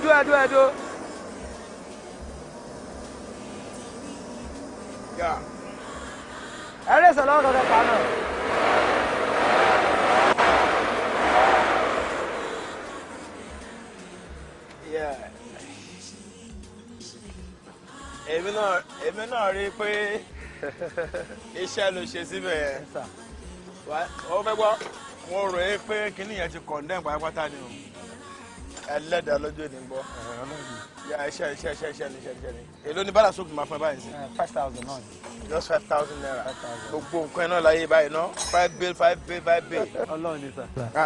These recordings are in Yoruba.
ẹdó ẹdó ẹdó. ẹ lè sọ̀rọ̀ ọ̀dọ̀ pa náà. èmi náà èmi náà rí i pé iṣẹ́ ló ṣe síbẹ̀ yẹn ó fẹ́ gbọ́ mo rò é pé kinní yẹn ti condemn pátápátá ni o ẹlẹ́dàá lọ́jọ́ ìdí ń bọ́. iṣẹ́ iṣẹ́ iṣẹ́ iṣẹ́ ni ni èló ni bàlá sóògùn máa fún ẹ báyìí sí. Eh, five thousand náà ni. just five thousand naira gbogbo nǹkan iná láyé báyìí ná five bill five bill five bill. ọlọ́run ni sà.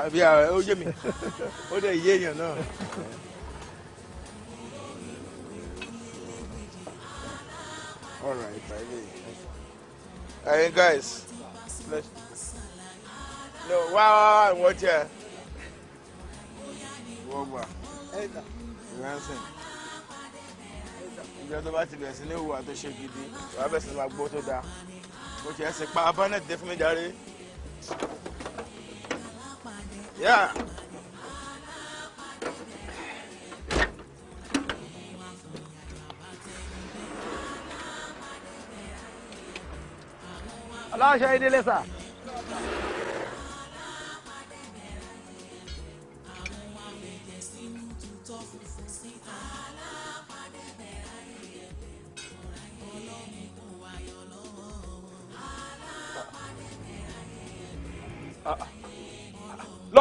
àbí ah, ó yé mi ó dẹ̀ yé èèyàn náà. all right baby. Hey guys, let's. No, wow, wow, wow, gbọ́gbà ìránṣẹ́ ìjọ tó bá ti bẹ̀rẹ̀ sí ní ìwà tó ṣe gidi wàá bẹ̀rẹ̀ sí ní máa tó dáa mo ti ẹsẹ̀ pa abánẹ́tì dé fún mi járe. Yeah. aláṣẹ ìdílé sáà.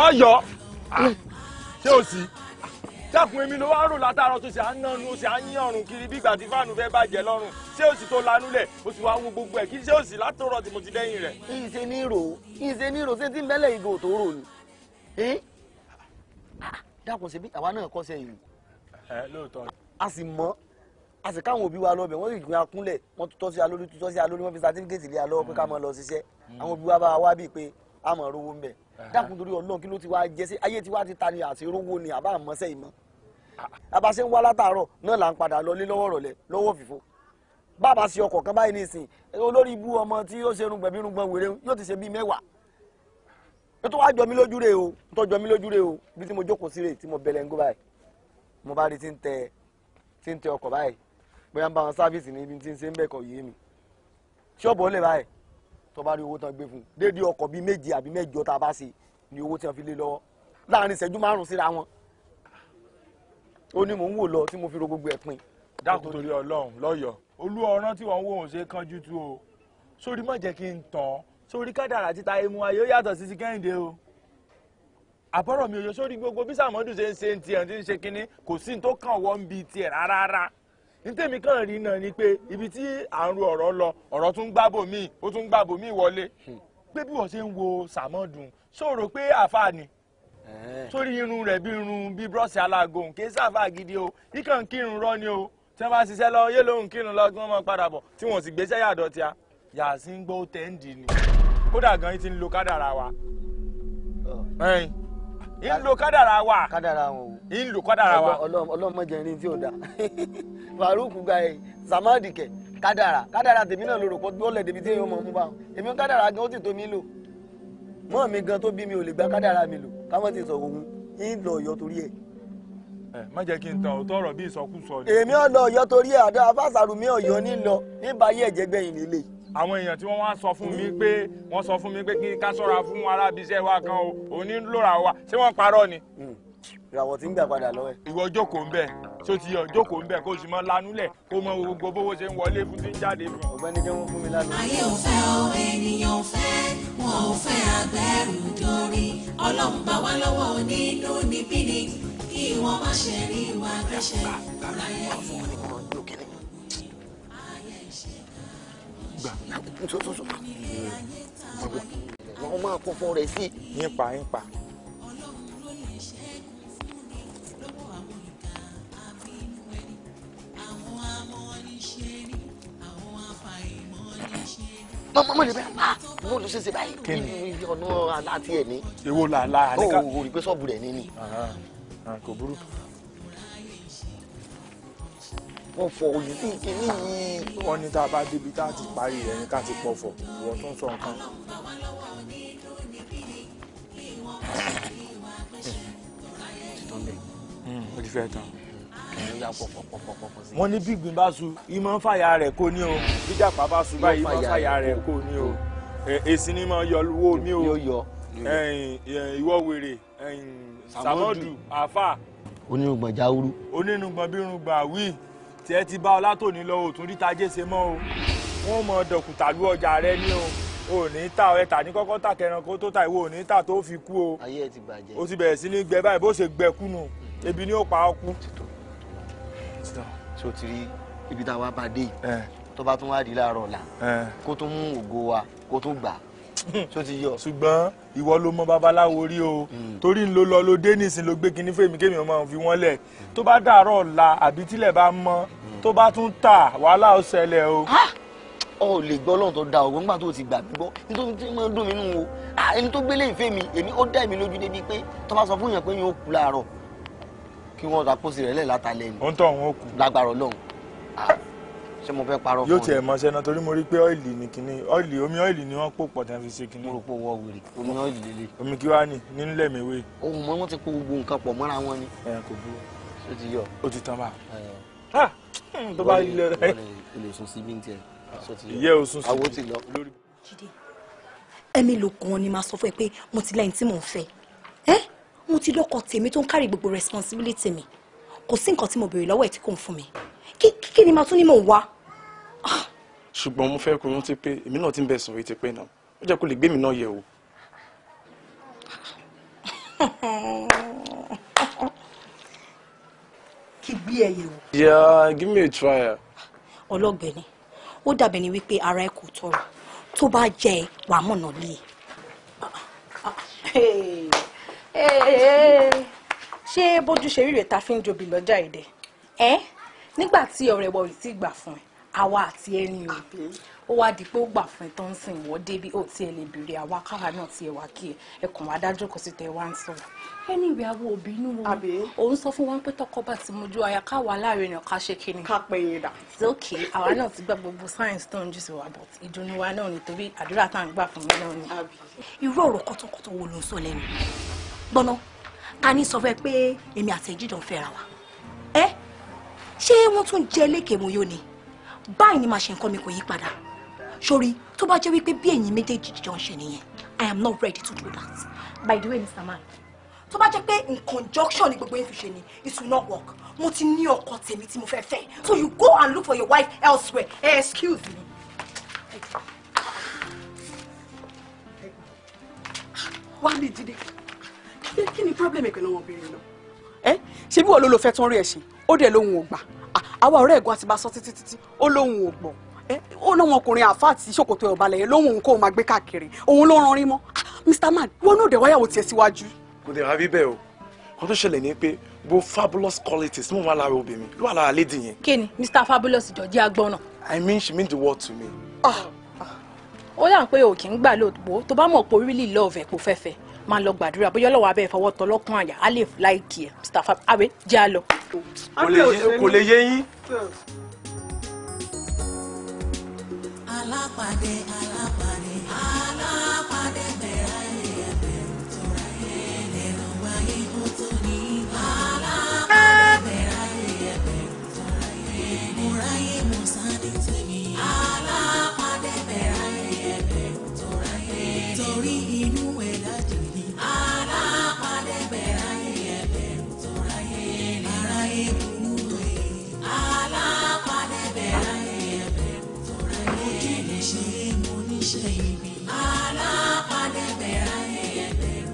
lọ́yọ̀ọ́ ah. hmm. ṣé o sì dákun èmi ló wá rò látàárọ̀ tó ṣe à ń nánu ó ṣe à ń yín ọrùn kiri bí ìgbà tí fáànù fẹ́ bàjẹ́ lọ́rùn ṣé o sì tó lanú lẹ̀ o sì wá wo gbogbo ẹ̀ kí ṣé o sì látọ̀rọ̀ tí mo ti dẹ́yìn rẹ̀. ìṣe ní ìrò ìṣe ní ìrò ṣé tí ń bẹ́lẹ̀ ìgò tó rò ni. Ah, dákun ṣe bí àwa náà kọ́ sẹ́yìn. ẹ a sì mọ a sì káwọn òbí wa lọ bẹ̀ wọ́n sì gbin akúnlẹ̀ wọ́n tutọ́ sí alórí tutọ́ sí alórí wọ́n fi sátífíkẹ́tì lé alọ́wọ́ pé ká máa hmm. lọ ṣiṣẹ́ hmm. àwọn òbí wa bá wa wá bíi pé a máa rówó ń bẹ̀ dákun torí Ọlọ́run kí ló ti wá jẹ sí ayé tí wá ti ta ni àṣerówó ni àbá àmọ́sẹ́ ìmọ̀ abáṣe ń wá látàárọ̀ náà là ń padà lọ lé lọ́wọ́ rọ̀lẹ́ lọ́wọ́ fìfo bàbá ṣe ọkọ̀ kan báyìí nísìn olórí ibú ọmọ tí ó ṣe irungbọ̀n irungbọ̀n wèrè yóò ti ṣe bíi mẹ́wàá ó tó wá jọ mí lójú rè o tó jọ mí lójú rè o bí tí mo jókòó sí rè tí mo bẹ̀lẹ̀ ń gó báyìí mo bá rí tí ń tẹ ọkọ̀ báyìí bóyá ń bá wọn sáfíìsì ní ibi tí ń ṣe ń bẹ̀kọ̀ yé mi ṣọ́ọ̀bù ó lè báyìí tó bá rí owó tán gbé fún un déédé ọkọ̀ bíi méje àbí mẹ́jọ tá a bá ṣe ni owó tí wọ́n fi lé lọ́wọ́ láàrin ìṣẹ́jú márùn-ún síra wọn ó ní mò ń wò lọ tí mo fi ro gbogbo ẹ̀ pin. dákun torí Ọlọ́run lọyọ olú ọ̀ràn tí wọ́n ń wò ó ṣe kánjú tú o sórí má jẹ́ kí n tàn sórí kádàrà títa emu ayé ó yàtọ̀ sí ti Kẹ́hìndé o àbọ̀rọ̀ mi ò yọ sórí gbogbo bí Sàmọ́dù ṣe ń ṣe ń tiẹ̀ ń ṣe kinní kò sí ní tó kàn wọ́n ń bi tiẹ̀ rárá nítèmi kàn rí náà ni pé ibi tí à ń ro ọ̀rọ̀ lọ ọ̀rọ̀ tún gbábò míì ó tún gbábò míì wọlé hmm. pé bí wọ́n ṣe ń wo sàmọ́dùn sọ̀rọ̀ pé àáfàá ni sórí irun rẹ̀ bí irun bí bírọ́ọ̀sì alágo nké sáfà gidi o ikàn kírun rọ́ ni o tí wọ́n bá ṣiṣẹ́ lọ yé lóhùn kírun lọ kí wọ́n máa padà bọ̀ tí wọ́n sì gbéṣẹ́ yàdọ̀ tíá yàá sí ń gbọ́ tẹ́ǹdì ni kódà gan-an ti ń lo kádàrà wa ń lo kádàrà wa kádàrà wọn o ń lo kádàrà wa ọlọ́mọdé ní tí ò da Farouk gba ẹ Samadi kẹ kádàrà kádàrà tèmi náà lorò pọ̀ gbọ́lẹ̀ débi tí èèyàn mọ̀ mú bá wọn èmi kádàrà gan ó ti tó mi lò mọ́ mi gan tó bí mi ò lè gba kádàrà mi lò káwọn ti sọ òun ń lọ Ọ̀yọ́ torí ẹ má jẹ́ kí n tàn ọ́ tọrọ bí ìsọkúsọ ni. èmi ò lọ Ọ̀yọ́ torí ẹ̀ àdá afásàrùmí Ọ̀yọ́ nílọ níbàyí ẹ̀jẹ̀ gbẹ̀yìn àwọn èèyàn tí wọ́n wá sọ fún mi pé wọ́n sọ fún mi pé kí ká ṣọ́ra fún arábíṣẹ́ wa kan o òní ń wa ṣé wọ́n parọ́ ni. ìràwọ̀ tí ń gbà padà lọ́wọ́ ẹ̀. ìwọ jókòó ń bẹ̀ tó ti yọ jókòó ń bẹ̀ kó o sì mọ lanúlẹ̀ kó o mọ gbogbo bówó ṣe ń wọlé fún ti ń jáde fún. ọ̀gbẹ́ni jẹ́ wọ́n fún mi lánàá. ayé ò fẹ́ o ènìyàn fẹ́ wọn ò fẹ́ agbẹ́rù dorí ọlọ́run bá wá lọ́wọ́ nínú níbí ni kí wọ́n má ṣe rí ìwà àgbẹ̀ṣẹ̀ ọ̀ráyé. sọ́sọ́sọ́ wọ́n máa kó fún rẹ̀ sí. yín pa yín pa. mọ mọ lè bẹ ah mo lọ ṣẹṣẹ báyìí kí ni ọ̀nà aláàtì ẹ̀ ní. èwo làálàá. ó rí i pé sọ́ọ̀bù rẹ̀ ní ni. kò burú pọ̀fọ̀ òyìnbí kìíní yìí wọ́n ní tá a bá débi tá a ti parí rẹ̀ ní ká ti pọ̀fọ̀ ìwọ tó sọ nǹkan. mo hmm, ti fẹ́ tán. wọ́n ní bí ìgbín bá su ìmọ̀ ń fàyà rẹ̀ kó ní o bí jàpá bá su báyìí ìmọ̀ ń fàyà rẹ̀ kó ní o eh, èsì ni mo yọ wo mi o ìwọ wèrè sàmọ́dù àfà. onírùngbọ̀n jáwúrú. onírùngbọ̀n bírùngbọ̀n wíì tí ẹ ti bá ọlátòní lọ òtún ríta jẹ́ ṣe mọ́ o wọ́n mọ dọ̀kùtà lu ọjà rẹ ní o ò ní ta ẹ tà ní kọ́kọ́ tà kẹran tó ta ìwọ ò ní ta tó fi kú o ayé ẹ ti bàjẹ́ o ti bẹ̀rẹ̀ sí ní gbẹ báyìí bó ṣe gbẹ kúnu ebi ni ó pa ọ kú. ṣé o ti rí ibi táwa bá dé tó bá tún wá di láàárọ̀ ọ̀la kó tún mú ògo wa kó tún gbà á tó ti yọ. ṣùgbọ́n ìwọ ló mọ babaláwo rí o hmm. torí ló lọ ló dé nísìn ló gbé kinní fèmí kémi ọmọ fi wọ́n lẹ̀ hmm. tó bá dàárọ̀ ọ̀la àbí tílẹ̀ bá mọ́ hmm. tó bá tún tà wàhálà ó ṣẹlẹ̀ o. ọ ah! lè gbọ́ ọlọ́run da ọ̀gbọ́n nígbà tó ti gbà gbọ́ nítorí tí wọ́n dùn mí nù o ah, ẹni tó gbélé ìfẹ́ mi èmi ó dá èmi lójú débi pé tó bá sọ fún yàn pé yóò kú láàárọ̀ kí wọ́n ta pósí rẹ̀ lẹ̀ ṣé mo fẹ́ parọ́ fún ọ. yóò tiẹ̀ mọ sẹ́nà torí mo rí pé ọ́ìlì ni kínní ọ́ìlì omi ọ́ìlì ni wọ́n pò pọ̀ tán fi ṣe kínní. mo rò pé wọ wèrè omi ọ́ìlì lélẹ̀. omi kí wàá ní nílẹ̀ mi wé. ohun mọ́ wọ́n ti kó gbogbo nǹkan pọ̀ mọ́ra wọn ni. ẹ kò burú. ó ti yọ. ó ti tán bá. Hmm, tó bá yílẹ̀ rẹ̀. olè sùn sí bí tiẹ̀. ìyẹ́ o sùn sí. àwo ti lọ. ẹ̀mí ló kàn ni màá sọ fún ẹ pé mo ti lẹ́yìn tí mò ń fẹ́ ẹ́ mo ti lọ́kọ tèmi tó ń kárì gbogbo responsibility mi kò sí nǹkan tí mo béèrè lọ́wọ́ ẹ̀ tí kò ń fún mi kí kí ni màá tún ní mò ń wá ṣùgbọ́n mo fẹ́ kó rántí pé èmi náà ti ń bẹ̀sùn èyí ti pẹ́ náà ó jẹ́ kó lè gbé mi náà yẹ̀ wò. kí gbé ẹ yẹ̀ wò. yeah give me a try. ọlọ́gbẹ́ ni ó dàbẹ̀ ni wípé ara ẹ kò tọrọ tó bá jẹ wàá mọ̀nà lé e. ṣé bójú ṣe rí rèé ta fi ń jobi lọ́jà èdè ẹ nígbà tí ọ̀rẹ́ wọ̀ ò gbà fún ẹ àwa àti ẹni o ó wá di pé ó gbà fún ẹ tó ń sìn wọ́n débi ó tiẹ̀ lè béèrè àwa káwa náà tiẹ̀ wá kí ẹ ẹ kàn wá dájú kò sì tẹ̀ wá ń sọ̀rọ̀ ẹni ìwé àwọn òbí inú wọn òun sọ fún wọn pé tọkọ bá ti mojú aya káwa láàrin náà ká ṣe kíni. ká pè yín dà. ṣé òkè àwa náà ti gba gbogbo science tó ń jù sí wa but ìdùnnú wa náà nítorí àdúrà tá à ń gbà fún mi náà ni. irú ọ̀rọ̀ kọ́tọ́kọ́tọ́ wo ló ń sọ lẹ́nu gbọ́nà báyìí ni màá ṣe nǹkan mi kò yí padà sórí tó bá jẹ́ wípé bí ẹ̀yin méjèèjì jọ ń ṣe nìyẹn i am not ready to do that by the way mr man tó bá jẹ́ pé in conjunction ni gbogbo yín fi ṣe ni it will not work mo ti ní ọkọ tèmi tí mo fẹ́ fẹ́ so you go and look for your wife elsewhere eh, excuse me. wá lè dìde kí ni problem ẹ pẹ̀lú ọmọbìnrin náà. ẹ eh, ṣebí wo ló lo fẹ́ tán rí ẹ̀ ṣe ó dẹ̀ lóhun ò gbà àwa ọ̀rẹ́ ẹ̀gbọ́n àti bá sọ títí títí ó lóun ò gbọ́ ó lóun ọkùnrin àfa àti ṣòkòtò ẹ̀ ọ̀balẹ̀ yẹn lóun òun kó máa gbé káàkiri òun ló ranrin mọ́ ah, Mr. Man wọn náà dẹ̀ wáyàwó tiẹ̀ síwájú. kò dé ra bíbẹ́ o wọ́n tó ṣẹlẹ̀ ní pé bo fabulous qualities mo wà lára obìnrin ló wà lára lady yẹn. kí Mr. Fabulous jọ jẹ́ agbọ́n I mean she mean the world to me. Ah, ah. ó yà ń pé òkè ń gbà lóògbó tó bá mọ̀ pé orílẹ̀ love ẹ̀ kò fẹ́fẹ́ máa lọ gbàdúrà bóyá ọlọ́wọ́ abẹ́ ìfọwọ́ tán lọ́kàn àyà á lè láìkì ẹ̀ mustapha abe jẹ́ àlọ́. kò lè yé yín. alápàdé ayé. ṣe ibi. alápàdé bẹ̀rẹ̀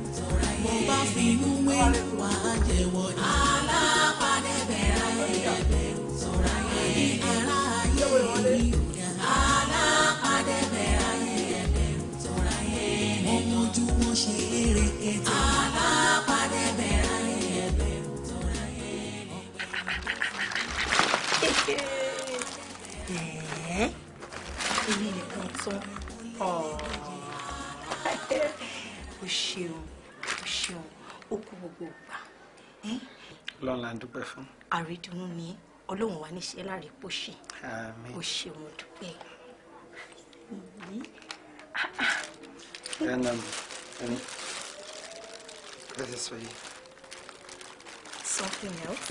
mo bá finú wẹ̀rù wá jẹ́wọ́ ni. alápàdé bẹ̀rẹ̀ ayẹyẹ bẹ̀rù tọ́ra yẹ. ìdára ayé mi ò dá. alápàdé la dúpẹ́ fún. àrídùnnú ni ọlọ́run wa níṣẹ́ láre pọ́ṣì o ṣeun dúpẹ́. This is for you. Something else?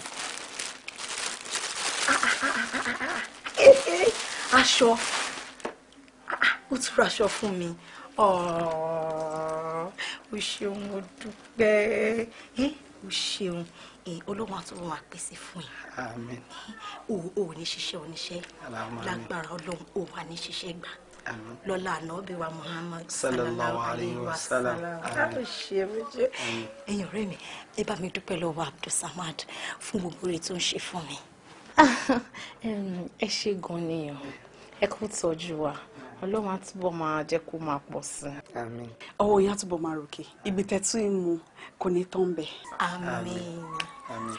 Aṣọ. Ó tún ra aṣọ fún mi. O ṣeun, mo dúpẹ́. O ṣeun olóhùn àtúwọ̀n máa pèsè fún yín. àmín. o ò ní ṣiṣẹ́ oníṣẹ́ lágbára ọlọ́run o wà ní ṣiṣẹ́ gbà lọ́la ànábì wa muhammad sallallahu alayhi wa sallam. ẹ̀yin ọ̀rẹ́ mi ẹ bá mi dúpẹ́ lọ́wọ́ abdulsamad fún gbogbo rẹ̀ tó ń ṣe fún mi. ẹ ṣe gan-an nìyẹn ẹ kò tọ́jú wa ọlọ́run á túbọ̀ máa jẹ́ kó máa pọ̀ sí i. àmín. ọwọ́ ìyá túbọ̀ máa ròkè ibi tẹ́tú ìmú kò ní tán bẹ̀. àmín. àmín.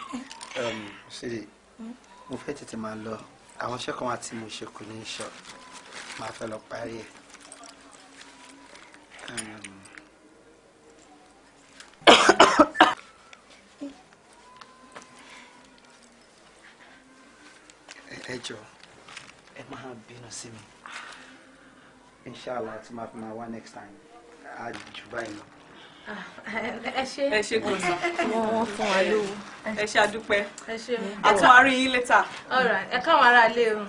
ṣírí um, mo fẹ́ tètè máa lọ àwọn iṣẹ́ kan wà tí mo ṣe kò ní í ṣọ máa fẹ́ lọ parí ẹ̀. Um, ẹ jọ̀ọ́ ẹ máa bínú sí mi inshallah tí máa fi máa wá next time á jù báyìí lọ. ẹ ṣe ẹ ṣe kò sàn wọn wọn fún wa lówó ẹ ṣe àdúpẹ́ ẹ ṣe a tún máa rí yín later. ọ̀rọ̀ ẹ káwọn ará ilé o.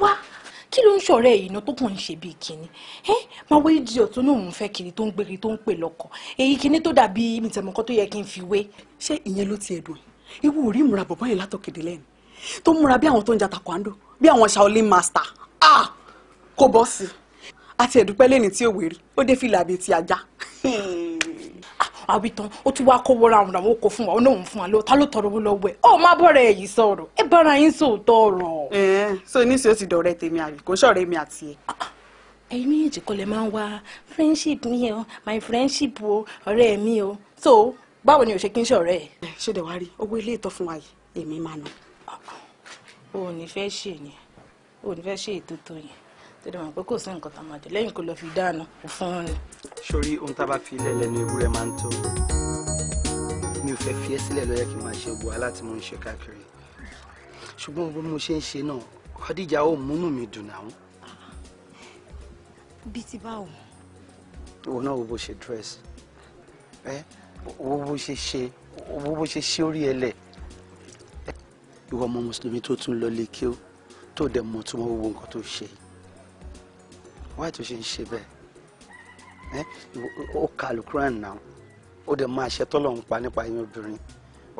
wá kí ló ń ṣọ̀rẹ́ yìí náà tó kàn ń ṣe bíi kínní ẹ máa wé di ọ̀tún ní òun fẹ́ kiri tó ń gbé kiri tó ń pè lọ́kọ̀ èyí kínní tó dàbí mìtẹ̀mọ́kọ́ tó yẹ kí n fi wé ṣé ìyẹn ló ti ẹ̀dùn yìí ewu ò rí ìmúra bọ̀bọ́ yẹn látòkèdè lẹ́nu tó múra bí àwọn tó ń ja taekwondo bí àwọn shaolin master ah kò bọ́ sí i àti ẹ̀dúpẹ́ lẹ́ni tí ò wérí ó dé fìlà àbí ti ajá. àbí tán ó tún wáá kówó ra àwọn àwọn kò fún wa ó náà fún wa lọ ló tọrọ owó lọ́wọ́ ẹ ọ má bọ̀rẹ̀ ẹ̀ sọ̀rọ̀ ẹ bára yín sòótọ́ ọ̀rọ̀. ẹ so níṣẹ́ ó ti dọ̀rẹ́ tèmi àbí kò ń ṣọ̀rẹ́ àti ẹ ah, ah. ẹ̀yin méjèèjì kọ́ máa ń wá friendship mi o my friendship o ọ̀rẹ́ mi o so báwo ni o ṣe kí n ṣọ̀rẹ́ ẹ̀. ṣé dẹ̀ wá rí owó ilé ìtọ́ fún wa yìí èmi máa nà. o ò ní fẹ́ ṣe yẹn o ò ní fẹ́ ṣe ètò tó yẹn tó dẹ̀ mọ̀ pé kò sí nǹkan tá a máa jẹ lẹ́yìn kó lọ fi dáná fún un. sórí ohun tá a bá fi ilẹ̀ lẹ́nu ewúrẹ́ máa ń tọ́ mi ò fẹ́ fi ẹ́ sílẹ̀ lọ́yẹ̀ kí n máa ṣe gbọ́ aláti mo ń ṣe káàkiri ṣùgbọ́n bí mo ṣe ń ṣe náà Khadija ò múnú mi dùn náà. bíi ti báwo. ìwọ náà wo bó ṣe dírẹ́sì owó bó ṣe ṣe owó bó ṣe ṣe orí ẹlẹ̀ ìwọ ọmọ mùsùlùmí tó tún lọ lè kí ó tó dẹ̀ mọ̀ tó mọ̀ gbogbo nǹkan tó ṣe wáyé tó ṣe ń ṣe bẹ́ẹ̀ ó ka alukuran náà ó dẹ̀ máa ṣe tọ́lọ́run pa nípa yín obìnrin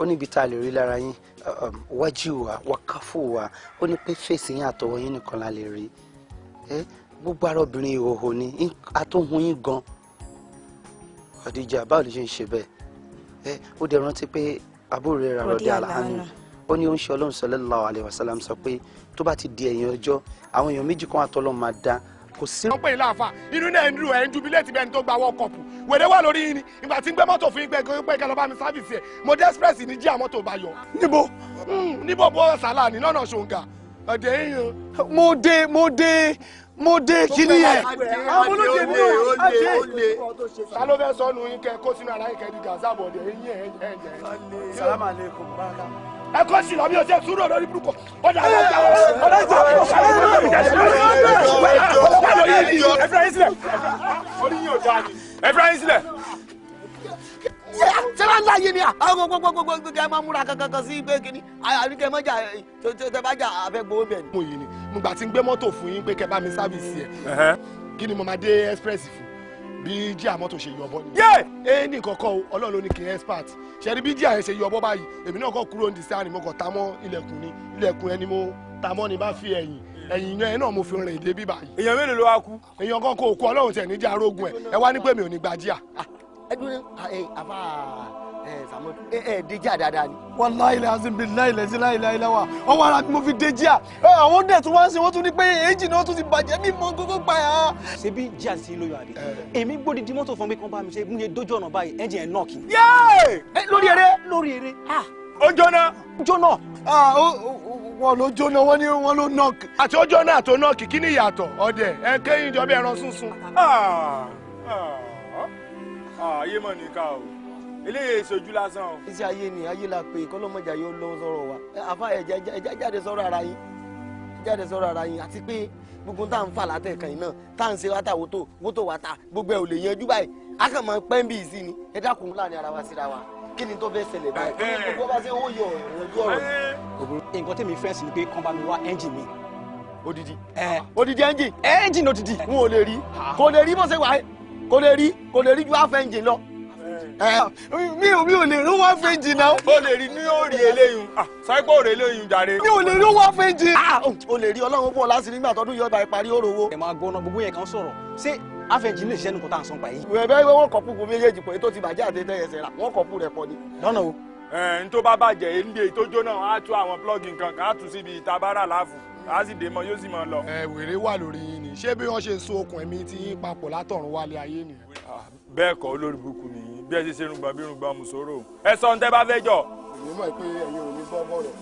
ó níbi tá a lè rí lára yín um, wájú wa wákàfù wa ó ní pé fèsì yín àtọwọ́ yín nìkan la lè rí gbogbo ara obìnrin ìhòòhò ni atóhun yín gan Khadija báwo ló ṣe ń ṣe bẹ́ẹ̀ ó dẹ̀ rántí pé àbúrò rẹ̀ rọ̀dí àlàánú ó ní ó ń ṣe ọlọ́run sallallahu alaihi sọ pé tó bá ti di ẹ̀yìn ọjọ́ àwọn èèyàn méjì kan àtọ́lọ́ máa da kò sí. wọ́n pè é láàfà inú náà ń dùn ẹ̀ ń dùn létí bẹ́ẹ̀ ni tó gba wọ́ kọ̀pù wèrè wà lórí yín ìgbà tí ń gbé mọ́tò fún ìgbẹ́ pé kẹ́ bá mi sáfìsì ẹ̀ mo dé express ní jí àmọ́tò bá yọ. níbo. Hmm, níbo bó sàlà ní lọ́nà ṣòǹgà ọ̀dẹ̀ yín. mo dé mo dé mo dé kíní yẹn àwọn olóye mi ò ajé ta ló fẹ́ sọnù yín kẹ kó sínú ara yín kẹ di gaza bọ̀dẹ̀ eyín ẹ̀ ẹ̀ ẹ̀ salama aleikum baraka. ẹ kọ́ sí lọ́bí ọ̀sẹ̀ sùúrù ọ̀dọ́ ní burúkú ọ̀dà ọ̀dà ọ̀dà ìjà ọ̀dà ìjà ọ̀dà ìjà ọ̀dà ìjà ẹ̀fúra yín sílẹ̀ ẹ̀fúra yín sílẹ̀. sẹ́wọ́n ńlá yé ni àwọn gbogbogbò kẹ́ ẹ máa múra kankan sí pé kíní àríkẹ́ mọ́jà tó tẹ́ bá jà àfẹ́ gbowó bẹ̀ ni mo gbà tí ń gbé mọ́tò fún yín pé kẹ́ bá mi sáfìsì ẹ̀ kí ni mo máa dé express fún bí jíà mọ́tò ṣe yọbọ ni. ẹ ní kọ́kọ́ ọlọ́run ló ní kí expert ṣe rí bí jíà yẹn ṣe yọbọ báyìí èmi náà kọ́ kúrò ní sáà ni mo kọ́ ta mọ́ ilẹ̀kùn ni ilẹ̀kùn ẹni mo ta mọ́ ni bá fi ẹ̀yìn ẹ̀yìn yẹn náà mo fi rìn dé bí báyìí. èèyàn mélòó ló wá kú. èèyàn kan kò kú ọlọ́run tẹ̀ ní mi ò ní ẹdun ẹ afa ẹ samadu ẹ ẹ dejà dáadáa ni. wàláyé lazim bilayi lẹsí láyé láyé láwa ọwọ́ ara mi mo fi dejà àwọn dẹ tún wá ń ṣe wọn tún ní pé èjì náà tún ti bàjẹ́ mi mọ gógó pa ya. ṣebí jíà sí lóyún àbí èmi gbódi di mọ́tò fún mi kan bá mi ṣe mú ye dójú ọ̀nà báyìí ẹ̀jẹ̀ ẹ̀ nọ́ọ̀kì. lórí eré. lórí eré. ó jóná. jóná. wọn ló jóná wọn ni wọn ló nọ́ọ̀kì. àti ó jóná àti ó nọ́ọ̀kì kí ni ìyàtọ̀ ọ̀dẹ̀ ẹ kéyìn jọ bí ẹran sunsun. Ah, ayé mọ̀ ní ká o eléyìí ìṣojú lásán o. iṣẹ́ ayé ni ayé la pé kọ́lọ́mọjà yóò lọ sọ̀rọ̀ wa eh, àfa ẹ̀já jáde sọ̀rọ̀ ara yín jáde sọ̀rọ̀ ara yín àti pé gbogbo tá à ń fà látẹ̀kàn yìí náà tá à ń ṣe wátà wótò wótò wátà gbogbo ẹ̀ ò lè yanjú báyìí a kàn máa pẹ́ ń bí ìsìn ni ẹ dákun láàrin ara wa síra wa kí ni tó fẹ́ ṣẹlẹ̀ báyìí eh, eh. gbogbo bá ṣe ó yọ ọ̀rọ̀ ọ̀rọ̀. nǹkan tẹ̀mí fẹ́ mi wá ẹ́ńjì mi. odidi odidi ẹ́ńjì. ẹ́ńjì odidi. n ò lè rí kò lè rí bó ṣe kò lè rí kò lè rí ju half engine lọ mi ò mi ò lè rówó fèjì náà. o lè rí ní òòrì eléyìí ah. sáíkò òòrì eléyìí jàre. mi ò lè rówó fèjì. o lè rí ọlọ́run bọ̀ láti nígbà tọdún yọba ìparí òrówó. ẹ máa gbọ́ná gbogbo yẹn kan sọ̀rọ̀ ṣé afẹ́jì lè ṣiṣẹ́ nìkan tá à ń san pa yìí. bẹ́ẹ̀ wọ́n kọ̀ púpù méjèèjì pé tó ti bàjẹ́ àti tẹ̀yẹsẹ̀ rà wọ́n kọ̀ pú rẹ̀ pọ̀ ni. lọ́nà o. ẹ̀ ń tó bá bàjẹ́ èyí ń gbé ètò jóná á tú àwọn plug a sì dé mọ yóò sì mọ lọ. ẹ wèrè wà lórí yín ni ṣé bí wọ́n ṣe so okùn ẹ̀mí tí yín papọ̀ látọ̀run wálé ayé ni. bẹ́ẹ̀ kọ́ olórí burúkú nìyí bí ẹ ṣe ṣe rúgbà bí rúgbà mùsòrò ẹ sọ ohun tẹ́ bá fẹ́ jọ. èmi mọ̀ pé ẹ̀yin ò ní gbọ́ bọ̀rọ̀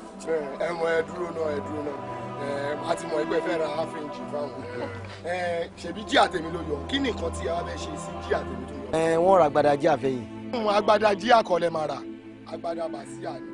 ẹ mọ ẹ dúró náà ẹ dúró náà a ti mọ ẹgbẹ́ fẹ́ ra áfíǹjì fáwọn ṣèbí jí àtẹ̀mí ló yọ kí nìkan tí a fẹ́ ṣe sí jí àtẹ̀mí tó yọ. ẹ wọ́n ra agbada àfẹ́yìn. Hmm, agbada àkọlẹ̀ máa ra ni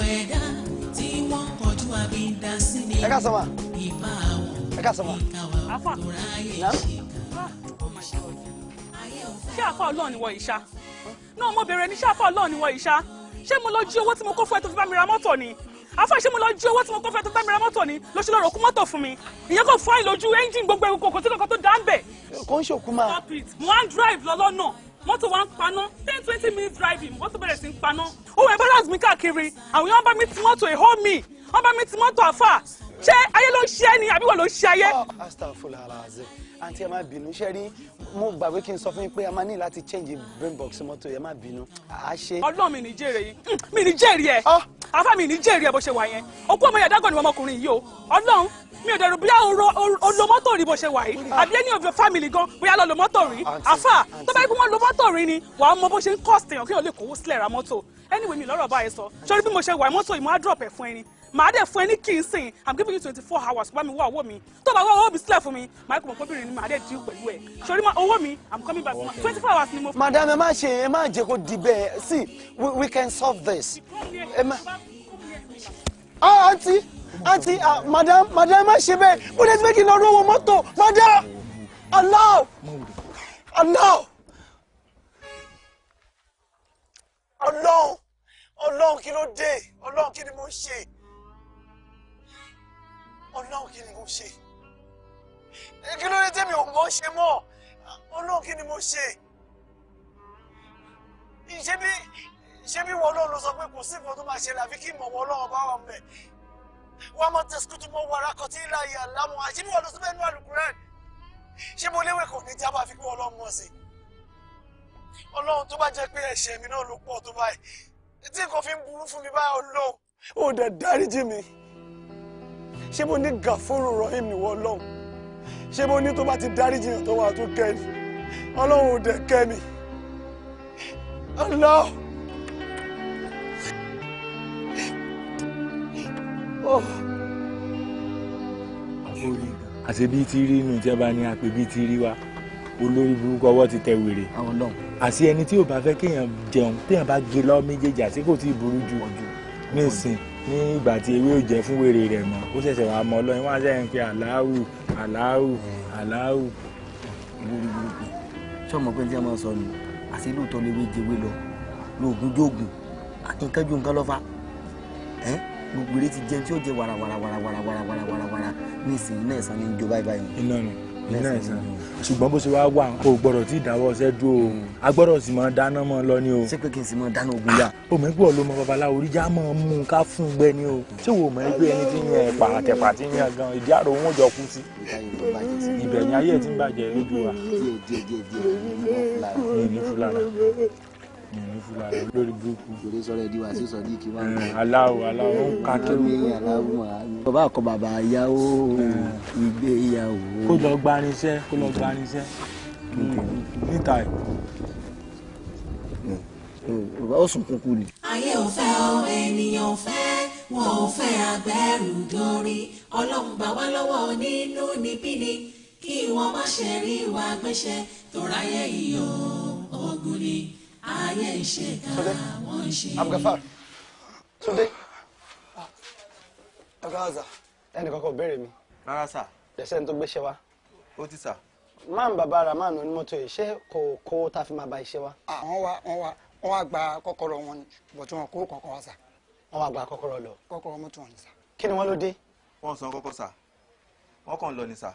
ẹ ká sọ ma ẹ ká sọ ma. afa ṣé afa ọlọ́ọ̀ni wọ ìṣá náà mo bèrè ní ṣé afa ọlọ́ọ̀ni wọ ìṣá ṣé mo lọ jí owó tí mo kó fún ẹ tó fi bá mi ra mọ́tò ni afa ṣé mo lọ jí owó tí mo kó fún ẹ tó fi bá mi ra mọ́tò ni lóṣù lọ́rọ̀ kú mọ́tò fún mi ìyẹn kò fún àìlójú ẹ́ńjìn gbogbo ẹ̀rù kòkòtò kankan tó dá ń bẹ̀. kò ń ṣòkú máa. mo wá ń drive lọ mọ́tò wa ń paná ten twenty minutes driving mọ́tò bẹ̀rẹ̀ sí ń paná. ó wọ embarrass mi káàkiri àwọn èèyàn bá mi ti mọ́tò èhó mi wọ́n bá mi ti mọ́tò àfà ṣé ayé ló ń ṣe ẹ́ ni àbí wọ́n ló ń ṣe ayé. Oh, astaghfirullah alazim àǹtí ẹ má bínú ṣe rí mo gbàgbé kí n sọ fún yín pé a máa ní láti change brain box mọ́tò ẹ má bínú a ṣe. ọlọ́run mi ní jèrè yìí hmm, mi ní jèrè ẹ afá ah. mi ní jèrè ẹ bó ṣe wà yẹn òkú ọmọ yàrá gọ̀ọ́nì ọmọkùnrin yìí o ọlọ́run mi ò dẹ̀rù bóyá olo mọ́tò rí bó ṣe wà yìí ah. àbí ẹni òbí fámìlì gan bóyá lọ lo mọ́tò rí afá tó bá yẹ kí wọ́n lo mọ́tò rí ni wàá mọ bó ṣe ń cost èèyàn kí èèyàn lè kówó sílẹ̀ ra mọ́tò anyway mi lọ́rọ̀ bá ẹ sọ sórí bí mo ṣe wà mọ́tò yìí mo á drop ẹ̀ fún ẹni màá dẹ̀ fún ẹ ní kí n sìn i'm giving you twenty four hours bá mi wá owó mi tó bá wá owó mi sílẹ̀ fún mi màá kò mọ̀ pé obìnrin ni màá dẹ̀ di pẹ̀lú ẹ̀ sori ma owó mi i'm coming back twenty four hours ni mo. madam ẹ má ṣe ẹ má jẹ́ kó di bẹ́ẹ̀ see we, we can solve this. ẹ má ah aunty aunty ah madam madam ẹ má ṣe bẹ́ẹ̀ bó dé ti fẹ́ kí n lọ rówó mọ́tò madam allow allow allow ọlọ́run kí ló dé ọlọ́run kí ni mo ṣe ọlọ́run kí ni mo ṣe eh, kí ló dé tèmi ò mọ̀ ṣe mọ́ ọlọ́run kí ni mo ṣe ṣé bí ṣé bí wọn náà ló sọ pé kò sí nǹkan tó máa ṣe làbí kí ìmọ̀ wọn náà bá wà mẹ́ wọn máa tẹ̀síkú tó mọ wàrà kan tí ń láàyè àlámọ̀ àṣírí wọn ló sọ bẹ́ẹ̀ ní àlùkùrẹ́ ṣé mo léwé kò ní jábà fi kí wọn lọ́ọ́ mọ̀ sí ọlọ́run tó bá jẹ́ pé ẹ̀ṣẹ̀ mi náà ló pọ̀ tó báyìí tí nǹkan fi ń burú fún mi báyìí ọlọ́run ó dẹ̀ dáríjì mi ṣé mo ní gàfóró rahim ni wọ́n lọ́hùn ṣé mo ní tó bá ti dáríjì náà tó wà tó kẹ́ni ọlọ́run ò dẹ̀ kẹ́ni ọlọ́. Oh. àṣẹ bíi ti rí inú ìjọba ni àpè bíi ti rí wa olórí burúkú ọwọ́ ti tẹ wèrè àṣé ẹni tí ò bá fẹ́ kéèyàn jẹun téèyàn bá gé lọ́wọ́ méjèèjì àṣé kò tí ì burú jù ní ní ìgbà tí ewé ò jẹ́ fún wèrè rẹ̀ mọ́ ó ṣẹ̀ṣẹ̀ wàá mọ ọlọ́yin wá sẹ́yìn pé aláwù aláwù aláwù. ṣé pé ní tí sọ ni àti lóòótọ́ léwé jẹwé lọ lóògùn jóògùn nǹkan ju nǹkan lọ́fà ẹ́ gbogbo eré ti jẹun tí ó jẹ wàràwàràwàràwàràwàràwàràwàrà iná ìsàn ṣùgbọ́n bó ṣe wá wà nǹkan ò gbọ́dọ̀ tí ìdáwọ́ ṣẹ́ dúró o a gbọ́dọ̀ sì máa dáná mọ́ lọ ni o. ṣé pé kí n sì máa dáná ogun yá. omi gbọ́ ló mọ babaláwo orí já máa mú un ká fún un gbẹ ni o ṣé wo mọ̀ ẹgbẹ́ ẹni tí ń yan ẹ̀pà àtẹ̀pà tí ń yan gan ìdí àrò wọn jọ kú sí. ìbẹ̀yìn ayé ti ń bàjẹ́ lójú wa lórí burúkú. lórí sọ̀rọ̀ ẹdí wa eh, sí sọ ní ìkíwá. aláwo aláwo ń ka kéwù. aláwo bàbá àkọ bàbá yáwó eh. ìgbéyàwó. kó lọ gbanisẹ́ kó lọ gbanisẹ́ níta ẹ̀. ó sùn kúkú ni. ayé ò fẹ́ ọ ènìyàn fẹ́ wọn ò fẹ́ agbẹ́rù dórí ọlọ́run bá wá lọ́wọ́ nínú níbíni kí wọ́n má ṣe rí wa gbéṣẹ́ tó ráyé ìyọ̀ ọ̀gùn ni ayé abgafar túndé Agaza. ẹnì kankan béèrè mi. rárá sà. dẹ̀sẹ̀ ní tó gbéṣẹ́ wa. ó ti sà. máa ń bàbá ara máa ń onímọ́tò yìí ṣé kò kó tá a fi máa ba iṣẹ́ wa. Ah, àwọn wa wọn wa wọn wá gba kọ́kọ́rọ́ wọn ni bọ̀ tí wọn kó kọ́kọ́rọ́ sà. wọn wá gba kọ́kọ́rọ́ lọ. kọ́kọ́rọ́ mọ́tò wọn ni sà. kí ni wọ́n ló dé. wọ́n san kọ́kọ́ sà wọ́n kàn ni sà.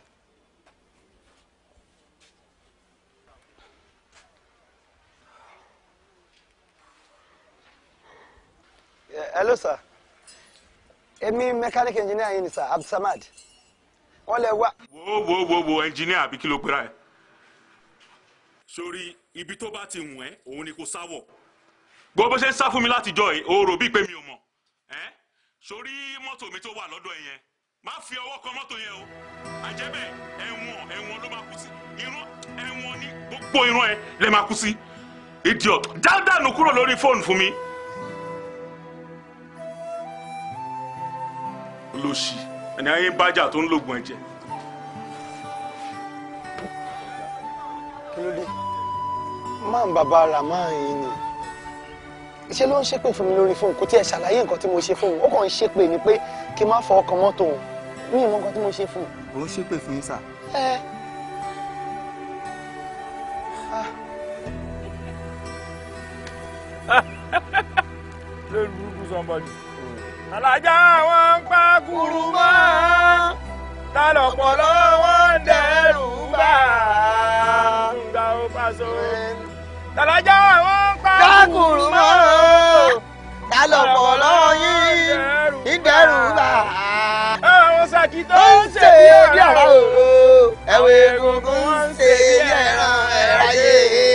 Eh, hello sir èmi mechanic engineer yìí ni sir abdulsamad wọ́n lè wá. wo wo wo wo engineer àbí kí ló pera ẹ. sórí ibi tó bá ti wù ẹ́ òun ni kò sáwọ̀. gbogbo bó ṣe ń sá fún mi látijọ́ yìí o rò bíi pé mi ò mọ̀ ẹ́ sórí mọ́tò mi tó wà lọ́dọ̀ ẹ yẹn má fi ọwọ́ kan mọ́tò yẹn o àjẹ́bẹ̀ ẹ̀wọ̀n ẹ̀wọ̀n ló máa kú sí irun ẹ̀wọ̀n ni gbogbo irun ẹ lè máa kú sí idiot dáadáa nù kúrò lórí fóònù fún mi. olóṣì ẹni ayé ń bájà tó ń lògùn ẹ̀jẹ̀. kí ló dé máa ń bàbá ara máa ń yín ni ṣé ló ń ṣépè fún mi lórí fóònù kò tiẹ̀ ṣàlàyé nǹkan tí mo ṣe fóònù ó kàn ń ṣépè ni pé kí n má fọ ọkàn mọ́tò o mi ì mọ nǹkan tí mo ṣe fóònù. ò ń ṣépè fún yín sà. ẹ ẹ. Let's move to somebody alájà wọn ń pa kúrú mọ́ tálọ̀pọ̀lọ́ wọn ń dẹrù bá gba òpàṣọ. alájà wọn ń pa kúrú mọ́ tálọ̀pọ̀lọ́ yìí ń dẹrù bá. àwọn sàkí tó ń ṣe bí ọ̀rọ̀ òru ẹ̀wẹ̀ egungun ń ṣe bí ẹ̀ràn ẹ̀ráyé.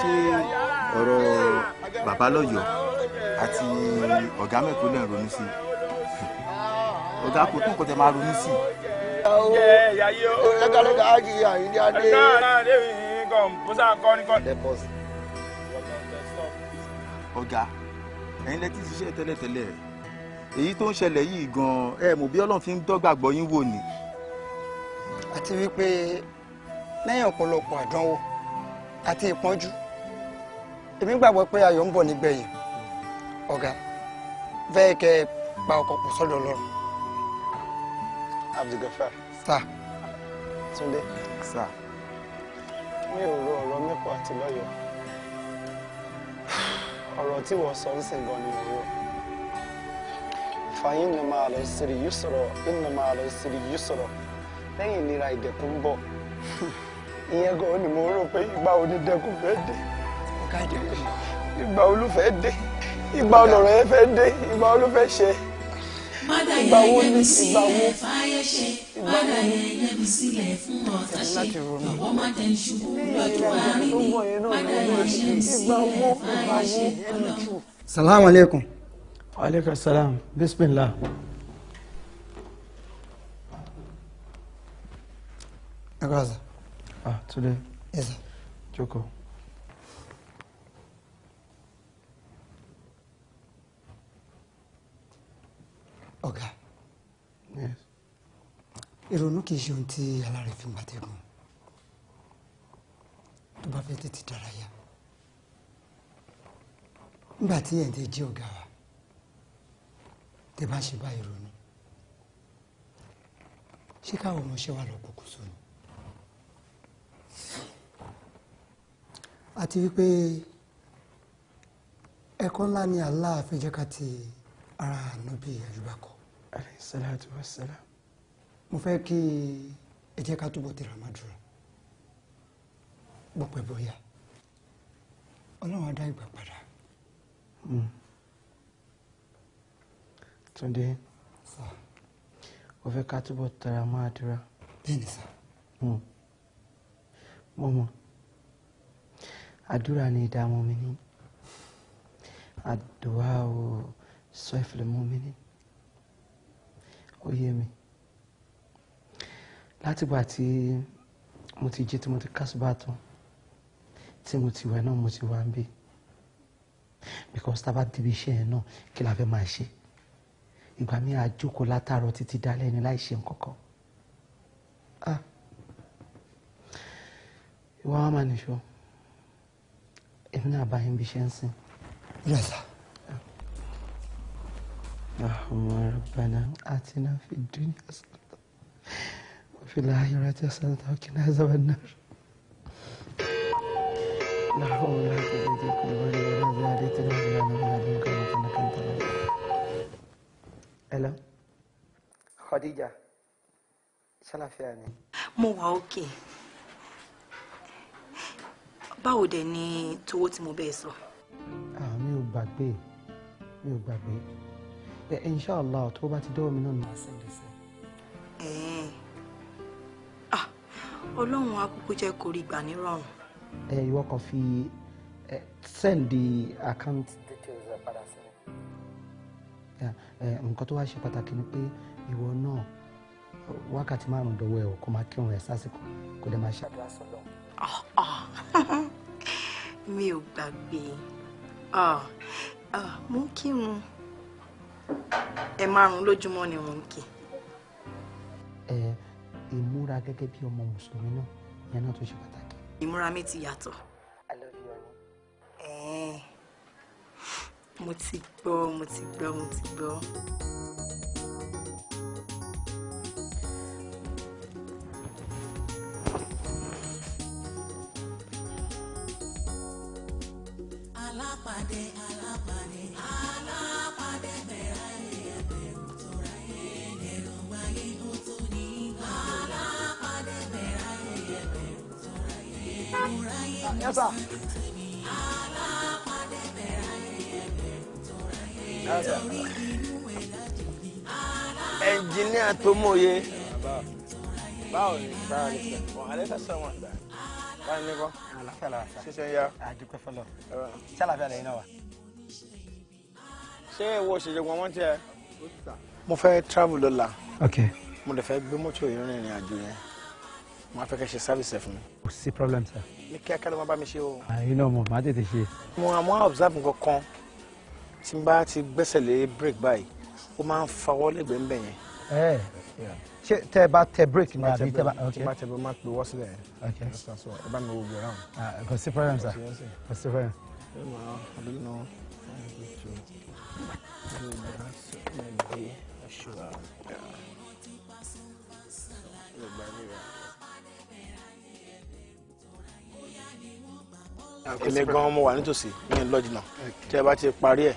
ṣé ọ̀rọ̀ bàbá lọ́yọ̀ọ́ àti ọ̀gá mẹ́kọ̀ọ́ náà ronú sí ọ̀gá kò tó nǹkan tẹ máa ronú sí. ẹ̀ka ló dáa kí àyíndé adé. ẹ̀ka náà débi nǹkan bùsà kọ́ni kọ́ni. ọ̀gá ẹ̀yin lẹ́tí ṣiṣẹ́ tẹ́lẹ̀tẹ́lẹ̀ èyí tó ń ṣẹlẹ̀ yìí gan-an ẹ̀ mọ̀ bí ọlọ́run fi ń dọ́gbàgbọ́ yín wò ni. àti wípé lẹ́yìn ọ̀pọ̀lọpọ̀ àdánwò àti ìpọ́njú èmi gbàgbọ́ pé ayọ̀ ń bọ̀ nígbẹ̀yìn ọ̀gá bẹ́ẹ̀ kẹ́ ẹ pa ọkọ̀ pọ̀ sọ́dọ̀ ọlọ́run. Abdulgafar. sá. Túndé. sá. mi ò ro ọ̀rọ̀ mẹ́kọ̀ọ́ àti lọ́yọ̀ọ́ ọ̀rọ̀ tí wọ́n sọ ń sìn gan ni mo rò. fàyín ni máa lọ sírí yìí sọ̀rọ̀ inú máa lọ sírí yìí sọ̀rọ̀ lẹ́yìn ìnira ìdẹ̀kùn ń bọ̀ ìyẹn gan ni mo rò pé ìgbà onídẹ́kùn fẹ́ dé ìgbà olúfẹ́ dé ìgbà ọlọ́rọ̀ ẹ fẹ́ dé ìgbà olúfẹ́ ṣe ìgbà wo ni ìgbà wo ìgbà wo ni láti ronú ìgbà wo ìgbà wo. salaamu aleykum. aleykum salaam bisimilah. ẹ kọ́ àṣà. Ah, Túndé. Yes, Joko. Oga. Yes. Ìrònú kìí ṣe ohun tí aláàrẹ̀ fi gbàtẹ́gùn. Tó bá fẹ́ tètè dárayá. Nígbà tí ẹ̀ ń tẹ́ jẹ́ ọ̀gá wa, tẹ bá ṣe bá ìrònú. Ṣé káwọn ọmọọṣẹ́ wa lọ pokùnso àti wípé ẹ̀kọ́ ńlá ni Allah fi ká ti ara nubi àyùbá kọ. alayhi salatu wa salam. mo fẹ́ kí ẹ jẹ́ ká túbọ̀ tẹ̀ra máa dúró bọ́pẹ́ bóyá ọlọ́run á dá ìgbà padà. Hmm. Túndé mo fẹ́ ká túbọ̀ tẹ̀ra máa bẹ́ẹ̀ ni sá. Hmm. mo mọ̀ àdúrà ni ìdààmú mi ní àdúrà ò sọ ìfìlẹ̀mú mi ní ó yé mi látìgbà tí mo ti jí tí mo ti kásùbà tán tí mo ti wẹ̀ náà mo ti wá ń bí because tá a bá débi iṣẹ́ yẹn náà kí la fẹ́ máa ṣe ìgbà mi àjókòó látàárọ̀ títí dálẹ́ ni láì ṣe nǹkan kan ah ìwà wa máa nìṣó. ابن ابراهيم بشنسن يلا اللهم ربنا آتنا في الدنيا حسنة وفي الآخرة حسنة وقنا عذاب النار لا حول ولا قوة إلا بالله ولا زادتنا ولا نمنا أنت Hello. Khadija. Ṣé àlàáfíà ni? Mo báwo dẹ̀ ni towó tí mo bẹ́ẹ̀ sọ. mi ò gbàgbé mi ò gbàgbé ẹ inṣàlá tó bá ti dọ́wọ́ mi náà ni màá sẹ́ndẹ̀ sẹ́. ọlọ́run akúkú jẹ́ kó rí gbà nírọ̀rùn. ẹ ìwọ kan fi sẹ́ndì account details padà sí mi. nǹkan tó wá ṣe pàtàkì ni pé ìwọ náà wákàtí márùn-ún dọ́wọ́ ẹ̀ kó máa kírun ẹ̀ sásìkò kó dẹ̀ máa ṣàdúrà sọ́lọ́. Ah, ah. mi ò gbàgbé mú kí mu ẹ márùn lójúmọ́ ni mò ń kí. ẹ ìmúra gẹ́gẹ́ bí ọmọ mùsùlùmí náà yẹn náà tó ṣe pàtàkì. ìmúra mi ti yàtọ̀. mo ti gbọ́ mo ti gbọ́ mo ti gbọ́. alápàdé alápàdé alápàdé tó mòye. báwo ni báwo ni sẹ́wọ̀n alẹ́ fẹ́ sẹ́wọ̀n gbà báyìí ní kọ́ àlàáfíà la sa ṣíṣe ń ya àdúpẹ́ fọlọ́ ṣé àlàáfíà lẹ́yìn náà wà. ṣé wo òṣèlú wọn wọ́n tiẹ̀. mo fẹ́ travel lọ́la mo lè fẹ́ gbé mọ́tò yìí rìnrìn àjò yẹn mo fẹ́ kẹ́ ṣe sáfìsì fún mi. kò sí problem sir. ní kí akẹ́lẹ́ wọn bá mi ṣe o. àyìn ah, náà mo máa tètè ṣe. mo àmọ́ observe nǹkan kan tí n bá ti gbẹ́sẹ̀ lé break báyìí ó máa ń fawọ́ lẹ́gbẹ̀ẹ́ ń bẹ̀ yẹn. Eh, ṣé tẹ ẹ bá tẹ break ni àbí tẹ bá ok tí bá tẹ bá máa pè wọ́n sílẹ̀ ok ẹ bá mi wo gbẹ̀rán. Ah, kò sí problem sir kò sí problem. èmi gan-an mo wà nítòsí ní lọ́jì náà tí ẹ bá ti parí ẹ̀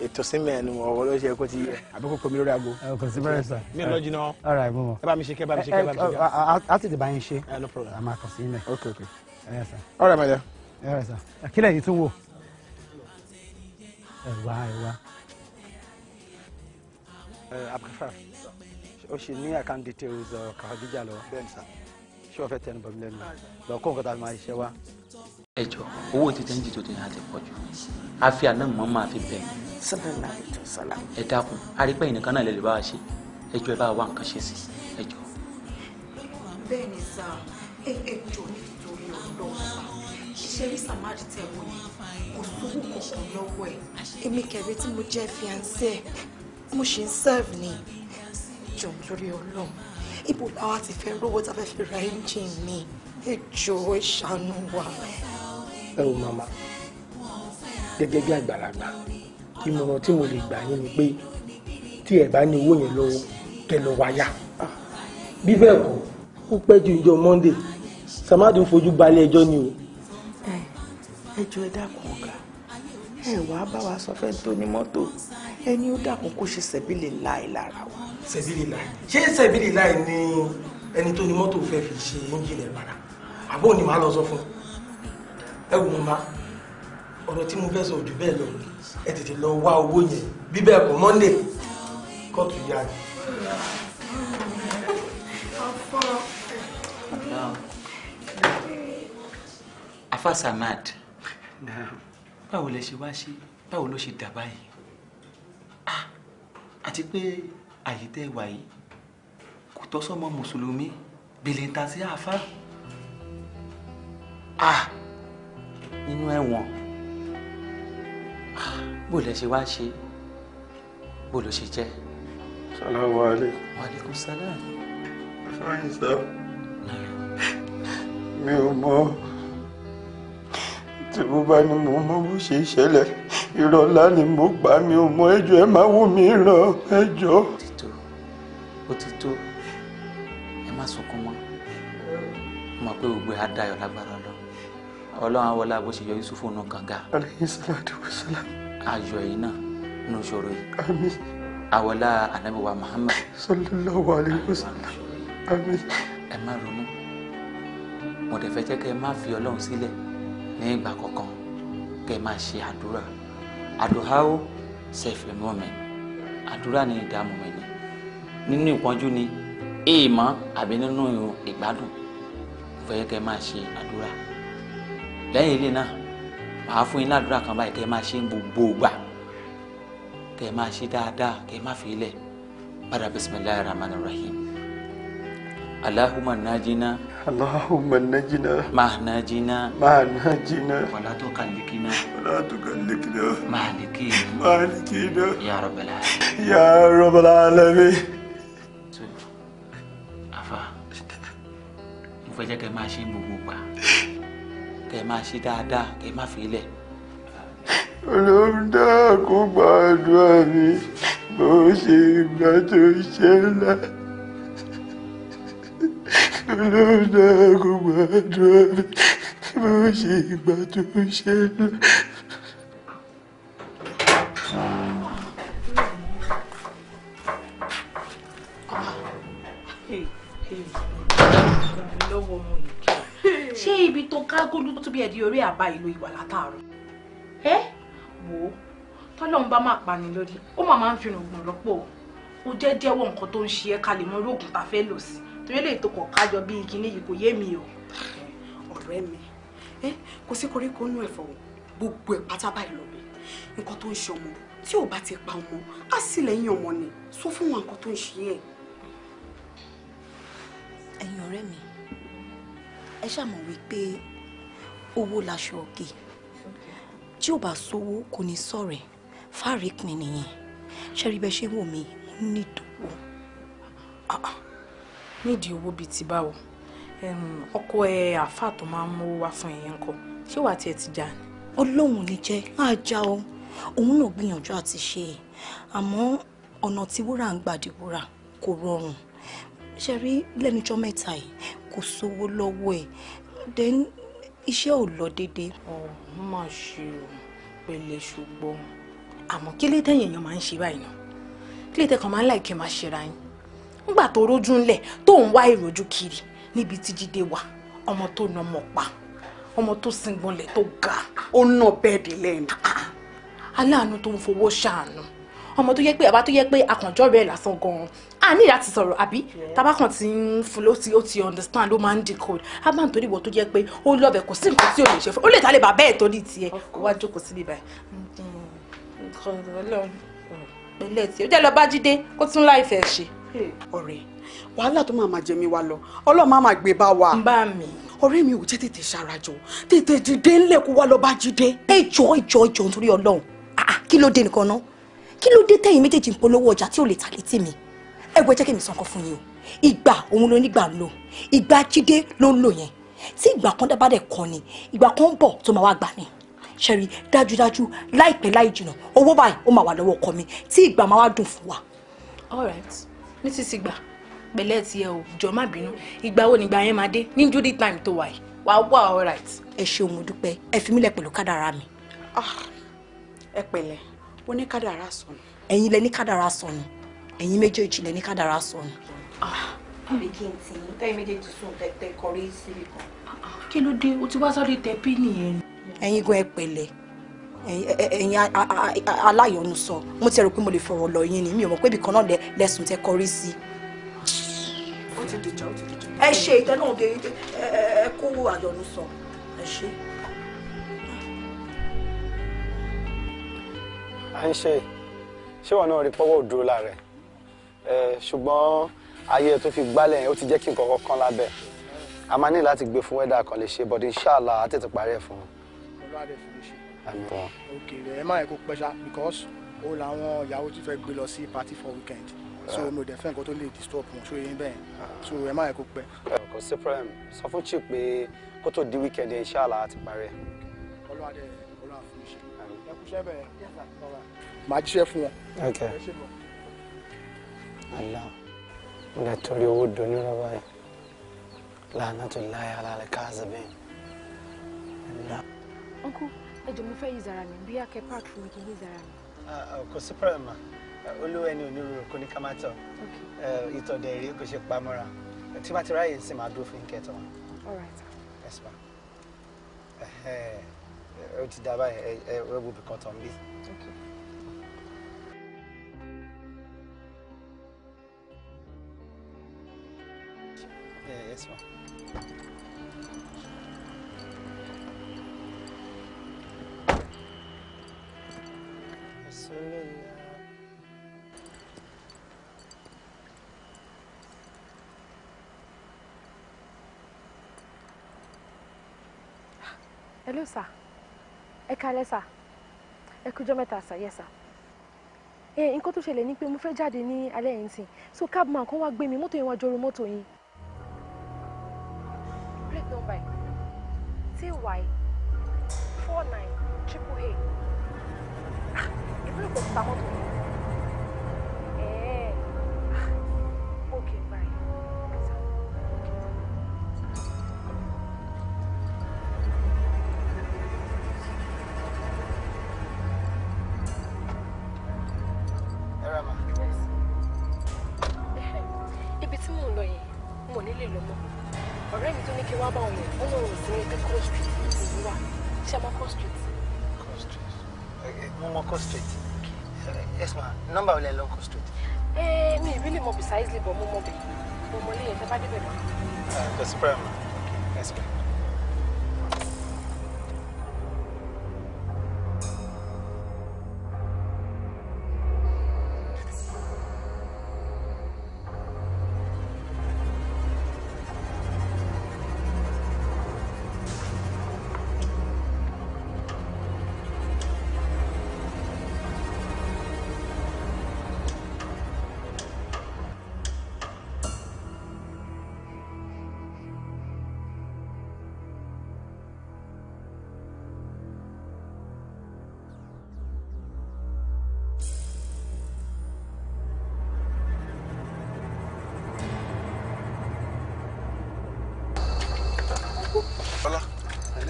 ètò símẹ̀ ni ọ̀wọ́ ló ṣe kó ti yẹ. àbíkó kò mí lórí aago. ẹ kò sí bẹ́rẹ̀ sà. mi ò lọ jìnnà. ẹ bá mi ṣe kẹ́ bá mi ṣe kẹ́ bá mi ṣe kẹ́. a ti dì bá ṣe. ẹ eh, no problem. a máa kàn sí ilẹ̀. ok ok. ẹ sà. ọ̀rọ̀ ẹ̀ mẹ́lẹ̀. ẹ sà. kílẹ̀ yìí tún wò. ẹ wá ẹ wá. ẹ abdulfar o ṣì ní account details kàwájíjà lọ. bẹ́ẹ̀ni sà. ṣé o fẹ́ tẹnu bọ̀ mí lẹ́nu lọ nǹkan tá a fi àná mọ́ máa fi bẹ̀rẹ̀ sallallahu alaihi wasallam. ẹ dákun arípẹ́ ìnìkan náà lè lè bá wa ṣe ẹjọ́ ẹ bá wa nǹkan ṣe sí ẹjọ́. bẹ́ẹ̀ ni sá ẹjọ́ nítorí ọlọ́sà ṣẹ́rí samadi tẹ̀ wọ yìí kò sówó kankan lọ́wọ́ ẹ̀ èmi kẹ̀rẹ́ tí mo jẹ́ fiancé mo ṣe ń serve ni jọ̀ nítorí ọlọ́run ibo làwa ti fẹ́ rówó tá a fẹ́ fi ra engine mi ẹ jọ̀ọ́ ẹ ṣàánú wa. ẹ o màmá gẹ́gẹ́ bí àgbàlagbà ìmọ̀ràn tí mo lè gbà yín ni pé tí ẹ bá ní owó yẹn lọ́wọ́ kẹ́ lọ wáyà bí bẹ́ẹ̀ kọ́ ó pẹ́ ju ìjọ Monday Samadu fojú balẹ̀ ẹjọ́ ni o. ẹjọ́ ẹ dákun ọ̀gá ẹ wàá bá wa sọ fẹ́ tó ní mọ́tò ẹni ó dákun kó ṣe sẹ́bílì láì lára wa. sẹ́bílì láì ṣé sẹ́bílì láì ni ẹni tó ní mọ́tò fẹ́ fi ṣe ẹ́ńjìnì ẹ̀ padà àbọ̀ ni màá lọ sọ fún ẹ wò ó ma ọ̀rọ̀ tí mo fẹ́ sọ jù bẹ́ẹ̀ lọ ni ẹ tètè lọ wá owó yẹn bí bẹ́ẹ̀ kọ́ monday kóòtù yá ni. afa samad báwo lẹ ṣe wá ṣe báwo ló ṣe dà báyìí ah, àti pé àyè tẹ́ wà yìí kò tọ́ sọ́mọ mùsùlùmí bìlìntàsí àfa ah, inú ẹ̀wọ̀n. E bó lẹ ṣe wá ṣe bó ló ṣe jẹ́. salamu aleykum. wa aleykum salaam. fẹ́yìn mi ò mọ tí mo bá ní mo mọ bó ṣe ṣẹlẹ̀ irọ́ ńlá ni mo gbà mi ò mọ ẹjọ́ ẹ má wò mí ràn ẹjọ́. ó ti ẹ má sunkún mọ́ mo mọ̀ pé ògbé á dayọ̀ lágbára ọlọ́run awọlá bó ṣe yọ yusufu nù kànga. aleyhi salatu wa salam. ayọ̀ yìí náà nù ṣòro yìí. àmín. awọlá anabi wa muhammad. sallallahu alayhi wa sallam. àmín. ẹ má ronú mo dẹ̀ fẹ́ jẹ́ kẹ́ ẹ má fi ọlọ́run sílẹ̀ ní ìgbà kọ̀ọ̀kan kẹ́ ẹ máa ṣe àdúrà àdùháwó ṣẹ̀fẹ̀ mọ́ mi àdúrà ni ìdààmú mi ni nínú ìpọ́njú ni èèmọ̀ àbí nínú ìgbádùn fẹ́ kẹ́ ẹ máa ṣe àdúrà lẹ́yìn ilé náà màá fún yín ládùúrà kan báyìí kẹ́ ẹ máa ṣe ń gbogbo ògbà kẹ́ ẹ máa ṣe dáadáa kẹ́ ẹ má fi ilẹ̀ padà bisimilahi rahman rahim allahumma najina. allahumma najina. mahnajina. mahnajina. wala tó kàlíkina. wala tó kàlíkina. mahlikina. mahlikina. ya rabbal alamin. ya rabbal alamin. afa mo fẹ́ jẹ́ kẹ́ máa ṣe gbogbo ògbà kẹ́ ẹ máa ṣe dáadáa kẹ́ ẹ má fi ilẹ̀. olórí náà kò gbàdúrà mi bó ṣe ìgbà tó ṣẹlẹ̀ olórí náà kò gbàdúrà mi bó ṣe ìgbà tó ṣẹlẹ̀. ṣé ibi tó kágúndú tó bí ẹ̀dí orí àbá ìlú ìwà látàárọ̀ ẹ wò ó tọ́lọ́run bá máa pani lórí ó máa máa ń fi rògbòn rọ́pò ó jẹ́ jẹ́wọ́ nǹkan tó ń ṣe ẹ́ ká lè mọ orógùn tá a fẹ́ lò sí torí lè tó kọ̀ kájọ bí igi níyì kò yé mi o. ọ̀rẹ́ mi ẹ kò sí koríko inú ẹ̀fọ́ gbogbo ẹ̀ pátá báyìí lọ bẹ́ẹ̀ nǹkan tó ń ṣe ọmọ tí ò bá ti pa ọmọ á sì lẹ́yìn ọmọ ni sọ fún wọn nǹkan tó ń ṣe ẹ̀. ẹ̀yin ọ̀rẹ́ mi ẹ ṣàmọ̀ wípé owó laṣọ òkè tí ò bá sówó kò ní sọ̀rẹ̀ fárík mi nìyẹn ṣẹ́rí bẹ́ẹ̀ ṣe wò mí nídòwó. Ah, ah, nídìí owó bíi ti báwo ọkọ ẹ àáfàá tó máa ń mówó wá fún ẹ̀yẹ ńkọ́ ṣé wàá tiẹ̀ ti jà ni. ọlọ́run ní jẹ́ máa já o òun náà gbìyànjú àti ṣe é àmọ́ ọ̀nà tí wúrà ń gbàdí kò rọrùn ṣe rí lẹ́nujọ́ mẹ́ta yìí kò sówó lọ́wọ́ ẹ̀ then iṣẹ́ ò lọ déédéé. ọ má ṣe o pẹ̀lẹ́ ṣùgbọ́n àmọ́ kí lè tẹ̀yìn èèyàn máa ń ṣe báyìí náà kí lè tẹ̀kàn máa ń láì máa ṣera yín nígbà tó rójú ńlẹ̀ tó ń wá ìròjú kiri níbi tí jíde wà ọmọ tó na ọmọ pa ọmọ tó singbọnlẹ̀ tó ga ó ná bẹ́ẹ̀dì lẹ́nu ah, aláàánú tó ń fowó ṣàánú ọmọ tó yẹ pé bàbá tó yẹ pé akànjọ́ rẹ̀ lásán gan-an a ní láti sọ̀rọ̀ àbí tábà kan ti ń fún ló ti ó ti understand ó máa ń decode a máa ń torí ìwọ tó jẹ́ pé ó lọ́bẹ̀ kò sí nǹkan tí ò lè ṣe fún ó lè ta lè bà bẹ́ẹ̀ torí tiẹ̀ kó wá jókòó síbi báyìí. pẹ̀lẹ́ tí ó jẹ́ lọ bá kó tún láìfẹ́ ṣe. ọ̀rẹ́ wàhálà tó máa máa jẹ mi wá lọ ọlọ́run máa máa gbé bá wa. n bá mi ọ̀rẹ́ mi ò jẹ́ tètè ṣarajọ tètè dìde ńlẹ̀ kó wá lọ bá ẹ jọ ẹ jọ ẹ jọ nítorí ọlọ́run ah, ah, kí ló dé nìkan náà kí ló dé tẹ̀yin méjèèjì ń polówó ọjà tí ò lè tà létí mi ẹ wò ẹ jẹ́ kí mi sọ nǹkan fún yín o ìgbà òun ló nígbà ń lò ìgbà jíde ló ń lò yẹn tí ìgbà kan dábàá dẹ̀ kọ́ ni ìgbà kan ń bọ̀ tó máa wá gbà ni ṣẹ́rí dájúdájú láìpẹ́ láì jìnà owó báyìí ó máa wà lọ́wọ́ ọkọ mi tí ìgbà máa wá dùn fún wa. ní ti gbà pẹ̀lẹ́ ti ẹ ò jọ má bínú ìgbà wo nìgbà yẹn máa dé ní judy time tó wà yìí wàá wà all right. ẹ ṣeun mo dúpẹ́ ẹ fi mílẹ̀ pẹ̀lú kádàrá mi. Ah, ẹ pẹ̀lẹ́ ó ní kádàrá sọnù. ẹ̀yin lẹ ní kádàrá sọnù ẹ̀yin méjèèjì lẹ ní kádàrá sọnù. àbí ah, kí n tì í tẹ́yìn méjèèjì sùn tẹ́tẹ́ kọrí síbi kan. Ah, ah, kí ló dé o ti wá sáré tẹ pín nìyẹn. ẹ̀yin gan ẹ pẹ̀lẹ́ ẹ̀yin aláyọ̀nù sọ mo ti rò pé mo lè fọ̀rọ̀ lọ yín ni mi ò mọ̀ pé ibìkan náà lẹ́sùn tẹ kọrí sí. ó ti dìjà ó ti dìjà. ẹ ṣe ìtẹ́nà òde ẹ kó àyọ̀nù sọ ẹ ṣe. à ń ṣe ṣé náà rí pọ́wọ́ òdúró lára ẹ̀ ṣùgbọ́n ayé tó fi gbálẹ̀ ó ti jẹ́ kí nǹkan kan lábẹ́ a máa ní láti gbé fún wẹ́dà kan lè ṣe but inshallah á tètè parí ẹ̀ fún wọn. òkèèrè ẹ máa yẹ kó pẹ́ṣá because ó làwọn ìyàwó ti fẹ́ gbé lọ sí party for weekend so ah. mi ò fẹ́ nǹkan tó lè disturb wọn ṣó bẹ́ẹ̀ ah. so ẹ máa yẹ kó pẹ́. kò sí sọ fún chief pé kó tó di weekend inshallah á ti parí ẹ̀. ọlọ́wà dẹ̀ ọlọ́wà fún iṣẹ́ ẹ kúṣẹ́ bẹ́ẹ̀ màá jíṣẹ́ fún wọn. àlá mo lè torí owó doni rọ́bà yìí lánà tó láyà alálẹ́ káàzì bẹ́ẹ̀. ọkọ ẹjọ mo fẹ́ yí zara mi bí akẹ́ park mi kì í yí zara mi. Ah, ah, kò sí pẹ̀lú ma olówó ẹni onírúurú kò ní ká má tọ̀ eh, ìtọ̀ dẹ̀ rí kò ṣe pamọ́ra tí bá ti ráyè sí máa dúró fún ìkẹtọ̀ wọn. all right. yes ma. ẹ ẹ o ti dábàá ẹ ẹ wẹ́ẹ́bù bìkan tán bí. é yes, ma'am. Hello, sir. Ẹ kalẹ̀ sir. Ẹ kújọ́ mẹ́ta sir, yes sir. Ẹ eh, nǹkan tó ṣẹlẹ̀ ni pé mo fẹ́ jáde ní alẹ́ yìí nsìn. So cabman kan wá gbé mi, mọ́tò yẹn wá jọrọ mọ́tò yìí. ty four nine triple a ìbúrò ah, kò ta mọ́tò mi.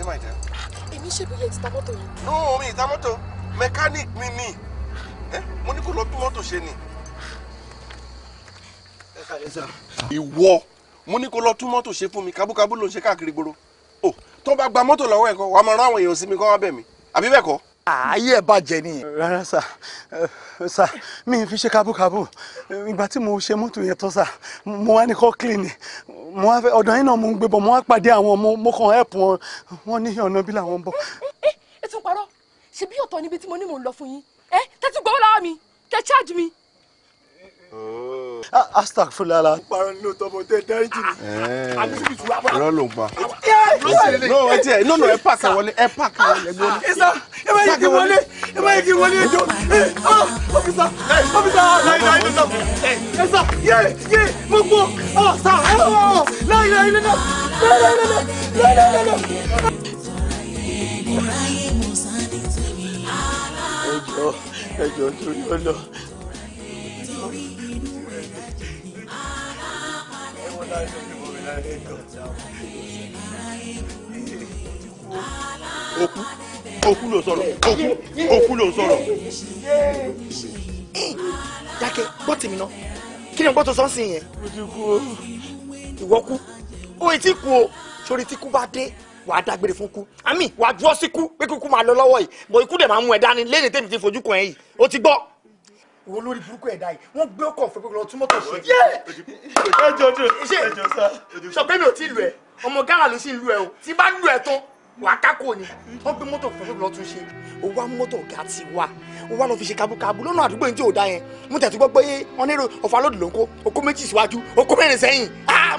my dear. Eh? èmi ṣe bóyá ìta mọ́tò yẹn. no mi ìta mọ́tò mechanic mi ni eh? mo ní kó lọ tún mọ́tò ṣe ni. ìwọ mo ní kó lọ tún mọ́tò ṣe fún mi kábúkábú ló ń ṣe káàkiri gbòòrò o oh, tó bá gba mọ́tò lọ́wọ́ ẹ̀ kọ́ wàá máa rán àwọn èèyàn sí mi kọ́ wá bẹ̀ mí àbí bẹ́ẹ̀ kọ́. ayé ẹ bàjẹ́ ni. rárá sà eh, sà mi fi ṣe kábúkábú ìgbà tí mo ṣe mọ́tò yẹn tán sà mo wá ní kọ́ clean mo wá fẹ́ ọ̀dọ̀ yín náà mo ń gbé bọ̀ mo wá pàdé àwọn ọmọ mo kàn help wọn wọn ní ọ̀nà bí làwọn ń bọ̀. Eh, eh, eh, ẹ tún parọ́ ṣe bí ọ̀tọ̀ níbi tí mo ní mò ń lọ fún yín ẹ tẹ́tí gbọ́ lọ́wọ́ mi tẹ́ charge mi. Oh. Ah, astagfurulala. parọ́ nínú tọmọ tẹ dárí jì mí. ló ń pa. Eh, eh, eh, no ẹ no no ẹ pààkà wọlé ẹ pààkà wọlé ẹ gbọ́n. ẹsà ẹ bá yẹ kí wọlé ẹ bá yẹ kí wọlé ẹjọ ọfisa ọfisa láìláì lọ́nà ẹsà yé yé mo gbọ́ ọ̀sà láìláì lọ́nà láìláì lọ́nà láìláì lọ́nà. ẹjọ ẹjọ torí ọlọ. òkú òkú ló sọ̀rọ̀ òkú òkú ló sọ̀rọ̀. dákẹ́ gbọ́ tèmi ná kí ni gbọ́tò sọ́ọ́sì yẹn. mo ti kú o. o ì tí kú o sórí tí kú bá dé wàá dágbére fún kú àmì wàá juwọ́ sí kú pé kúkú máa lọ lọ́wọ́ yìí bọ̀ ikú dẹ̀ máa mú ẹ dání lẹ́yìn tèmi ti fojú kan ẹ yìí o ti gbọ́ wo lórí burúkú ẹ̀dá yìí wọ́n gbé ọkọ̀ fún pípẹ́ lọ tún mọ́tò ṣe. ẹjọ ojú ẹjọ sá. sọpẹ́ mi ò tí ì lu ẹ ọmọ gánà ló sì ń lu ẹ o tí bá lu ẹ tán wà á kákò ni wọ́n gbé mọ́tò fún pípẹ́ lọ tún ṣe o wá mọ́tò ọ̀gá ti wá o wá lọ fi ṣe kábúkábú lọ́nà àdúgbò yìí tí ò da yẹn mo tẹ̀ tó gbọ́ pé wọ́n nílò ọ̀fà lódì ló ń kó okó méjì síwájú okó mẹ́rin sẹ́yìn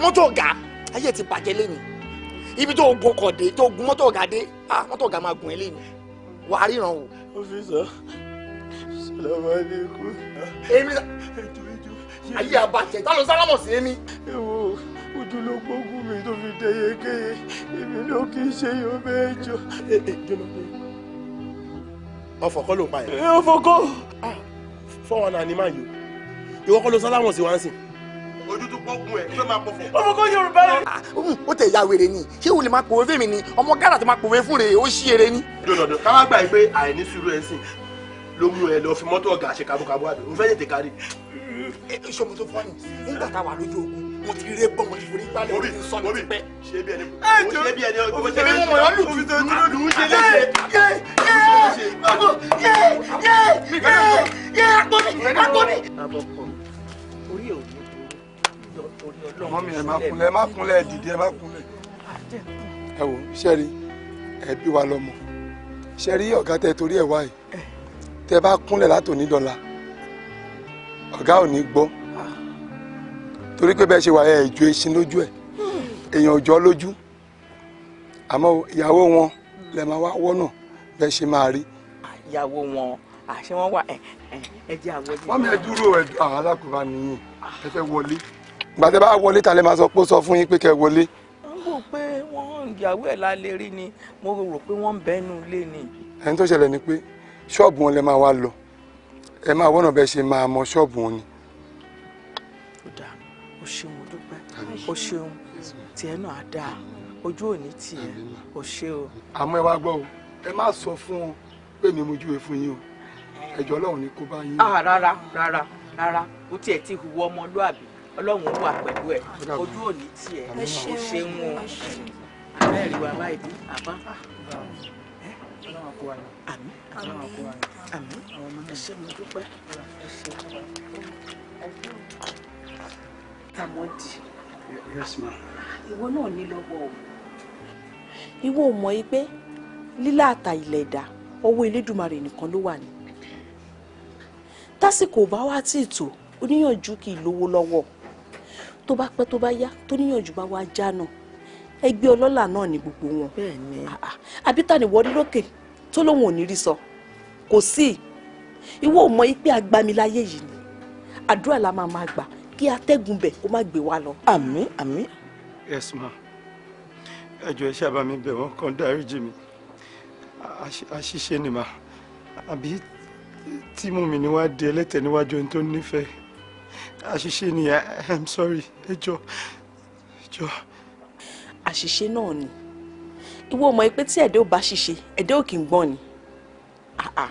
mọ́tò ọ̀gá ayé ti bàjẹ́ lẹ́nu ibi tó gbọ́kọ̀ dé tó gun mọ́tò ọ̀gá dé mọ́tò ọ̀gá máa gùn ẹ́ lẹ́nu wàá ríran o. ó fi sọ lọ́mọdé kú. èmi ayé àbàtẹ tá ló sálámọ̀ sí èmi. ẹ wo ojú ló gbógun mi tó fi dẹ yékéyé èmi ló kì í ṣe yóò bẹ́ẹ̀ jọ. ọfọ kọ́ ló ń pa yẹn. ọfọ kọ́. Ah, fọwọ́n náà ni máa yọ ìwọ kọ́ ló sálámọ̀ sí wa ń sìn ojú tó pọ́kun ẹ̀ tó máa pọ̀ fún. ọmọ kan yorùbá rẹ. o tẹ ìyá wèrè ni ṣé o lè máa pòwe fèmí ni ọmọ gánà tó máa pòwe fún rèé ó ṣí eré ni. dòdòdò ká má gbà pé àìní sùúrù ẹ̀ sìn ló mú ẹ lọ fi mọ́tò ọ̀gá ṣe kabúkabú àbí òun fẹ́ tètè kárí. iṣẹ́ mo tó fọ́ ni nígbà táwa lójú ogun mo ti rí ẹgbọ́n mo ti forí gbálẹ̀ mo ti sọ ní pẹ́. ṣé bí ẹni ọdún ṣe bí ẹni ọdún ṣe bí ẹni ọdún ṣe bí ẹni ọdún ṣe bí ẹni ọdún ṣe bí ọmọ mi ẹ má kúnlẹ̀ ẹ má kúnlẹ̀ ẹ dìde ẹ má kúnlẹ̀ ẹ wò ṣẹ́ẹ̀rí ẹbí wa lọ́mọ ṣẹ́ẹ̀rí ọ̀gá tẹ torí ẹ̀ wáyé tẹ bá kúnlẹ̀ látòní dọ́là ọ̀gá ò ní gbọ́ torí pé bẹ́ẹ̀ ṣe wà ẹ̀ ju eṣin lójú ẹ̀ èèyàn ò jọ lójú àmọ́ ìyàwó wọn lè máa wá wọ́nà bẹ́ẹ̀ ṣe máa rí. ìyàwó wọn àṣẹ wọn wà ẹ jẹ wọ́n mi ẹ dúró ẹ alákùnrin nìyẹn ẹ fẹ́ wọlé. ìgbà tẹ bá wọlé ta lẹ máa sọ pé ó sọ fún yín pé kẹ wọlé. wọ́n rò pé wọ́n ìyàwó ẹ̀ la rí ni mo rò pé wọ́n ń bẹ́nu ilé ni. ẹni tó ṣẹlẹ̀ ni pé ṣọ́ọ̀bù wọn lẹ máa wá lọ ẹ máa wọ́nà bẹ́ẹ̀ ṣe máa mọ ṣọ́ọ̀bù wọn ni. ó dáa o ṣeun o dúpẹ́ o ṣeun tiẹ̀ náà á dáa ojú òní tiẹ̀ o ṣe o. àmọ́ ẹ wá gbọ́ o ẹ má sọ fún wọn pé mi mojú e fún yín o ẹjọ́ ọlọ́run ni kó bá yín. Ah, rárá rárá rárá o tiẹ̀ ti hùwà ọmọlúàbí ọlọ́run wà pẹ̀lú ẹ̀ ojú òní tiẹ̀ o ṣeun o àbẹ́rẹ́ wa báyìí àbá àmín ẹ ṣé mo dúpẹ́ tamọ́dì ìwọ náà ní lọ́wọ́ o ìwọ ò mọ̀ pé lílá àtà ilẹ̀ ẹ̀dá ọwọ́ Elédùmarè nìkan ló wà ní tásìkò bá wá tí ì tò oníyànjú kì í lówó lọ́wọ́ tó bá pẹ́ tó bá yá tó níyànjú bá wá já náà ẹgbẹ́ ọlọ́lá náà ni gbogbo wọn àbí ta ni wọ́n rí lókè tó lóun ò ní rí sọ. So kò sí ìwọ ò mọ ipe agbamiláyé yìí ni àdúrà la máa máa gbà kí atẹ́gùn bẹ̀ kó má gbé wa lọ. àmín àmín. yes ma ẹ jọ̀ọ́ ẹ ṣàbà mi bẹ̀ wọ́n kàn dáríjì mi àṣìṣe ni ma àbí tí mú mi níwá di ẹlẹ́tẹ̀ níwájú ẹni tó nífẹ̀ẹ́ àṣìṣe ni i'm sorry ẹ jọ̀ọ́ ẹ jọ̀ọ́. àṣìṣe náà ni ìwọ mọ̀ pé tí ẹ̀dẹ́ ò bá ṣìṣe ẹ̀dẹ́ ò kì í gbọ́n ni Ah, ah.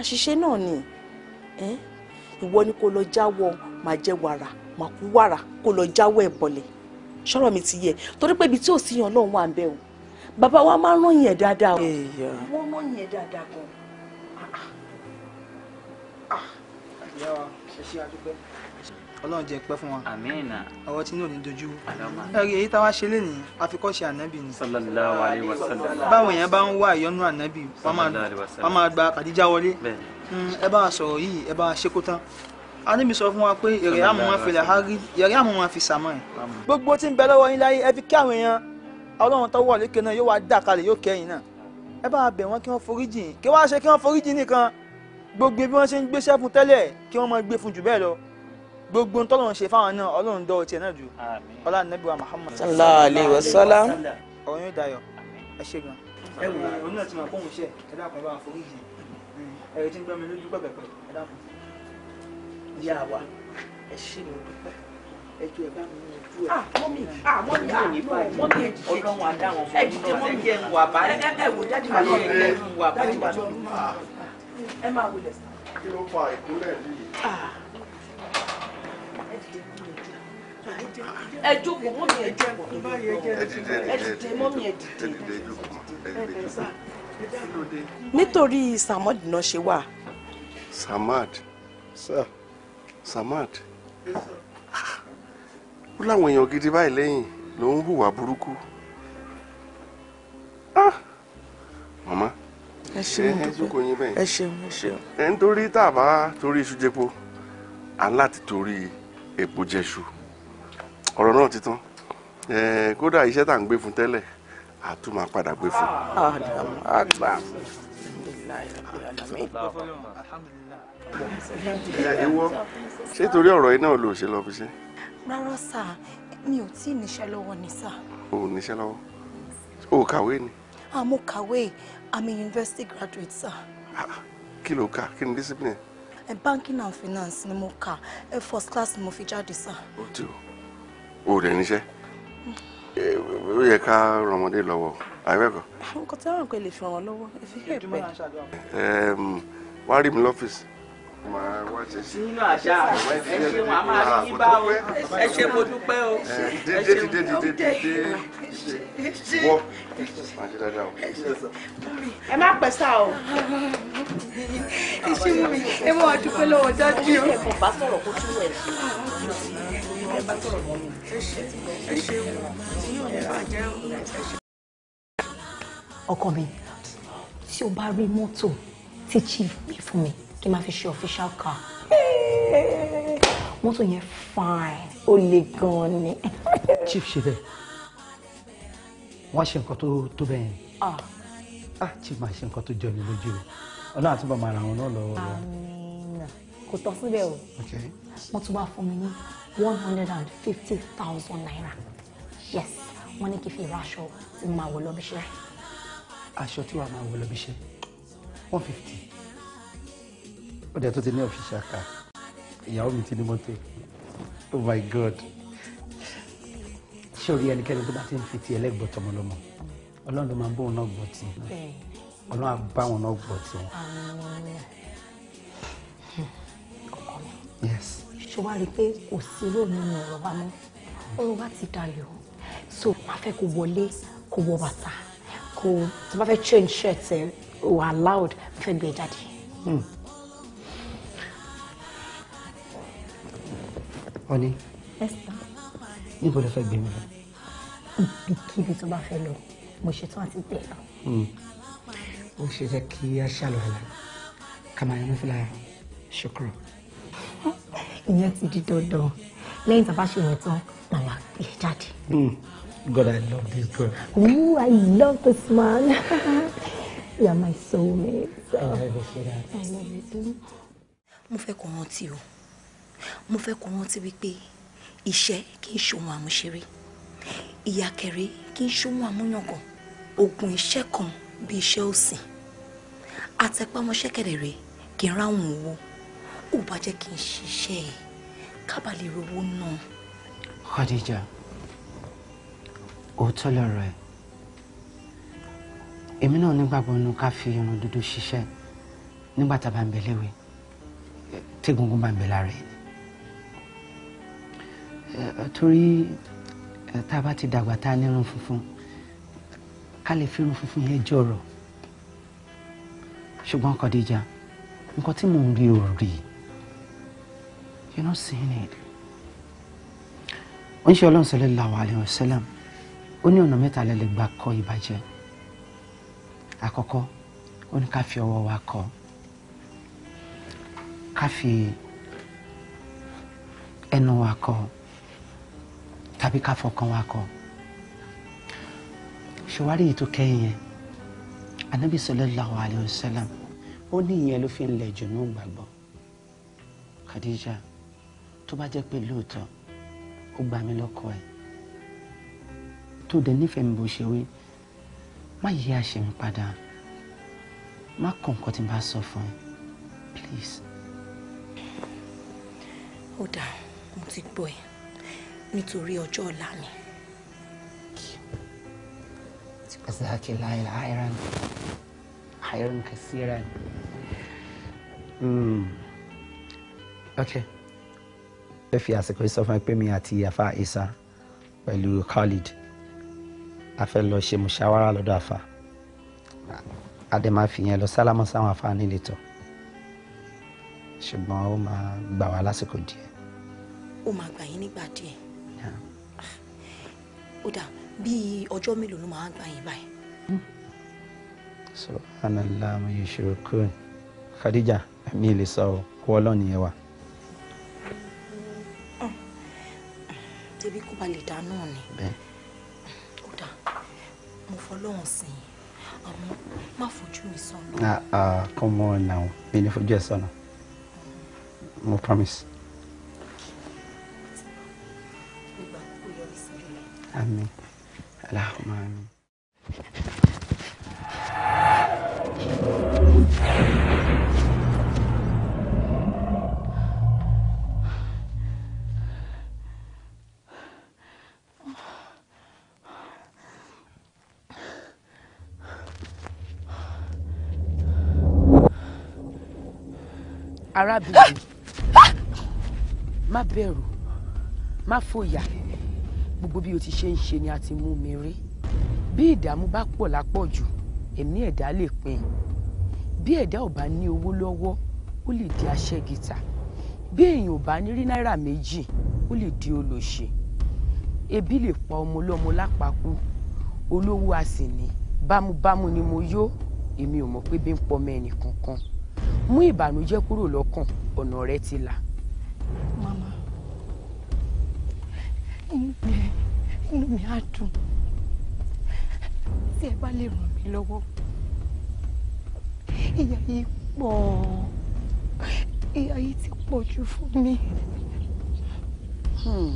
àṣìṣe náà ni ìwọ ni kò lọ jáwọ́ máa jẹ wàrà máa kú wàrà kò lọ jáwọ́ ẹ̀ bọ̀lẹ̀ ṣọ́rọ̀ mi ti yẹ torí pé ibi tí ò sí yan lọ́hùn wà ń bẹ̀ o bàbá wa máa ń ràn yẹn dáadáa o wọ́n ràn yẹn dáadáa gan. ìyá ah, wa ṣe ṣe àdúgbò ọlọ́run jẹ́ pẹ́ fún wa àmín ọwọ́ tí náà ní dojú ẹ̀rí èyí táwa ṣe lé nìyí àfikọ́ṣe ànábì ni sallallahu alaihi wasallam báwọn èèyàn bá ń wá ìyọnú ànábì wọ́n máa gba kàdíjà wọlé hmm, ẹ bá sọ̀rọ̀ yìí ẹ bá ṣe kó tán animi sọ fún wa pé èrè àmú wọn fi làhárí èrè àmú wọn fi sàmọ́ ẹ̀. gbogbo tí ń bẹ lọ́wọ́ yín láyé ẹ fi kí àwọn èèyàn ọlọ́run tó wọ̀ lékè náà yóò wá dà kalẹ̀ yóò kẹ́yìn náà ẹ bá bẹ̀ wọ́n kí wọ́n foríjì kí wọ́n á ṣe kí wọ́n foríjì nìkan gbogbo bí wọ́n ṣe ń gbéṣẹ́ fún tẹ́lẹ̀ kí wọ́n máa gbé fún jù bẹ́ẹ̀ lọ gbogbo tọ́lọ́run ṣe fáwọn náà ọlọ́run dọ́ tiẹ̀ náà jù ọlá nàbí wa Muhammad. sallallahu alayhi wa sallam. ọ̀run yóò ẹ ṣe gan. ẹ wò ó ní àtìmọ̀ fóun ṣe ẹ dákun bá forí jì ẹ ti ń gbọ́ lójú pẹ̀pẹ̀pẹ̀ ẹ dákun. ìyá wa ẹ ṣe mi dúpẹ́ ẹjọ́ ẹ bá mi ní ojú ẹ. mọ́mí mọ́mí àní mọ́mí ẹ jẹ́ ọlọ́run àdáwọn fún mi náà ẹ jẹ́ ẹ wò jáde wà lọ́rùn ẹ wà ah. ẹ máa wọlé. kí ló ẹ jókòó nítorí samad náà ṣe wà. samad samad ó láwọn èèyàn gidi báyìí lẹ́yìn ló ń hùwà burúkú ah! màmá ẹ ṣeun ẹ ṣeun ẹ ṣeun. ẹ ń torí tá a bá torí iṣu jẹpo à ń láti torí epo jẹṣu ọ̀rọ̀ náà ti tán kódà iṣẹ́ tá à ń gbé fún tẹ́lẹ̀ a tún máa padà gbé fún. ìwọ ṣé torí ọ̀rọ̀ yìí náà ló ṣe lọ fi ṣe. rárá sà mi ò tí ì níṣẹ́ lọ́wọ́ ni sà. o ò níṣẹ́ lọ́wọ́ o kàwé ni. àmọ́ ah, kàwé i'm a university graduate sà. Ah, kí ló kà kí ni discipline. Eh, banking and finance ni mo kà eh, first class ni mo fi jáde sà. o ti o o ò dẹ̀ níṣẹ́ ó yẹ ká ran ọmọdé lọ́wọ́ àìbẹ́ẹ̀kọ́. nǹkan tí wọn kò lè fi ràn wọn lọ́wọ́ if you help me. wá rí mi lọ́fíìsì sínú àṣà ẹ ṣe wọn a máa rí bá o ẹ ṣe mo dúpẹ́ o ẹ ṣe mo dúpẹ́ wọ ẹ má pẹ̀sà o ẹ ṣe mú mi ẹ mọ àdúpẹ́ lọ́wọ́ dájú o. ọkọ mi tí o bá rí mọ́tò tí chief gbé fún mi kí n máa fi ṣe official car mọ́tò yẹn fine ó le gan-an ni. chief ṣe bẹ́ẹ̀ wọ́n ṣe nǹkan tó tó bẹ́ẹ̀ yẹn ah, ah chief máa ṣe nǹkan tó jọ ní lójú o ọlọ́run àtúbọ̀ máa ra àwọn náà lọ́wọ́ lọ́wọ́. kò tán síbẹ̀ o wọ́n tún wá fún mi ní one hundred and fifty thousand naira yes wọ́n ní kí n fi ra aṣọ tí mo máa wọ̀ lọ́bíṣẹ́. aṣọ tí wàá máa wọ̀ lọ́bíṣẹ́ one fifty ó dẹ̀ tó ti ní official car ìyàwó mi ti ní mọ́tò oh my god ṣé orí ẹnikẹ́ni tó bá ti ń fi ti ẹlẹ́gbọ̀ọ́ tọmọlọmọ ọlọ́run ló máa ń bóun náà gbọ́ tí ọlọ́run á bá wọn náà yes. ṣé wàá rí i pé kò sí ró nínú ọ̀rọ̀ wa mọ́ ọ̀rọ̀ wa so máa fẹ́ kó wọlé kó wọ bàtà kó tó bá fẹ́ change shirt ẹ̀ eh, wà loud fẹ́ gbé e jáde. Hmm. Honey. Esther. Níbo ló fẹ́ gbé mi lọ? Ibikíbi tó bá fẹ́ lọ, mo ṣetán àti gbé lọ. Hmm. Ó ṣe jẹ́ kí a ṣàlùwàlà ká máa yan mẹ́fìlà ṣòkòrò. Ìyẹn ti di dandan. Lẹ́yìn tá a bá ṣe yẹn e hmm. God, I love this girl. Ooh, I love this man. You are my soulmate. So. I love you, sweetheart. I love you too. Mo fẹ́ kó mo fẹ́ kó rántí wípé ìṣẹ́ kì í ṣohun àmúṣeré ìyàkẹ̀ré kì í ṣohun àmúyangàn ogun iṣẹ́ kan bí iṣẹ́ òsìn àtẹpámọ́ṣẹ́ kẹ̀dẹ̀rẹ̀ kì í ráhùn owó ò bá jẹ́ kí n ṣiṣẹ́ ẹ̀ kábà lè náà. Khadija òótọ́ lọ̀rọ̀ ẹ̀ èmi náà nígbàgbọ́ inú ká fi irun dúdú ṣiṣẹ́ nígbà tá a bá ń bẹ léwe tí bá ń bẹ lára ẹ̀ torí tá a bá ti dàgbà tá a nírun funfun ká lè fi irun funfun yẹn jọ̀rọ̀ ṣùgbọ́n Khadija nǹkan tí mò ń rí ò rí you no see it ó ń ṣe ọlọ́run sallallahu alaihi wasallam ó ní ọ̀nà mẹ́ta lẹ́lẹ́ gbà kọ ìbàjẹ́ àkọ́kọ́ ó ní ká fi ọwọ́ wa kọ ká fi ẹnu wa kọ tàbí ká fọkàn wa kọ ṣèwárí yìí tó kẹ́yìn yẹn anabi sallallahu alayhi wa sallam ó ní ìyẹn ló fi ń lẹ̀ jù ní ìgbàgbọ́ Khadija tó bá jẹ́ pé lóòótọ́ ó gbà mí lọ́kọ ẹ̀ tó dẹ̀ nífẹ̀ẹ́ mi bó ṣe wí má yí àṣẹ mi padà má kọ̀ nǹkan tí n bá sọ fún ẹ please. ó dáa mo ti gbọ́ ẹ nítorí ọjọ́ ọ̀la mi. جزاك الله خيرا خيرا كثيرا okay ẹ fi àsìkò sọ fún pé mi àti àfa isa pẹ̀lú khalid a fẹ́ lọ ṣe mùṣàwárà lọ́dọ̀ àfa adema fìyẹn lọ sálámà sáwọn àfa nílé tọ̀ ṣùgbọ́n ó máa gbà wá lásìkò díẹ̀. ó máa gbà yín nígbà díẹ̀ ó dà bíi ọjọ́ mélòó ló máa ń gbà yín báyìí. subhanallah mo yẹ ṣòro kúrò Khadija mi lè sọ ọ kó ọlọ́ọ̀ni yẹn wà. Hm, tẹbi kó ba lè dá náà ni ó dà mo fọlọ́hún sí i àmọ́ má fojú mi sọnù. Ah, ah, come on now mi ní fojú ẹ sọnù hm. mo promise. Amin. Allahumma amin. arábìnrin ah! má bẹ̀rù má fòyà gbogbo bí o ti ṣe ń ṣe ni a ti mú mi rí bí ìdààmú bá pọ̀ lápọ̀jù ẹ̀mí ẹ̀dá lè pin bí ẹ̀dá ò bá ní owó lọ́wọ́ ó lè di aṣẹ́gìtà bí èèyàn ò bá ní rí náírà méjì ó lè di olòṣì ebi lè pa ọmọ ọlọ́mọ lápapọ̀ olówó a sì ní bámúbámú ni mo yó èmi ò mọ̀ pé bí ń pọmọ ẹnì kankan mú ìbànújẹ́ kúrò lọ́kàn ọ̀nà rẹ ti là. mama inú mi inú mi á dùn tí ẹ bá lè ràn mí lọ́wọ́ ìyà yìí pọ̀ ìyà yìí ti pọ̀ jù fún mi. Hmm.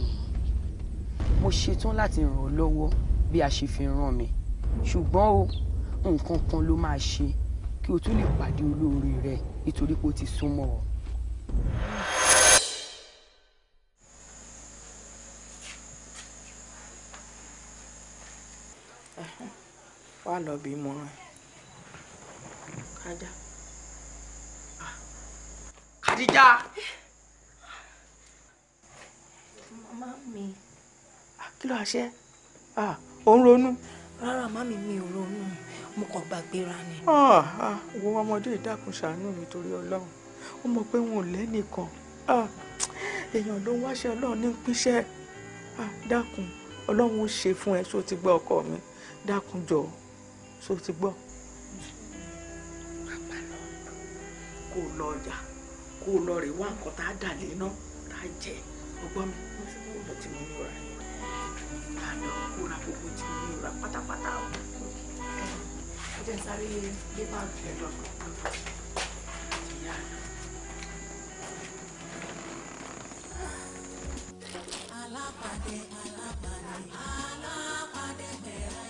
mo ṣetán láti ràn ọ́ lọ́wọ́ bí a ṣe fi ràn mí ṣùgbọ́n o nǹkan kan ló máa ṣe kí o tún lè pàdé olóore rẹ nítorí pé o ti súnmọ́ ọ. wà lọ bímọ rẹ kájà. Ah. Kàdíjà. màmá mi. Ah, kí ló ṣe ah, ò ń ronú. rárá màmí mi ò ronú mo kàn gbàgbéra ni. wo ọmọdé ìdákun ṣàánú mi torí ọlọ́run ó mọ̀ pé wọn ò lẹ́nìkan èèyàn ló ń wáṣẹ́ ọlọ́run ní pínṣẹ́ dákun ọlọ́run ó ṣe fún ẹ só ti gbọ́ ọkọ mi dákun jọ̀ọ́ ṣó ti gbọ́ pàpà lọ kó lọ ọjà kó lọ rè wá nǹkan tá a dà lé náà tá a jẹ ọgbọ́n mi kó lọ tí mo ní ọ̀rá yẹn kó lọ kó ra gbogbo tí mo ní ọ̀rá pátápátá o. ẹ jẹ́ sáré gbé báàgì lọ. alápàdé alápàdé alápàdé bẹ̀rẹ̀.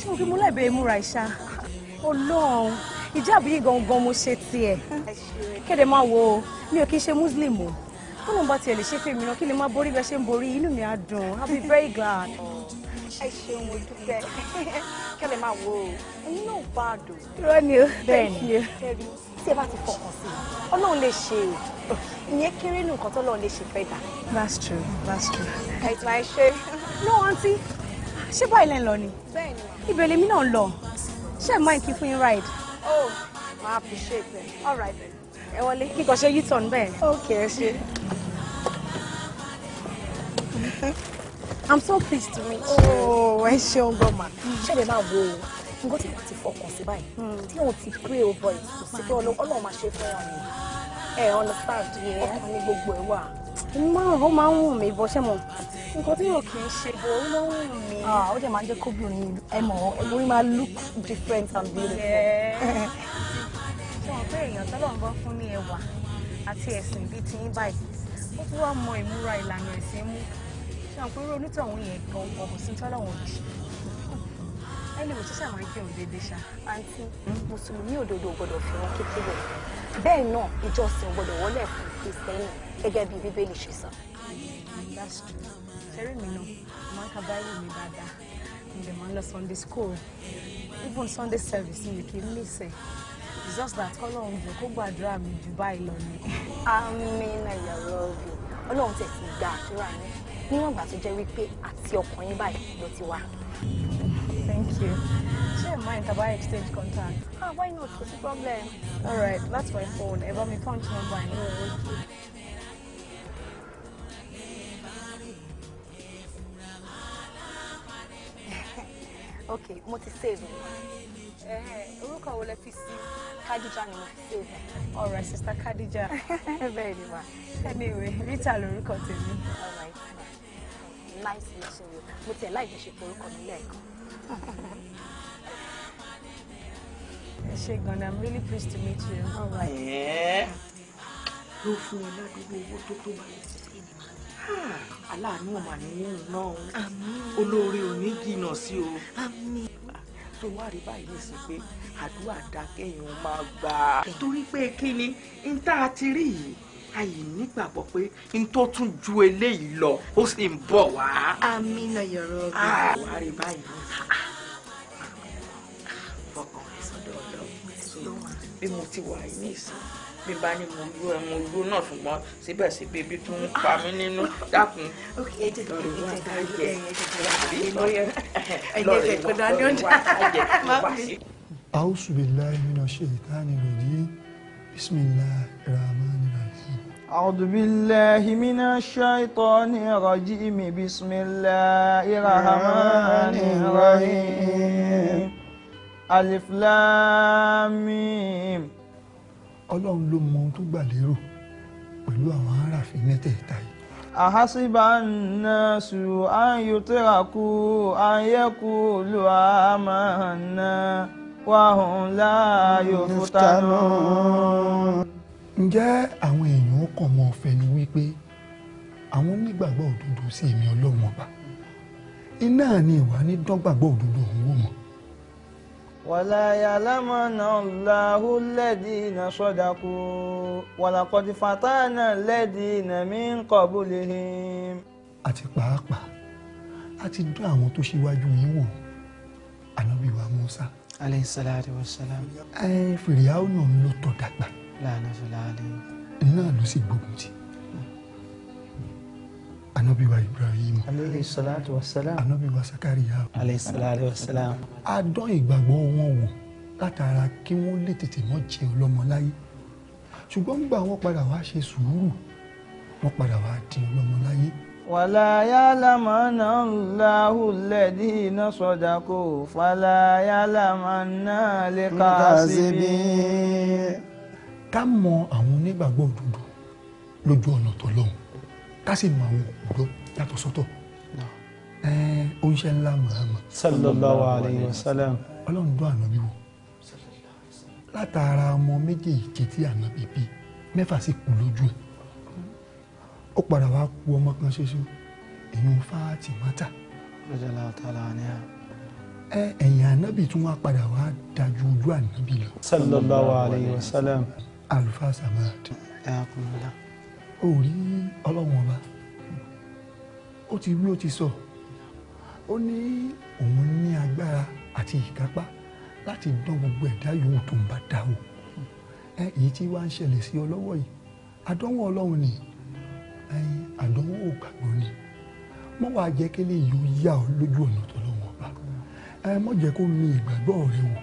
ṣé mo fi mú láìbẹ̀rẹ̀ múra ìṣá ọlọ́run ìjáàbù yìí gangan mo ṣe tiẹ̀ kéde máa wo mi ò kí ń ṣe muslim o kó lóun bá tiẹ̀ lè ṣe fèmí náà kí lè má borí bẹ́ẹ̀ ṣe ń borí inú mi á dùn I'll be very glad. ẹ ṣeun mo dúpẹ́ kẹ́lẹ̀ máa wo ẹ̀yin náà bá a dùn. irọ́ ni o bẹ́ẹ̀ ni kẹ́rí tí ẹ bá ti fọkàn sí i ọlọ́run lè ṣe o ìyẹn kéré nù nǹkan tó lọ́run lè ṣe fẹ́ dà. that's true that's true. ẹ̀tùn àìṣe. no aunty ṣé báyìí lẹ́ ń lọ ni. bẹ́ẹ̀ni ma. ibẹ̀ lèmi náà ń lọ ṣé ẹ̀ máa fún yín ride. oh ma appreciate it all right then ẹ wọlé. kíkọ ṣe yí tọ̀ níbẹ̀. ok ẹ ṣe. i'm so pleased to meet you. oh ẹ ṣeun gbọ́mà. ṣé lè máa wo nǹkan tí wọ́n ti fọkàn sí báyìí hmm. tí wọ́n ti pray over it kò sí pé ọlọ́run máa ṣe fún wọn ni ẹ understand ọkàn ní gbogbo ẹ wà mo máa ń ó máa ń wù mí bọ́ ṣé mo nǹkan tí yóò kì í ṣe bọ́ ó máa ń wù mí. ó dẹ̀ máa ń jẹ́ kóbìnrin ní ẹ mọ̀ olórí máa look different and beautiful. ṣé wọn pé èèyàn tọ́lọ̀ ń bọ́ fún ní ẹwà àti ẹ̀sìn bíi ti yín báyìí ó tún wá mọ ìmúra ìlànà ẹ̀sìn mú ṣé wọn pé irú onítọ̀hún yẹn gan ọ̀hún sí tọ́lọ̀ wọn kì ẹni mo ṣiṣẹ́ àwọn ẹgbẹ́ òdede ṣá àǹtí hmm, mùsùlùmí òdodo gbọ́dọ̀ fi wọn kékeré bẹ́ẹ̀ náà ìjọsìn gbọ́dọ̀ wọlé fún kristẹni gẹ́gẹ́ bí bíbélì ṣe sọ. ṣeré mi náà máa ń ka báyìí mi dáadáa mo máa ń lọ sunday school even sunday service mi kì í miss ẹ̀ it's just that kọ́lọ́run kó gbàdúrà mi jù báyìí lọ ni. amen ayọ̀rọ̀ ọ̀bì ọlọ́run tẹ̀ sí gbàdúrà yín níwọ̀n ìgbà tó jẹ́ wípé àti ọkàn báyìí ló ti wá. Thank you. Ṣé ẹ̀ mind tàbá exchange contact? Ah, why not? Kò sí problem. All right, that's my phone. Ẹ bá mi punch number ẹ̀ Okay, mo ti save mi. Eh, orúkọ wo lẹ fi sí? Khadija ni mo All right, sister Khadija. Bẹ́ẹ̀ ni wà. Anyway, Rita lorúkọ tèmi. All right, nice meeting you. Mo tiẹ̀ láì fi ṣe forúkọ mi lẹ́ẹ̀kan. Ṣẹ́gun, I'm really pleased to meet you. All right. Ló fún ẹ ládùúgbò owó tó tó báyìí. Ah, aláàánú ọ̀mà ni yín náà o. Olóore ò ní jìnnà sí o. Tó ah, wá rí báyìí nísìnyí pé àdúrà dákẹ́yìn máa gbà. Torí pé kí ni n tá a ti rí yìí? ayì nígbàgbọ́ pé n tó tún ju eléyìí lọ ó sì ń bọ̀ wá. àmì náà yọ̀rọ̀ ọ̀gá. wà rí báyìí. fọkàn rẹ sọ́dọ̀ bí mo ti wà ní ìsìn bí bá ní mo yó ẹ mo yó náà ṣùgbọ́n síbẹ̀síbẹ̀ ibi tó ń pa mí nínú dákun. lọ́ọ̀rì wá tájẹ àbí lọ́ọ̀rì wá tájẹ wá sí. a'udhu billahi minash shaitani rajim bismillahir rahmanir rahim. أعوذ بالله من الشيطان الرجيم بسم الله الرحمن الرحيم ألف لام ميم ọlọ́run ló mọ ohun tó gbà lérò pẹ̀lú àwọn aráàfin mẹ́tẹ̀ẹ̀ta yìí. àhásíbà nà sù ayùtẹ́ràkù ayẹ́kù ló àmà nà wàhùn láàyò fúta náà ǹjẹ́ àwọn èèyàn kàn mọ ọ̀fẹ́ ni wípé àwọn onígbàgbọ́ òdodo sí èmi ọlọ́run ọba iná ni ìwà ní dọ́gbàgbọ́ òdodo òun wò mọ́. wàlá yàlámọ̀ náà làhú lẹ́dí iná sọ́dàkú wàlàkọ́dí fatánà lẹ́dí iná mi ń kọ́ bólé him. àti pàápàá a ti dán àwọn tó ṣíwájú yín wò ànábì wa Musa. aleyhi salatu wa salam. ẹ fìrìhàn náà ló tọ́ dàgbà láàánú sí láàlẹ́. náà ló sì gbógun tì anabiwa ibrahim aleyhi salatu wa salam anabiwa sakariya aleyhi salatu wa salam. a dán ìgbàgbọ́ wọn wò látara kí wọ́n lè tètè mọ́ jẹ ọlọ́mọ láyé ṣùgbọ́n nígbà wọ́n padà wá ṣe sùúrù wọ́n padà wá di ọlọ́mọ láyé. wàlá yálàmà náà láhù lẹ́dí iná sọ̀dà kò fàlà yálàmà náà lè kà á síbí ká mọ àwọn onígbàgbọ́ òdodo lójú ọ̀nà tọlọ́hun ká sì mọ àwọn òdodo yàtọ̀ sọ́tọ̀ ó ń ṣe ńlá Muhammad. sallallahu alayhi wa sallam. ọlọ́run dún ànábì wò látara ọmọ méjèèjì tí ànábì bí mẹ́fà sì kú lójú ẹ̀ ó padà wá kú ọmọ kan ṣoṣo ìyún Fátímátà. lọ́jọ́lá ọ̀tàlá ni a. ẹ ẹ̀yìn ànábì tún wá padà wá dájú ojú ànábì lọ. sallallahu alayhi wa sallam àlùfáà samad o rí ọlọ́wọ́n ọba ó ti wí ó ti sọ ó ní òun ní agbára àti ìkápá láti dán gbogbo ẹ̀dá yòówù tó ń bá dá o ẹ èyí tí wàá ń ṣẹlẹ̀ sí ọ lọ́wọ́ yìí àdánwò ọlọ́run ni ẹyin àdánwò ògbàgbọ́ ni mo wàá jẹ́ kí eléyìí ó yá ọ lójú ọ̀nà tó lọ́wọ́ ọba ẹ mọ̀ jẹ́ kó mi ìgbàgbọ́ rẹ wò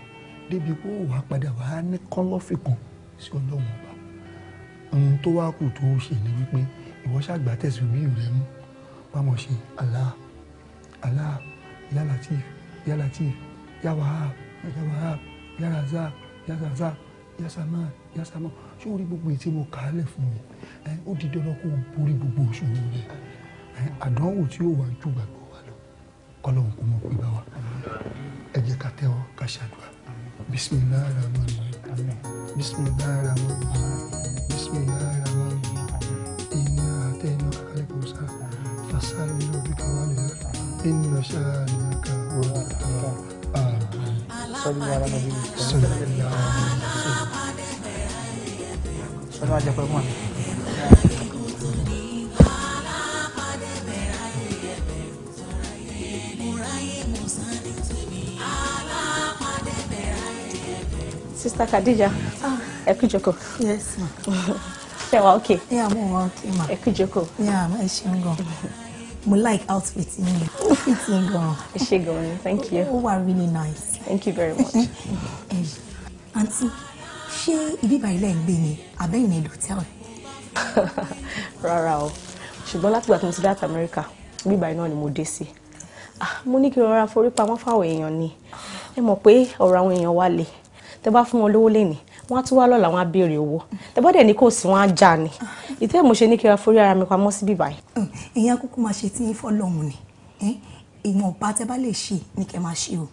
débi pé ó wàá padà wàá ní kọ́lọ́fì kan sí ọlọ́run ọba ohun tó wá kù tó ṣe ni wípé ìwọ ṣàgbà tẹ̀sùn bí rẹ mú wàá mọ̀ ṣe Allah Allah ya Latif ya Latif ya Wahab ya Wahab ya Razak ya Razak ya Saman ya Saman ṣé orí gbogbo ètí mo kà á lẹ̀ fún mi ó di dandan kó o borí gbogbo òṣòro rẹ àdánwò tí ó wà ju gbàgbọ́ wa lọ kọ́lọ́hún kò mọ̀ pé bá wa ẹ jẹ́ ká tẹ́wọ́ ká ṣàdúrà bisimilayi rahman bismillahirrahmanirrahim bismillahirrahmanirrahim inna atayna inna sha'anaka wa amin sallallahu alaihi Sister Khadija ah. ẹ kú yes ma. ṣe wa ok. ẹ yà mọ wa ok ma. ẹ kú jókòó. yà ẹ gan mo like outfit yín ó fit yín gan. ẹ gan thank you. ó wà really nice. thank you very much. àǹtí ṣé ibi ìbàyìí lẹ́yìn gbé ni àbẹ́yìn ní dòtẹ́ọ̀lì. rárá o ṣùgbọ́n látìgbà tí mo ti dá àti Amẹ́ríkà ibi ìbàyìí náà ni mo dé sí ah, mo ní kí n rọra forí pamọ́ fáwọn èèyàn ni ẹ mọ̀ pé ọ̀rọ̀ àwọn èèyàn wa le tẹ bá fún wọn lówó lẹ́nìí wọ́n á tún wá lọ́la wọn á béèrè owó tẹ bá dẹ̀ ní kò sí wọn á já ni ìtẹ́ mo ṣe ní kí n forí ara mi pamọ́ síbí báyìí. Mm, ẹ̀yin akókó máa ṣe tí yín fọlọ́hún ni ìwọ̀nba tẹ bá lè ṣe ni kẹ́ máa ṣe o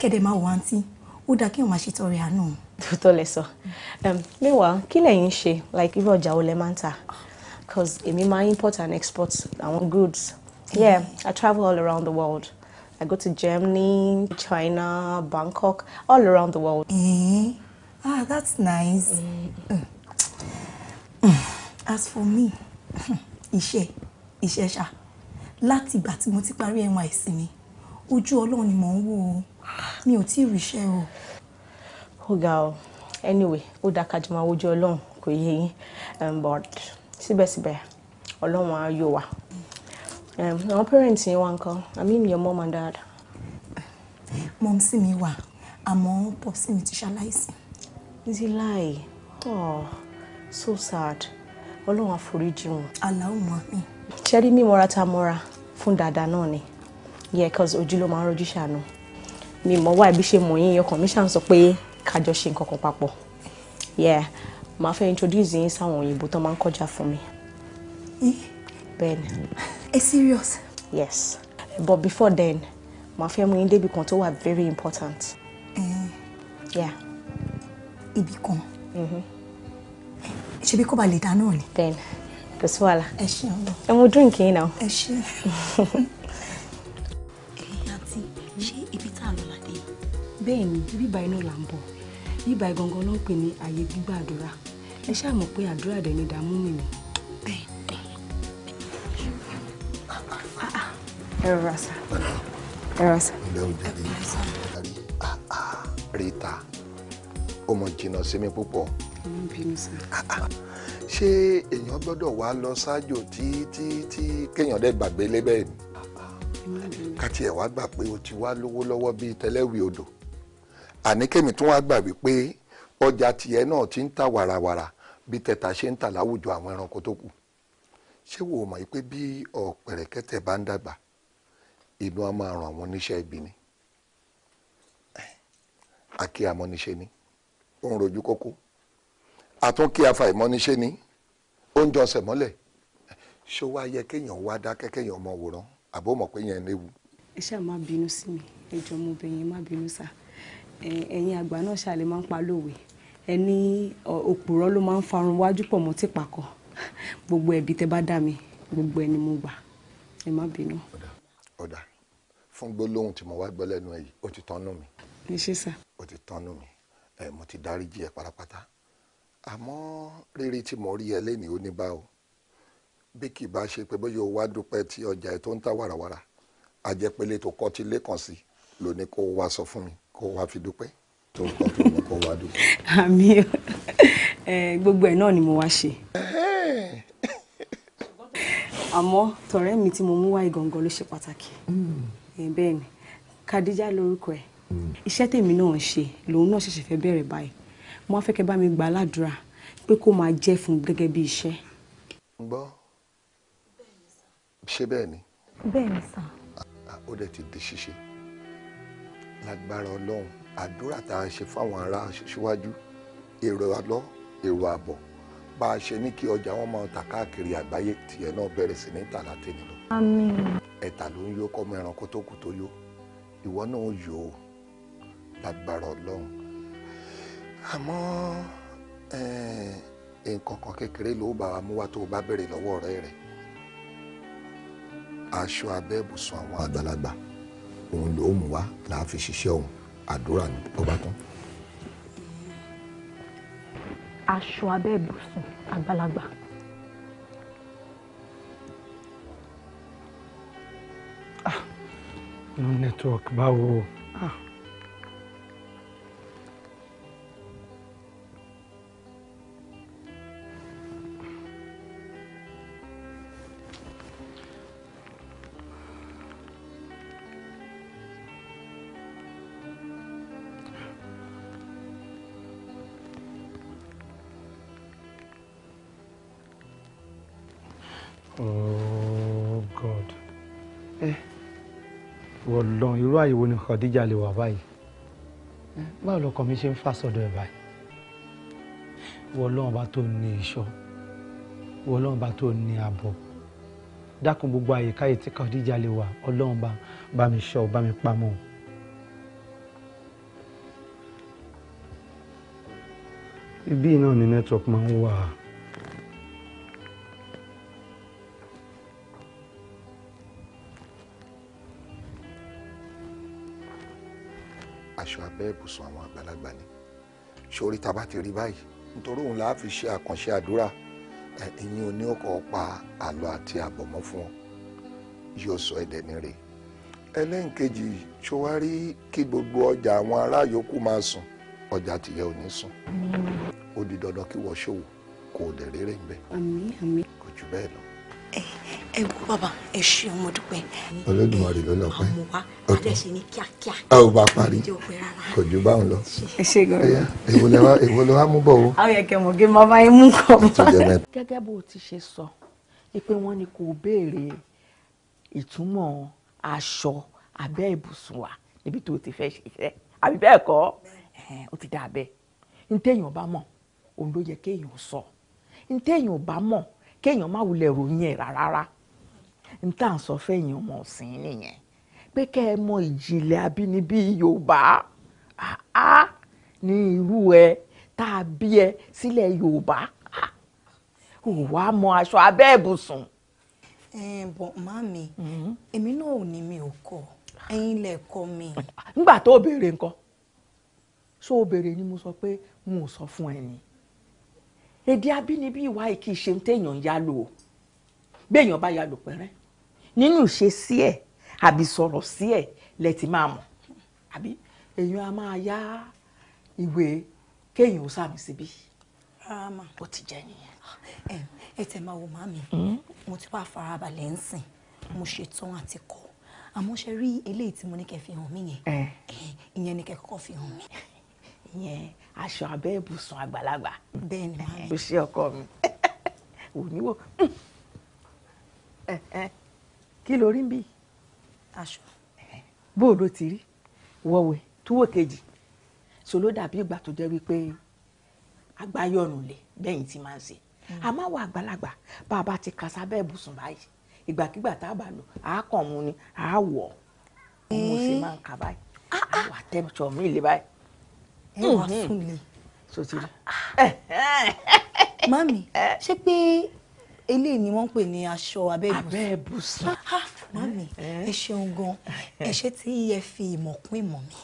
kẹ́dẹ̀ máa wọ àǹtí ó dáa kí wọ́n máa ṣe tọrẹ àánú. tó lẹ sọ meanwhile kí lẹ̀yin ṣe like irú ọjà wo lẹ máa ń ta cause èmi máa import and export àwọn goods yeah i travel all around the world. I go to Germany, China, Bangkok, all around the world. Eh? Ah, that's nice. Eh. Mm. As for me, iṣẹ́ iṣẹ́ ṣá láti ìgbà tí mo ti parí NYSC mi ojú Ọlọ́run ni mò ń mi ò tí ì ríṣẹ́ o. ó ga anyway ó dáa ká jọ máa wojú Ọlọ́run kò yé yín um, but sibe Ọlọ́run á yọ wá. Mm. Um, àwọn parents yẹn wà nǹkan i mean your mom and dad. mom sì mi wà àmọ́ pọ̀ sí mi ti ṣaláìsí. ti láì oh so sad ọlọ́run àforíjì wọn. aláwọ̀ mi. ṣẹ́rí mi mọ́ra ta mọ́ra fún dada náà ni yẹ kí ojú ló máa ń rojú ṣàánú mi mọ̀ wá ibi ṣe mọ̀ yín ọkàn mi ṣàn pé kájọ ṣe nǹkan kan papọ̀ yeah màá fẹ́ introduce yín sáwọn òyìnbó tó máa ń kọjá fún mi. bẹ́ẹ̀ ni ẹ serious. yes but before then my family mú yín débi kan very important. Mm. yeah. ibì kan. Mm-hmm. ṣebí kó ba lè dáná ni. then kò sí wàhálà. ẹ ṣe ọlọ. ẹ mú drink yín náà. ẹ ṣe. ẹyin àti ṣé ibi tá a lọ ládé. bẹ́ẹ̀ ni bíbá iná là ń bọ̀ bíbá gangan ló ń Ben. ẹ̀rọ àṣà ẹ̀rọ àṣà. ilé oúnjẹ ah, ah, Rita, ríta ó mọ jìnnà sí mi púpọ̀. Ah, ṣé èèyàn gbọ́dọ̀ wá lọ ṣáájò tí tí tí kéèyàn dẹ́ gbàgbé lébẹ̀ ni kàtí ẹ̀ wá gbà pé o ti wá lówó lọ́wọ́ bíi tẹ́lẹ̀wì odò àníkèmí tún wá gbà wípé ọjà tiẹ̀ náà ti ń ta wàràwàrà bí tẹ̀tà ṣe ń tà láwùjọ àwọn ẹranko tó kù ṣé wò ó mọ̀ pé bí ọ̀pẹ̀rẹ̀kẹ́tẹ̀ bá ń dàgbà inú a máa ràn àwọn oníṣẹ́ ibi ni àkí amọ́niṣe ni ó ń rojú kókó àtúnkí afàìmọ́niṣe ni ó ń jọsẹ̀ mọ́lẹ̀ ṣó wá yẹ kéèyàn wá dákẹ́ kéèyàn mọ wòrán àbó mọ̀ pé yẹn léwu. ẹ ṣáà má bínú sí mi ẹ jọ̀ọ́ mo bẹ̀ yín má bínú sá ẹ̀yin àgbà náà ṣàlẹ máa ń pa lówe ẹni òpùrọ́ ló máa ń farun wájú pọ̀ mọ́ tìpàkọ́ gbogbo ẹ̀bí tẹ́ bá dá mi gbogbo ẹni mo gbà ẹ má bínú ọ̀dà fún gbólóhùn tí mo wá gbọ́ lẹ́nu ẹ̀ yìí ó ti tán nù mí. ẹ ṣe sá. ó ti tán nù mí ẹ mo ti dáríjì ẹ pátápátá àmọ́ rírí tí mo rí ẹ lẹ́nìí ó ní bá o bí kì í bá ṣe pé bóyá o wá dúpẹ́ tí ọjà ẹ tó ń ta wàràwàrà àjẹpẹ́lẹ́ tó kọ́ ti lẹ́kàn sí ló ní kó wá sọ fún mi kó wá fi dúpẹ́ tó ń kọ́ tó ní kó wá dúpẹ́. àmì gbogbo ẹ̀ náà ni mo wá ṣe. ẹ àmọ́ tọ̀rẹ́ mi tí mo mú wá ìgangan ló ṣe pàtàkì hmm. eh, bẹ́ẹ̀ ni Khadija lórúkọ ẹ̀ hmm. iṣẹ́ tèmi náà ń ṣe lòun náà ṣẹ̀ṣẹ̀ fẹ́ bẹ̀rẹ̀ báyìí mo á fẹ́ kẹ́ bá mi gbà ládùúrà pé kó máa jẹ́ fún gẹ́gẹ́ bí iṣẹ́. gbọ́ ṣé bẹ́ẹ̀ ni. bẹ́ẹ̀ ni sà. ó dẹ̀ ti di ṣíṣe lágbára ọlọ́run àdúrà tá a ṣe fáwọn ará síwájú èrò àlọ́ èrò àbọ̀ bá a ṣe ní kí ọjà wọn máa tà káàkiri àgbáyé tìyẹ náà bẹ̀rẹ̀ sí ní tà láti nìlọ. ẹ̀ta ló ń yó kọ́mọ ẹranko tó kù tó yó ìwọ náà yó o lágbára ọlọ́run àmọ́ nǹkan kan kékeré ló bá wa mú wá tó o bá bẹ̀rẹ̀ lọ́wọ́ ọ̀rẹ́ rẹ̀ aṣọ abẹ́ ibùsùn àwọn àgbàlagbà òun ló mú wá làá fi ṣiṣẹ́ òun àdúrà ní bọ́bá tán aṣọ abẹ́ ìbùsùn àgbàlagbà. ah no network báwo. ah. Oh God. Ẹ eh. wọ̀lọ́ irú àyẹ̀wò ni Khadija lè wà báyìí. Báwo lọkọ mi ṣe ń fà sọ́dọ̀ ẹ̀ báyìí? Wọ̀lọ́ ọba tó ní ìṣọ́. Wọ̀lọ́ ọba tó ní ààbò. Dákun gbogbo àyíká yìí tí Khadija lè wà. Ọlọ́run bá bá mi ṣọ́ bá mi pamọ́. Ibi náà ni network máa ń wà. Wow. aṣọ abẹ́ ibùsùn àwọn àgbàlagbà ni sórí tá a bá ti rí báyìí nítorí òun la fi ṣe àkànṣe àdúrà ẹ̀yin ò ní ọkọ̀ pa àlọ́ àti àbọ̀mọ́ fún ọ yóò sọ ẹ̀dẹ̀ ní rè ẹlẹ́nkejì ṣọwárí kí gbogbo ọjà àwọn ará yòókù máa sùn ọjà tìyẹ ò ní sùn ó di dandan kí wọ́n ṣòwò kò dẹ̀ rere ń bẹ̀ kò jù bẹ́ẹ̀ lọ ẹ gbọ́ bàbá ẹ ṣe ọmọ dúpẹ́. olódùmarè ló lọ pẹ́. àmọ́ wa adẹ́sẹ̀ ní kíákíá. a ò bá parí kò ju báwọn lọ. ẹ ṣe gan. èwo ló wá mú bọ̀ o. àwọn yẹn kẹ́ mọ̀ gé bàbá yín mú kọ́ bá. gẹ́gẹ́ bó o ti ṣe sọ pé wọ́n ní kó o béèrè ìtumọ̀ aṣọ abẹ́ ìbùsùn wa níbi tó o ti fẹ́ ṣiṣẹ́ àbí bẹ́ẹ̀ kọ́ o ti dà bẹ́ẹ̀ ntẹ́yìn ò bá mọ̀ òun ló yẹ kéèyàn sọ ntẹ́yìn ò bá mọ̀ kéèyàn má wulẹ̀ ròyìn ẹ̀ rárá n tá à ń sọ fẹ́yìn ọmọ ọ̀sìn nìyẹn pé kẹ́ ẹ mọ ìjìnlẹ̀ abínibí Yorùbá àá ní irú ẹ tá a bí ẹ sílẹ̀ Yorùbá ò wá mọ aṣọ abẹ́ ìbùsùn. ẹ bọ màmí mm-hmm. èmi náà ò ní mi ò kọ ẹ̀yin lẹ kọ mi. nígbà tó o béèrè nǹkan ṣó o béèrè ni mo sọ pé n ò sọ fún ẹ ni èdè abínibí ìwà ìkí ìṣeun téèyàn ń yálò o béèyàn bá yálò pẹ́rẹ́ nínú ìṣe sí ẹ̀ àbí sọ̀rọ̀ sí ẹ̀ lẹ ti máa mọ̀ àbí èèyàn a máa yá ìwé kéèyàn ó sàmì síbí ó ti jẹ́ nìyẹn. ẹ tẹ̀ máa wo màmí mo ti wá farabalẹ̀ ń sìn mo ṣetán àti kọ́ àmọ́ ṣe rí eléyìí tí mo ní kẹ́ fi hàn mí yẹn ìyẹn ni kẹ́ fi hàn mí. ìyẹn aṣọ abẹ́ ìbùsùn àgbàlagbà. bẹ́ẹ̀ ni màá o ṣe ọkọ mi ò níwò eh, eh. kí ló rí bí. aṣọ. Eh, bó o ló ti rí wọ̀wẹ̀ túwò kejì so ló dàbí ìgbà tó jẹ́ wípé agbáyọ̀nù lè bẹ́yìn tí máa ń ṣe àmọ́ mm. àwọn àgbàlagbà bá a bá ti kà sábẹ́ ìbùsùn báyìí ìgbàkigbà tá a bá lò á kàn mú ni á wọ̀ ọ́ mo sì máa ń kà báyìí á ah, ah. wà tẹ́ńtọ̀ mi lè báyìí ẹ wà sùn lè. sotiri. mami ṣé pé eléyìí ni wọ́n ń pè ní aṣọ abẹ́ẹ̀bùsùn. abẹ́ẹ̀bùsùn. Ah, ah, mami ẹ ṣeun gan ẹ ṣe tí ẹ fi ìmọ̀ kún ìmọ̀ mi.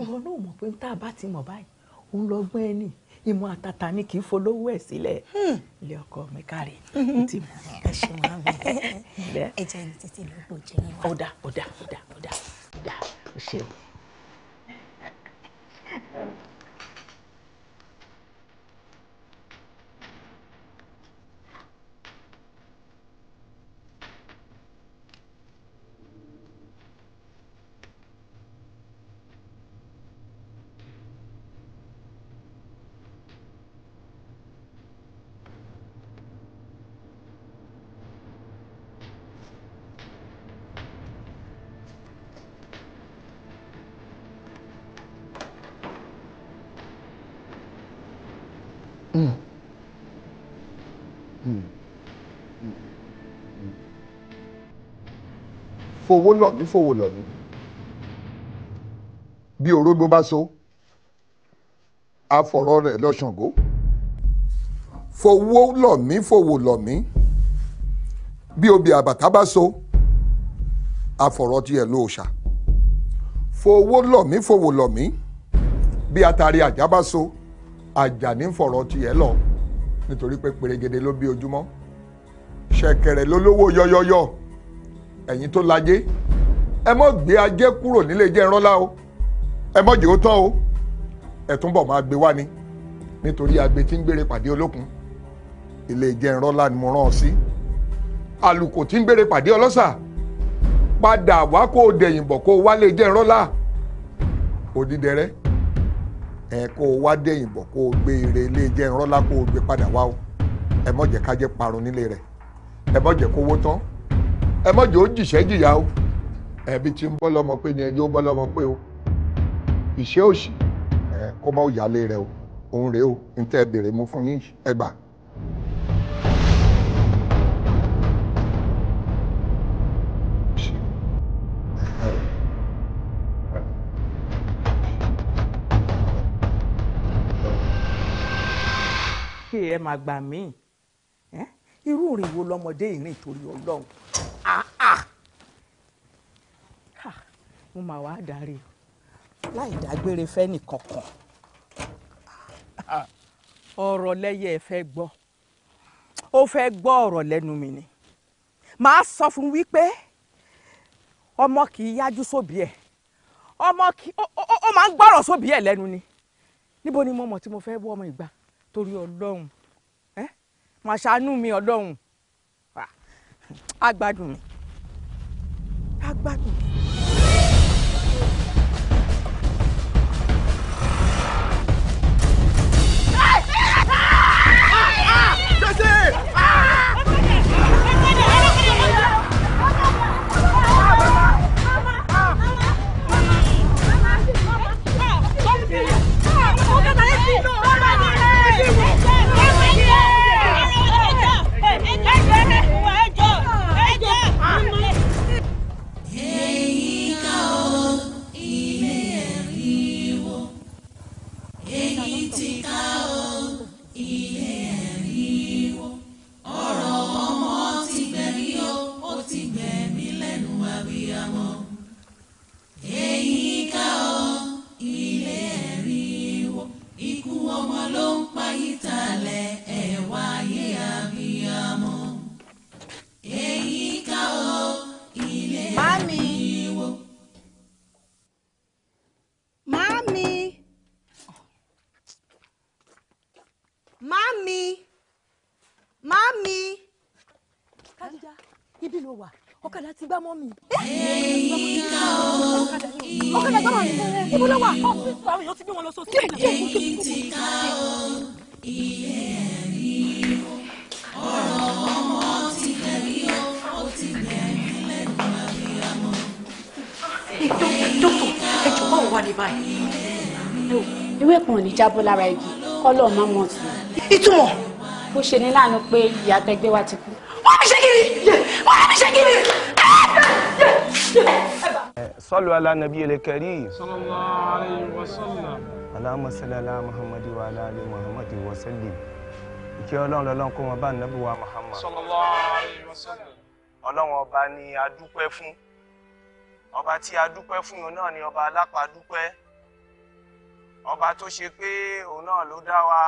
ìwọ náà mọ̀ pé tá a bá ti mọ̀ báyìí òun lọ́gbọ́n ẹ nì ìmọ̀ àtàtà ni kì í folówó ẹ̀ sílẹ̀ hmm. ilé ọkọ mi kárí mhm. ti mọ̀. ẹ ṣe wọn àmì ẹ jẹ́ ní títí lóko jẹ́ níwá. ọ̀dà ọ̀dà ọ̀dà ọ̀dà ọ̀dà ọ̀ṣẹ́ o. fowó lọ̀mí fowó lọ̀mí bí orógbó bá so àfọ̀rọ̀ rẹ̀ lọ Ṣàngó fowó lọ̀mí fowó lọ̀mí bí obì àbàtà bá so àfọ̀rọ̀ tiẹ̀ ló ṣà fowó lọ̀mí fowó lọ̀mí bí atari àjá bá so àjà ní fọ̀rọ̀ tiẹ̀ lọ nítorí pé pèrègede ló bí ojúmọ́ ṣẹ̀kẹ̀rẹ̀ lólówó yọyọyọ. Yo, yo, yo ẹ̀yin tó lajé ẹ mọ́ gbé ajé kúrò nílé jẹ́ ńrọ́lá o ẹ mọ́ jòó tán o ẹ tún bọ̀ máa gbé wá ni nítorí agbe tí ń gbére pàdé olókun ilé jẹ́ ńrọ́lá ni mo rán ọ sí àlùkò tí ń gbére pàdé ọlọ́sà padà wá kó o dẹ̀yìn bọ̀ kó o wálé jẹ́ ńrọ́lá òdìdẹrẹ́ ẹ kó o wá dẹ̀yìn bọ̀ kó o gbé ire ilé jẹ́ ńrọ́lá kó o gbé padà wá o ẹ mọ̀ jẹ́ ká jẹ́ parun nílé rẹ̀ ẹ mọ̀ jẹ́ kó tán ẹ mọ̀jọ́ ó jìṣẹ́ jìyà o ẹ̀bi tí ń bọ́ lọ́mọ pé ni ẹjọ́ bọ́ lọ́mọ pé o ìṣe òṣì ẹ kó mọ́ ìyáálé rẹ o òun rèé o n tẹ́ ẹ béèrè mú fún yín ẹ gbà. kí ẹ máa gbà míì irú ìrìn wo lọmọdé ìrìn torí Ọlọ́run mo mà wá darí láì dágbére fẹ́nì kankan ọ̀rọ̀ lẹ́yẹ ẹ fẹ́ gbọ́ ó fẹ́ gbọ́ ọ̀rọ̀ lẹ́nu mi ni màá sọ fún wípé ọmọ kì í yájú sóbì ẹ̀ ọmọ kì í ó máa ń gbọ́rọ̀ sóbì ẹ̀ lẹ́nu ni níbo ni mo mọ̀ tí mo fẹ́ wọ́ ọmọ ìgbà torí Ọlọ́run máa ṣàánú mi ọlọ́run agbádùn mi agbádùn mi. gbá mọ́ mi. ọ̀kadà gbọ́dọ̀ ibo ló wà ọ́fíìsì àwọn èèyàn ti kan ò ní jábọ́ lára igi kọ́lọ́ máa mọ̀ tù. ìtumọ̀. ó ṣe ní láàánú pé ìyá tẹgbẹ́ wa ti kú. wọ́n mi ṣe kiri wọ́n mi ṣe kiri. صلوا على النبي الكريم صلى الله عليه وسلم اللهم صل على محمد وعلى ال محمد وسلم ìkẹ́ ọlọ́run lọ́lọ́run kó wọn bá nàbí wa Muhammad sallallahu alaihi wasallam ọlọ́run ọba ni a dúpẹ́ fún ọba tí a dúpẹ́ fún òun náà ni ọba alápá dúpẹ́ ọba tó ṣe pé òun náà ló dá wa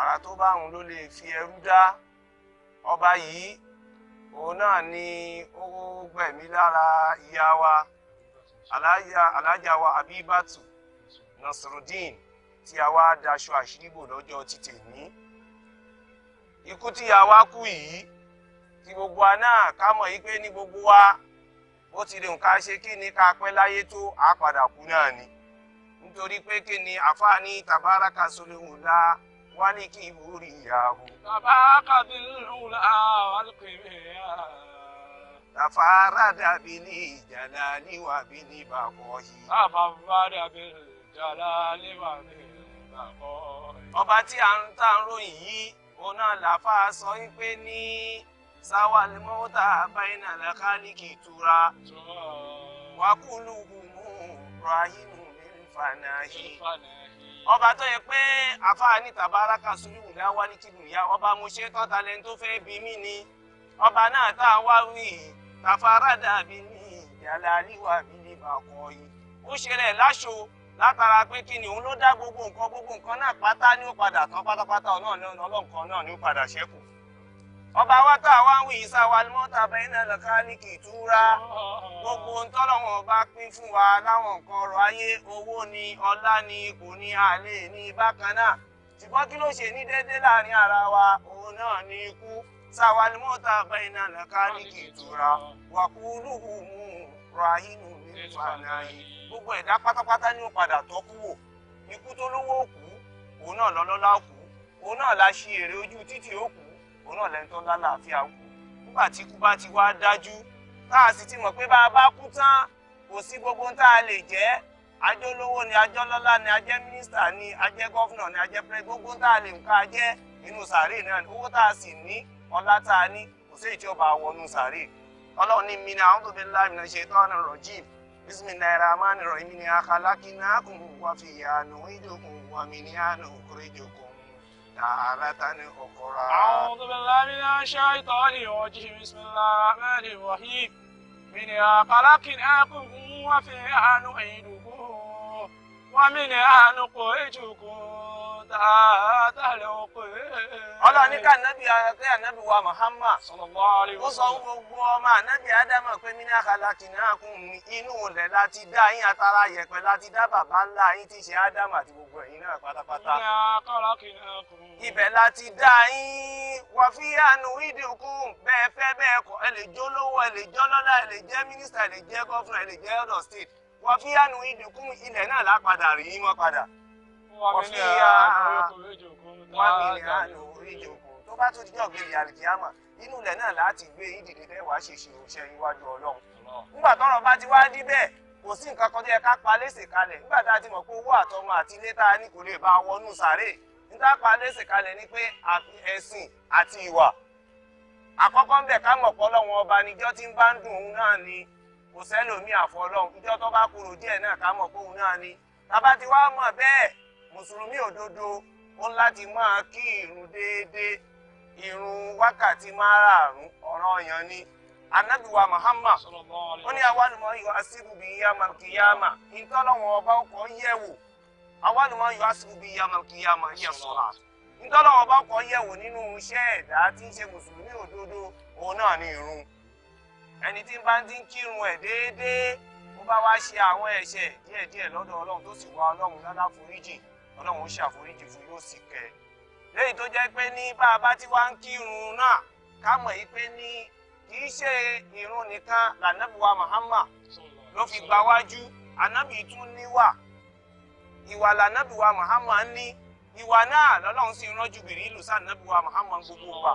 ara tó bá òun ló lè fi ẹrú dá ọba yìí òun náà ni ó gbẹ̀mí lára ìyá wa alájà wa abibatu nasrudeen tí a wá daṣọ àṣírígbò lọ́jọ́ ti tèmí ikú tí a wá kú yìí tí gbogbo wa náà ká mọ̀ yí pé ní gbogbo wa ó ti lè nǹkan ṣe kí ni ká pẹ́ láyé tó a padà kú náà ni nítorí pé kí ni àfáà ní tàbáraka solihùn dá wálé kí ìwúrí ìyàwó. تباقى بالعلا والقبيان تفارد بالجلال وبالبقاء تفرد بالجلال وبالبقاء ọba tí a ń ta ròyìn yìí òun náà làáfà sọ wípé ní sáwàlmọ́tà báyìí làkàlìkì ìtura wákùlùkùmù rahinu ní fanahi. ọba tó yẹ pé àfáàní tàbáraka sùúrù wá ní kìdùnyá ọba mo ṣe tán talẹ̀ tó fẹ́ bí mí ni ọba náà tá a wá wí tàfárádà bí ní ìyàlá àríwá bí ní yìí ó ṣẹlẹ̀ láṣo látara pé kí ni òun gbogbo nǹkan gbogbo nǹkan náà pátá ní ó padà tán pátápátá ọ̀nà ọlọ́nkan náà ní ọba wa tá a wá ń wí ìsá wa ni mọ́ta bẹ́ẹ̀nà lọ́kàlíkì túra gbogbo ń tọ́lọ́wọ̀n ọba pín fún wa láwọn nǹkan ọrọ̀ ayé owó ni ọlá ni ipò ni àlè ni bákan náà ṣùgbọ́n kí ló ṣe ní déédéé láàrin ara wa òun náà ni ikú sáwa ni mọ́ta bẹ́ẹ̀nà lọ́kàlíkì túra wàkúrúhù mú rahinu nífàlàyé gbogbo ẹ̀dá pátápátá ni ó padà tọ́kú wò ikú tó lówó kú òun náà lọ́lọ́lá òun náà lẹ́ni tó lálàáfíà kú nígbà tí ikú bá ti wá dájú tá a sì ti mọ̀ pé bá a bá kú tán kò sí gbogbo tá a lè jẹ́ ajẹ́ olówó ni ajẹ́ ọlọ́lá ni ajẹ́ mínísítà ni ajẹ́ gọ́fúnà ni ajẹ́ pẹ́rẹ́ gbogbo tá a lè ń ká ajẹ́ inú sàárè náà ni owó tá a sì ní ọlá tá a ní kò sí ìjọba wọnú sàárè ọlọ́run ní mi ní àwọn tó fi láàmì náà ṣe tán ọ̀nà rọ̀jì bisimilayi rahman rahim ni akalakina kun wa تعالى أخرى أعوذ بالله من الشيطان الرجيم بسم الله الرحمن الرحيم من منها خلقناكم وفيها نعيدكم wọ́mìnì àánúkò ìjùkùn tààtàlẹ̀ òkú. E. ọlọ́ ní ká nábì ayọ̀kẹ́ ànábì wa Muhammad ó sọ gbogbo ọmọ ànábì Ádámù pé mí náà kàlákì náà kún mi inú rẹ̀ láti dá yín atara yẹ̀pẹ̀ láti dá bàbá ńlá yín tí ṣe Ádámù àti gbogbo ẹ̀yin náà pátápátá. ibẹ̀ láti dá yín wà fí àánú ìdínkùn bẹ́ẹ̀ fẹ́ bẹ́ẹ̀ kọ́ ẹ lè jólówó ẹ ẹ lè jẹ́ mínísítà ẹ lè jẹ́ gọ́fúnà ẹ lè jẹ́ ọ̀dọ̀ state wọ́n fi yánu ìdìkún ilẹ̀ náà lápadà rí wọ́n padà wọ́n fi yánu ìjòkó tó bá tó dijọ́ gbé yàrìkíámà inú ilẹ̀ náà láti gbé ìdìdì lẹ́wàá ṣèṣirò iṣẹ́ iwájú ọlọ́run nígbà tọ́rọ̀ bá ti wá dí bẹ́ẹ̀ kò sí nǹkan kan tó yẹ ká pa léṣe kalẹ̀ nígbà tá a ti mọ̀ pé owó àtọmọ àti ilé tá a ní kò lè bá wọnú sàárè níta pa léṣe kalẹ̀ ni pé ẹ̀sìn àti ìwà àkọ́kọ́ ń bẹ̀ ká mọ̀ pọ́ ọba níjọ́ tí ń bá ń dùn òun náà ni kò sẹ́lòmí àfọlọ́hún ìjọ tó bá kúrò díẹ̀ náà ká mọ̀ kóhun náà ni tábà ti wá mọ̀ bẹ́ẹ̀ mùsùlùmí òdodo ó láti máa kí ìrun déédéé wákàtí márààrún ni anábìwa Muhammad ó ní yọ ìtọ́lọ́wọ̀n ọba ọkọ̀ yẹ̀wò yọ ìtọ́lọ́wọ̀n ọba ọkọ̀ yẹ̀wò nínú iṣẹ́ ẹ̀dá tí ń ṣe mùsùlùmí òdodo òun náà ni ẹni tí ń bá ń dín kírun ẹ̀ déédéé ó bá wá ṣe àwọn ẹ̀ṣẹ̀ díẹ̀díẹ̀ lọ́dọ̀ ọlọ́run tó sì wá ọlọ́run lálá foríjì ọlọ́run ó ṣàforíjì fún yóò sì kẹ́ léyìí tó jẹ́ pé ní bá a bá ti wá ń kírun náà ká mọ̀ yìí pé ní kì í ṣe irun nìkan lànàbùwà Muhammad ló fi gba wájú ànábì tún níwà ìwà lànàbùwà Muhammad ní ìwà náà lọ́lọ́run sì rán Jùbìrìlù sànàbùwà Muhammad gbogbo wa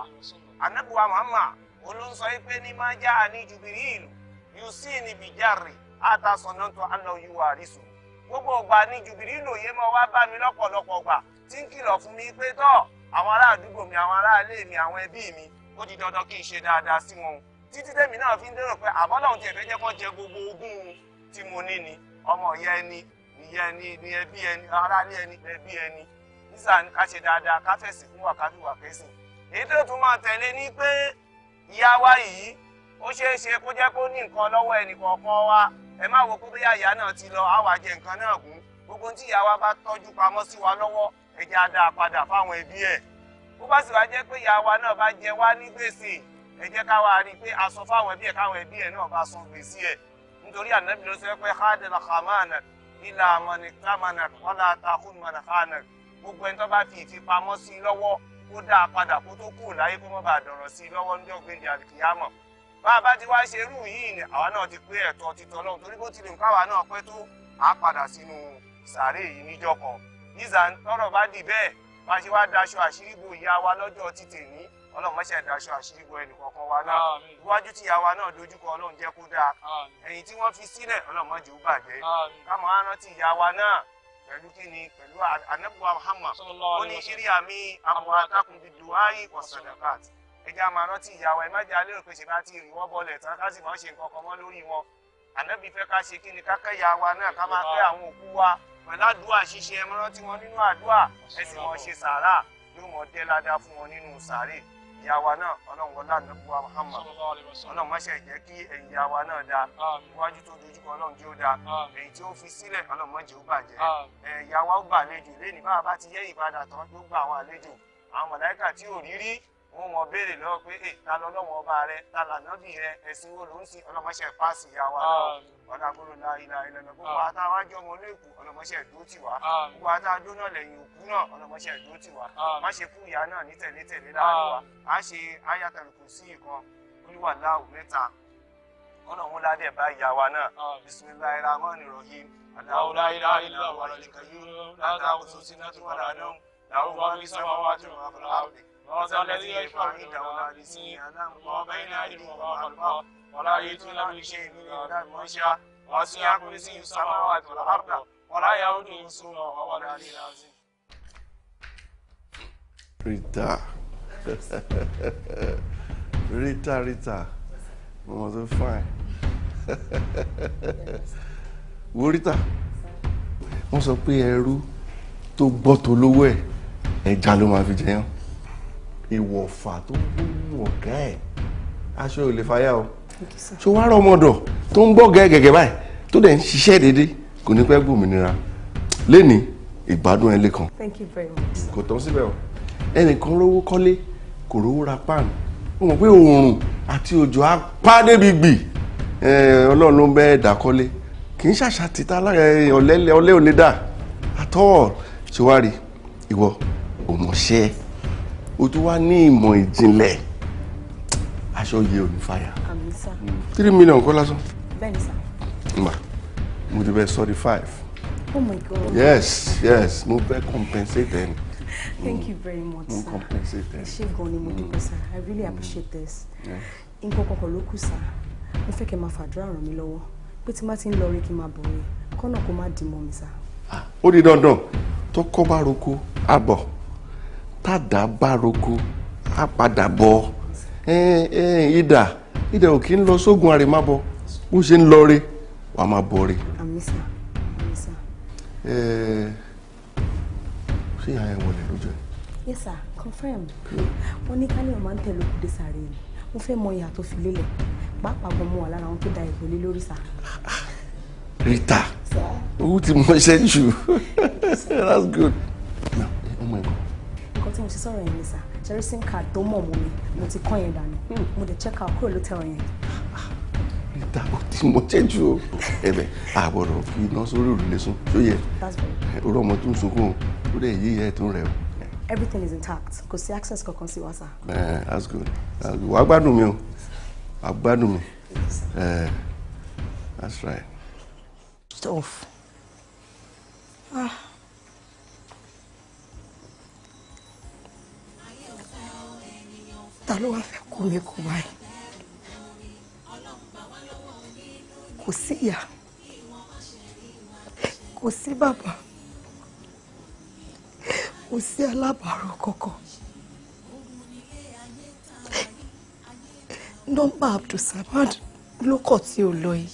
ànàbùwà Muhammad olóńsọ yìí pé ní máa já àní jùbìrí ìlú yóò sí níbi járe àtàsọ̀nà tó àná gbogbo ọgbà ní jùbìrí ìlú yẹn máa wá bá mi lọ́pọ̀lọpọ̀ gbà tí ń kìlọ̀ fún mi pé tọ́ àwọn ará àdúgbò mi àwọn ará ilé mi àwọn ẹbí mi ó di dandan kí n ṣe dáadáa sí wọn títí tèmi náà fi ń dérò pé àbọ́lọ́hún tiẹ̀ fẹ́ jẹ́ kán jẹ gbogbo ogún tí mo ní ni ọmọ ìyá ẹni ìyá ẹni ní ẹbí ẹni ará ní ẹni ẹbí ẹni nísà ká ṣe dáadáa ká fẹ̀sìn fún wàkàtúwàkẹ́sìn èyí tó tún máa tẹ̀lé ni pé ìyá wa yìí ó ṣeé ṣe kó jẹ́ kó ní nǹkan lọ́wọ́ ẹnìkọ̀ọ̀kan wa ẹ má wo kóbíyà ìyá náà ti lọ àwa jẹ nǹkan náà gùn gbogbo tí ìyá wa bá tọ́jú pamọ́ sí wa lọ́wọ́ ẹ á dá padà fáwọn ẹbí ẹ̀ bó bá sì wá jẹ́ pé ìyá wa náà bá jẹ wá ní gbèsè ẹ ká wá rí i pé a sọ fáwọn ẹbí ẹ̀ káwọn ẹbí ẹ̀ náà bá san gbèsè ẹ̀ nítorí ànábì ló sọ pé hádẹ́lá khamana ilà kó dá a padà kó tó kù láyé kó má bàa dọ̀rọ̀ sí i lọ́wọ́ ní ọ̀gbìn di àkìyámọ̀ bá a bá ti wá ṣe irú yìí ni àwa náà ti pé ẹ̀tọ́ ti tọ́lọ́run torí bó tilẹ̀ nǹkan àwa náà pẹ́ tó a padà sínú sàárè yìí níjọ́ kan nígbà tọ́rọ̀ bá dì bẹ́ẹ̀ bá ṣe wá daṣọ àṣírígbò ìyá wa lọ́jọ́ ti tèmi ọlọ́run má ṣe daṣọ àṣírígbò ẹnì kọ̀ọ̀kan wa náà iwájú tí ìyá wa náà dojúkọ ọlọ́run jẹ́ kó dáa ẹ̀yìn tí wọ́n fi sílẹ̀ ọlọ́run má jẹ́ ó bàjẹ́ ká máa ìyá wa náà pẹ̀lú kíni pẹ̀lú anabuwa muhammad ó ní ṣírí àmì àwọn atakùn bíi duwai wasadakat ẹja máa rántí ìyàwó ẹ má jẹ́ alérò pé ṣe bá ti rìn wọ́n bọ́lẹ̀ tán ká sì máa ṣe nǹkan kan mọ́ lórí wọn ànábì fẹ́ ká ṣe kíni ká kẹ́yà wa náà ká máa fẹ́ àwọn òkú wa pẹ̀lú àdúrà ṣíṣe ẹ mọ́ rántí wọn nínú àdúrà ẹ sì ṣe sàárà yóò mọ́ dẹ́ ládàá fún wọn nínú sàárè ìyá wa náà ọlọ́run ọlá nàbúwa Muhammad ọlọ́run má ṣe jẹ́ kí ẹ̀yìn ìyá wa náà dáa iwájú tó dojúkọ ọlọ́run tí ó dáa èyí tí ó fi sílẹ̀ ọlọ́run má jẹ́ ó bàjẹ́ ẹ̀yà wa ó gbà àlejò lẹ́ni bá a bá ti yẹ ìbàdàn tán ló gba àwọn àlejò àwọn mọ̀láìkà tí ò rí wọn mọ béèrè lọ pé ẹ ta lọ lọ́wọ́ ọba rẹ ta lànàbì rẹ ẹ̀sìn wo ló ń sìn ọlọmọṣẹ fásì ìyá wa náà ọ̀nà la ìlà ìlànà gbogbo àtàwájọ́ ọmọ olóòkú ọlọmọṣẹ dúró tì wá gbogbo àtàjọ́ náà lẹ́yìn òkú náà ọlọmọṣẹ dúró tì wá má ṣe fún ìyá náà ní tẹ̀lé tẹ̀lé láàrin wa á ṣe ayatollah sí ìkan olúwàláwù mẹ́ta ọ̀nà òun ládẹ̀ bá ìyá wa náà bisimilayi rahman rahim aláwòlá ilá هذا الذي يشفع عنده ولا نسيا ما بين أيديهم وما خلفهم ولا يؤتون من شيء إلا بما وسع كرسيه السماوات والأرض ولا يؤوده سوره وهو العلي العظيم. Rita Rita Rita mo mọ tó fine wo Rita wọ́n sọ pé ẹrú tó gbọ́ tó lówó ẹ̀ ẹja ló máa fi jẹyàn èèwọ̀ ọ̀fà tó mú ọ̀gá ẹ̀ aṣọ ò lè fàyà o ṣó wá rọ ọmọdọ tó ń gbọ́ gẹ́gẹ́ báyìí tó dẹ̀ ń ṣiṣẹ́ déédéé kò ní pẹ́ gbòmìnira lẹ́ni ìgbádùn ẹ lẹ́kan kò tán síbẹ̀ o ẹnìkan rówó kọ́lé kò rówó ra pan ó mọ̀ pé oòrùn àti òjò á pa débi gbì ọlọ́run ló ń bẹ́ ẹ̀dá kọ́lé kì í ṣàṣà títà ọ̀lẹ́ ò lè dà at all ìwọ òmọ̀ṣẹ́ o tún wá ní ìmọ̀ ìjìnlẹ̀ aṣọ yẹ ò ní fàyà. àmín three million kọ́ lásán. bẹ́ẹ̀ni sà. mà mo ti bẹ sọ́ọ́dí five. oh my god. yes yes mo fẹ́ compensate ẹni. thank you very much sir. mo compensate ẹni. ṣé gan ni mo dúpẹ́ sir i really mm. appreciate this. nǹkan kọ̀ọ̀kan ló kù sir mo fẹ́ kẹ́ máa fàdúrà ràn mí lọ́wọ́ pé tí má ti ń lọ rí kí n máa bọ̀ rí kọ́nà kó má dì mọ́ mi sir. Ah, ó di dandan tó bá roko á tada bá roko á padà bọ ìdà ìdà ń lọ sógun àrèmábọ bó ṣe ń lọ wàá máa bọ re. ṣé ìyá ẹ wọlé lójú ẹ. yes sir confirm wọn ní kálíọ̀ máa ń tẹ̀lé òkúté sáré ni mo fẹ́ mọ ìyá tó fi lélẹ̀ pàápàá gan alara wà lára àwọn tó da ìwọlé lórí ah Rita owó ti mọ iṣẹ́ jù that's good. nǹkan tí mo ṣe sọ̀rọ̀ yẹn ni sà ṣẹ́rí sim card tó mọ̀ mọ́ mi mo ti kọ́ yẹn dànù hmm. mo dẹ̀ check out kúrò ló tẹ̀rọ yẹn. ìta ò tí mo o ẹ̀bẹ̀ àbọ̀rọ̀ fi iná sórí òrùlé sùn tó yẹ òru ọmọ tó ń sunkún ó dẹ̀ yí ẹ̀ tó ń rẹ̀ o. everything is intact kò sí access kankan sí wa sà. that's good wàá gbádùn mi o wàá gbádùn mi that's right. stuff. Ah. ta ló wá fẹ́ kó mi kó báyìí kò sí ìyá kò sí bàbá kò sí alábàárò kankan nọ́mbà Abdulsamad ló kọ tí ó lọ yìí.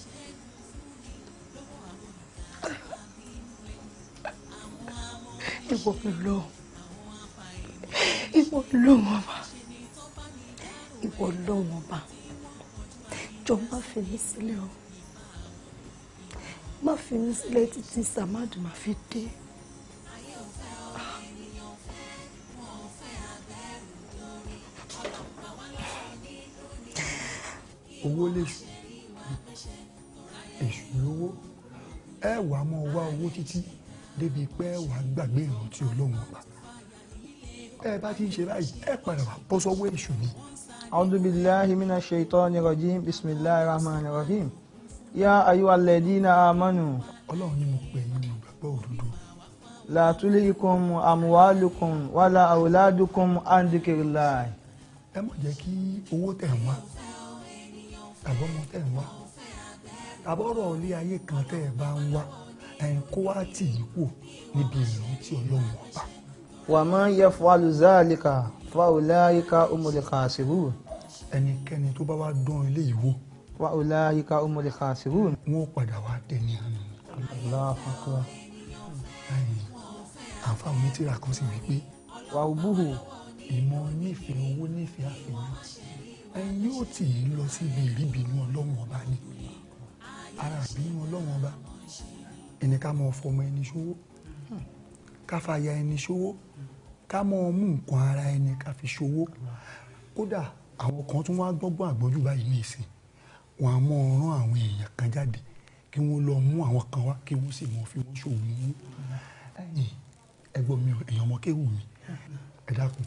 ìwọ ló ìwọ ló mọ̀ ìwọ lọ́wọ́n ọba jọ má fi mí sílẹ̀ o má fi mí sílẹ̀ títí samad má fi dé. owó lèṣù èṣù lówó ẹ wàá mọ wá owó títí débi pé ẹ wàá gbàgbé ìrántí Ọlọ́run ọba ẹ bá ti ń ṣe báyìí ẹ padà wà bọ́ sọ́wọ́ èṣù ni. أعوذ بالله من الشيطان الرجيم بسم الله الرحمن الرحيم يا أيها الذين آمنوا لا تلهكم أموالكم ولا أولادكم عن ذكر الله ẹ má jẹ́ kí owó tẹ̀ wá àbọ̀mọ tẹ̀ wá àbọ̀rọ̀ ilé ayé kan tẹ̀ bá ń wá ẹ̀ kó wá tì í kù níbi ìrántí ọlọ́run ọba. wàmọ́ yẹ fọ́ alùzáàlì wa ulaika umul khasirun. ẹnikẹ́ni tó bá wá dán ilé ìwò. wa ulaika umul khasirun. wọ́n padà wá dẹni àná. Allahu akbar. àǹfààní mi ti rà kan sí wípé. wà á búhù. ìmọ̀ nífẹ̀ẹ́ owó nífẹ̀ẹ́ àfẹ́yìn ẹni yóò tì í lọ síbi ìrìbìnú ọlọ́run ọba ni ara ìbínú ọlọ́run ọba ẹni ká mọ ọfọ ọmọ ẹni ṣòwò ká fàyà ẹni ṣòwò ká mọ mú nǹkan ara ẹni ká fi ṣòwò kódà àwọn kan tún wá gbọ́gbọ́n àgbọ́njú báyìí ní ìsìn wọn á mọ ọ̀ràn àwọn èèyàn kan jáde kí wọ́n lọ mú àwọn kan wá kí wọ́n sì mọ fi wọ́n ṣòwò mú ẹ̀yìn ẹ̀gbọ́n mi èèyàn ọmọ kéwù mi ẹ dákun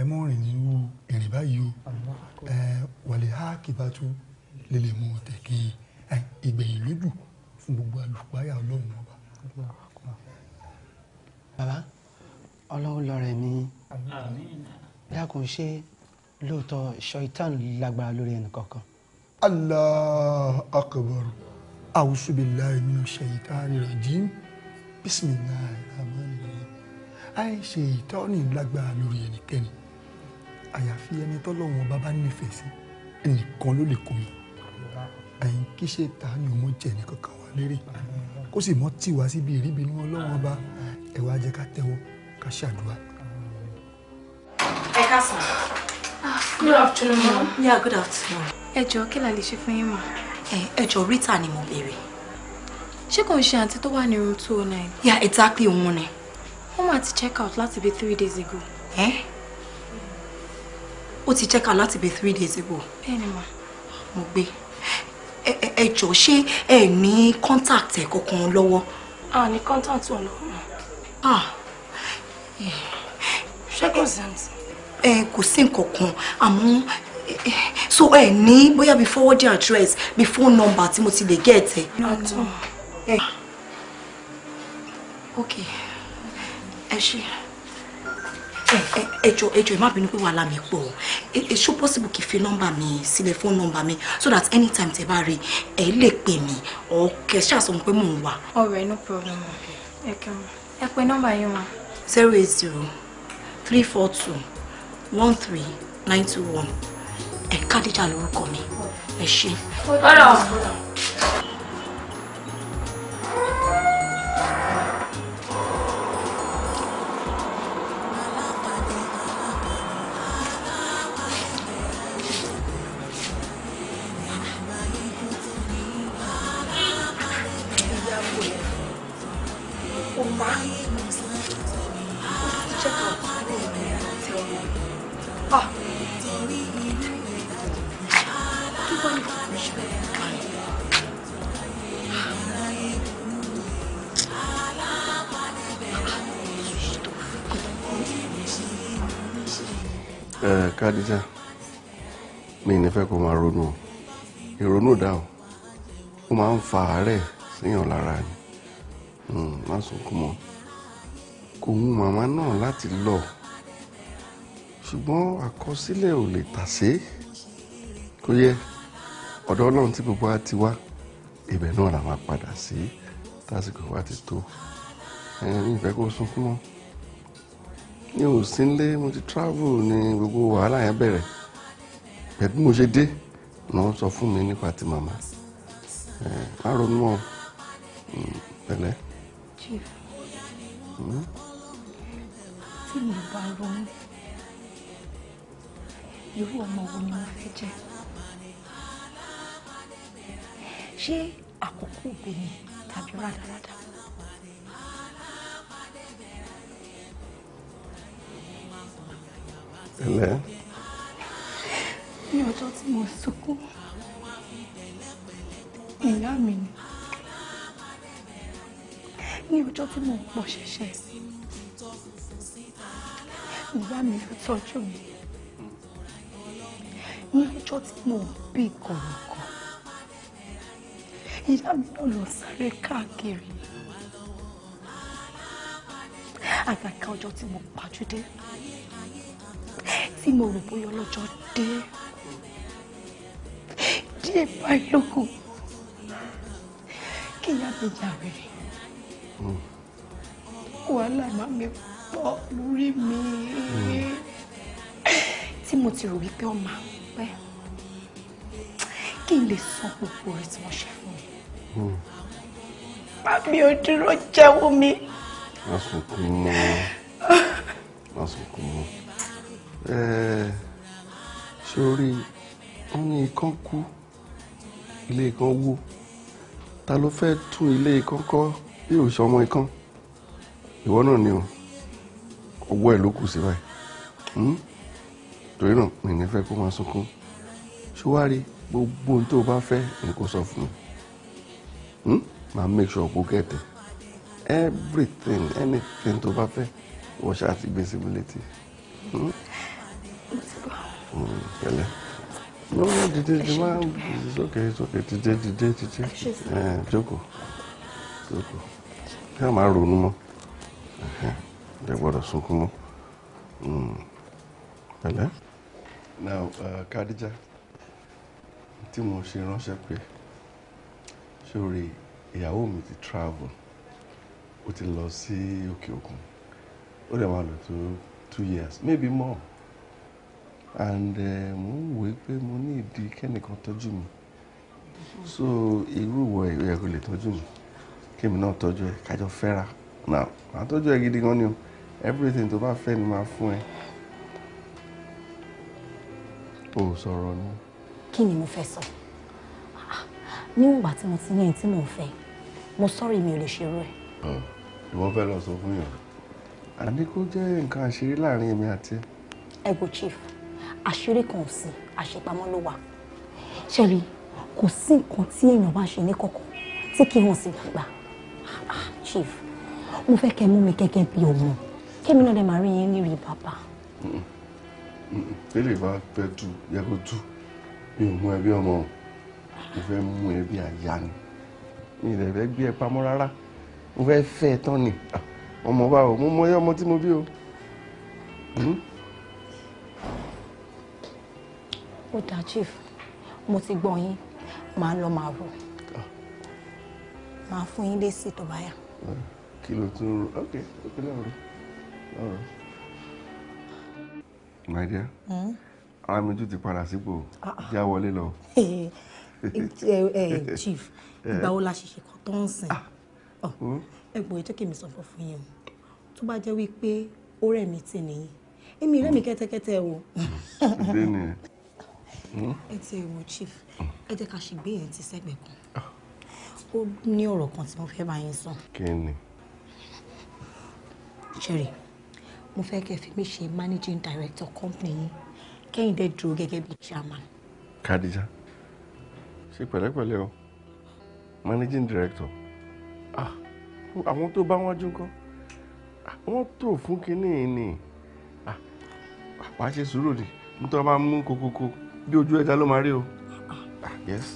ẹ mọ rìn nínú ìrìn báyìí o ẹ wàlẹ̀ há kìbátú lè lè mú tẹ̀kí ìgbẹ̀yìn lójú fún gbogbo àlùkò àyà ọlọ́run ọba. bàbá ọlọ́run lọ́rẹ̀ mi dákun ṣe lóòótọ́ ṣọ̀ìtàn lágbára lórí ẹnìkọ̀ọ̀kan. allah akbar awusu bilayi shaitan ṣèyítàní rajim bisimilayi rahman rahim ayi ṣèyítàní lágbára lórí ẹnikẹ́ni àyàfi ẹni tọ́lọ́wọ́n bá bá nífẹ̀ẹ́ sí ẹnìkan ló lè kó mi ẹ̀yin kí ṣe ta ni o mọ̀ jẹ́ ẹnìkankan wa lérè kó sì mọ́ tì wá síbi ìríbi ní ọlọ́wọ́n bá ẹ̀ wá ká tẹ́wọ́ ká ṣàdúrà. ẹ káàsán. Ah, good afternoon ma. yeah good afternoon. ẹ jọ̀ọ́ kí la lè ṣe fún yín mà. ẹ jọ̀ọ́ Rita ni mo béèrè. ṣé kò ń ṣe àǹtí tó wà ní room two oh nine. yeah exactly òun ni. wọ́n máa ti check out láti bíi three days ago. Eh? ó ti check out láti bíi three days ago. bẹ́ẹ̀ni ma. mo gbé ẹ jọ̀ọ́ ṣé ẹ ní contact ẹ kankan lọ́wọ́. a ní contact wọn lọ́wọ́. ah ṣé kò sí nǹkan kan àmọ́ so ẹ ní bóyá bí forwarding address bí phone number tí mo ti lè get ẹ. ok ẹ ṣe ẹjọ ẹjọ ẹ má bínú pé wàhálà mi pọ̀ ẹ ṣó possible kí fi nọ́mbà mi sílẹ̀ phone number mi so that anytime tẹ bá rí ẹ lè pè mí ọ kẹ ṣàṣọ pé mò ń wà. ọ̀rẹ́ no problem ẹ kẹwọn ẹ pe nọ́mbà yín wọn zero eight zero three four two one three nine two one ẹ Khadija lórúkọ mi ẹ ṣe. ọ̀rọ̀. ẹ kádíjà mi ní fẹ́ kó máa ronú o ìrònú dà o ó máa ń fa àárẹ̀ síyàn lára ni hmm, má sunkún mọ́ kò wù màmá náà láti lọ ṣùgbọ́n àkọsílẹ̀ ò lè tàsé kó yẹ ọ̀dọ̀ ọlọ́run tí gbogbo wa ti wá ibẹ̀ náà la máa padà sí tásìkò wa ti tó ẹ̀yìn ìfẹ́ kó sunkún mọ́ mi ò sí nílé mo ti travel ní gbogbo wàhálà yẹn bẹ̀rẹ̀ pẹ̀lú mo ṣe dé náà sọ fún mi nípa ti màmá ẹ má ronú ọ hmm, pẹ̀lẹ́. Hmm? irú ọmọ wo ni mo fẹ́ jẹ́ ṣé àkókò ògbóni tàbí rádaràdà. ẹlẹ. ní ọjọ́ tí mo sunkún ìyá mi ni ní ọjọ́ tí mo pọ̀ ṣẹ̀ṣẹ̀ ìyá mi ló tọ́jú mi ní ọjọ́ tí mo bí kọ̀ọ̀kan ìyá mi náà ló sáré káàkiri àgàkà ọjọ́ tí mo rò bóyá ọlọ́jọ́ dé díẹ̀ báyìí lókun kí ìyá mi jà wèrè wàhálà má mi pọ̀ lórí mi tí mo ti rò wípé ó máa pẹ́ kí n lè sọ gbogbo rẹ̀ tí wọ́n ṣe fún mi má mi jẹ́wọ́ mi. lásìkò mọ́ lásìkò mọ́ sórí wọn ní ikán kú ilé ikán wó ta ló fẹ́ tún ilé ikán kọ́ bí ò sọmọ ikán ìwọ náà ni o ọwọ́ ẹ̀ ló kù sí báyìí hmm? torí náà mi ní fẹ́ kó máa sunkún ṣùwárí gbogbo ohun tó o bá fẹ́ ni kó sọ fún mi máa hmm? make sure kó kẹ̀tẹ̀ everything anything tó o bá fẹ́ wọ́n ṣáà ti gbé síbi létí. Hmm? pẹ̀lẹ́ lọ́wọ́ dìde dìde máa ń sókè sókè dìde dìde dìde jókòó jókòó kí a máa ronú mọ́ ẹ gbọ́dọ̀ sunkún mọ́ pẹ̀lẹ́. Hmm. now uh, Kadija tí mo ṣe ránṣẹ́ pé sórí ìyàwó mi ti travel ó ti lọ sí òkè òkun ó dẹ̀ máa lò tó two years maybe more and eh, mo ń wòye pé mo ní ìdí kẹ́nìkan tọ́jú mi so irú ìwọ ẹ̀ kò lè tọ́jú mi kémi náà tọ́jú ẹ̀ kájọ fẹ́ra now màá tọ́jú ẹ̀ gidi gan ni o everything tó bá fẹ́ ni màá fún ẹ. o sọ̀rọ̀ ni. kí ni mo fẹ́ sọ níwọ̀n tí mo ti ní ẹni tí mò fẹ́ mo sọ́rí mi ò lè ṣerú ẹ̀. Oh, ìwọ fẹ́ lọ sọ fún yàn àní kó jẹ́ nǹkan àṣírí láàrin èmi àti ẹ. ẹ go chief àṣírí kan ò sí àṣepamọ́ ló wà ṣẹ́rí kò sí nǹkan tí èèyàn bá ṣe ní kọ̀kọ̀ tí kì í hàn sí gbangba ah, chief mo fẹ́ kẹ́ mú mi gẹ́gẹ́ bí ọmọ kẹ́mi náà lè máa rí yín lérí bàbá. tẹ́lẹ̀ bá fẹ́ dù yẹ kó dù mi ò mú ẹbí ọmọ mo fẹ́ mú ẹbí àyà ni mi ò fẹ́ gbé ẹ pamọ́ rárá mo fẹ́ fẹ́ tán ni ah, ọmọ bá o mo mọ ọmọ tí mo bí o. Hmm? ó dáa chief mo ti gbọ́ yín màá lọ màá rò ah. màá fún yín lésì tó bá yá. Hmm. kí ló tún rò ok ok lọ́rọ̀ lọ́rọ̀. my dear ara hmm? mi tún ti padà sípò ah, ah. já wọlé lọ. Eh, eh, chief eh. ìgbà wo la ṣẹ̀ṣẹ̀ kan tó ń sìn ẹ̀gbọ́n ètò kèmí sọ fún fún yín o tó bá jẹ́ wípé ó rẹ̀ mí tì nìyí èmi rẹ̀ mí kẹ́tẹ́kẹ́tẹ́ o. Hmm. ẹ ti ẹ̀ wò chief mm. ẹ jẹ́ ká ṣègbè yẹn ti sẹ́gbẹ̀ẹ́ kan ah. ó ní ọ̀rọ̀ kan tí mo fẹ́ bá yín sọ. kí ni. Cherry mo fẹ́ kẹ́ fi mí ṣe managing director company yín kẹ́hìndé dúró gẹ́gẹ́ bí chairman. Khadija ṣe pẹ̀lẹ́pẹ̀lẹ́ o managing director ah àwọn tó bá wọn jókòó ah, wọ́n tó fún kinní ni ah, àpá ṣe sùúrù ni nítorí wọ́n bá mú kókókó bí ojú ẹja ló máa rí o. Ah, yes.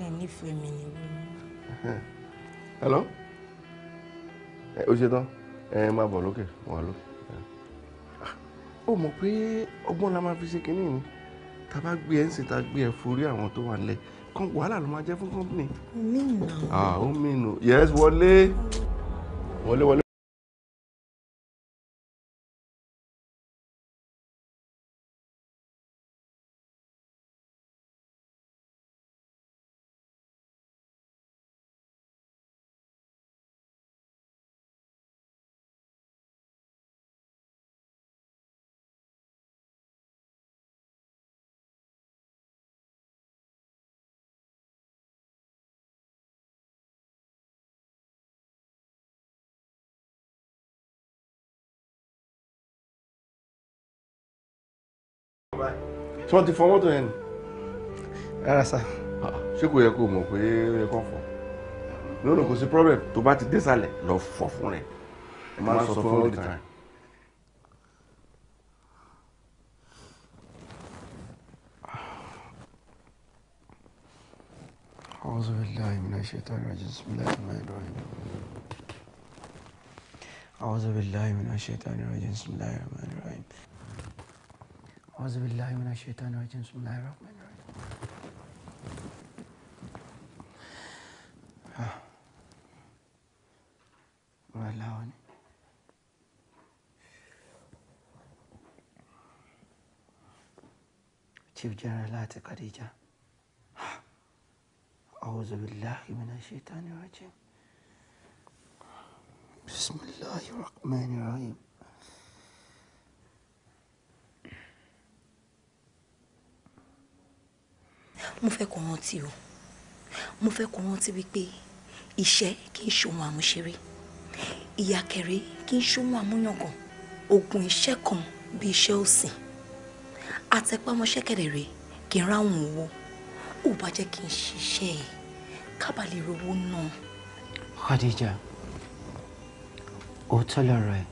náà nífẹ̀ẹ́ mi ni wọ́n. hello ó ṣe tán ẹ máa bọ̀ lókè wà ló. Ah, ó mọ̀ pé ọgbọ́n la máa fi ṣe kínní ni tá a bá gbé ẹ ń sìn tá a gbé ẹ forí àwọn tó wà ń lẹ kan wàhálà ló máa jẹ́ fún kọ́mpìnì. mi nù. ah ó mi nù yes wọlé wọlé wọlé. tí wọ́n ti fọ mọ́tò yẹn ni. rárá sá. Ah, ṣé kò yẹ kó mọ̀ pé ó yẹ kó fọ lónìí kò sí problem tó bá ti dé sàlẹ̀ lọ fọ fún rẹ̀ ẹ máa sọ fún all the time. أعوذ بالله من الشيطان الرجيم بسم الله الرحمن الرحيم أعوذ بالله من الشيطان الرجيم بسم الله الرحمن الرحيم أعوذ بالله من الشيطان الرجيم بسم الله الرحمن الرحيم والله تشيف جنرالات خديجة أعوذ بالله من الشيطان الرجيم بسم الله الرحمن الرحيم mo fẹ́ kó rántí o mo fẹ́ kó rántí wípé ìṣẹ́ kì í ṣohun àmúṣeré ìyàkẹrẹ kì í ṣohun àmúyangàn ogun iṣẹ́ kan bí iṣẹ́ òsìn àtẹpámọ́ṣẹ́ kẹ̀dẹ̀rẹ̀ kì í ráhùn owó ò bá jẹ́ kí n ṣiṣẹ́ ẹ̀ kábà lè rówó náà. Khadija òótọ́ lọ̀rọ̀ ẹ̀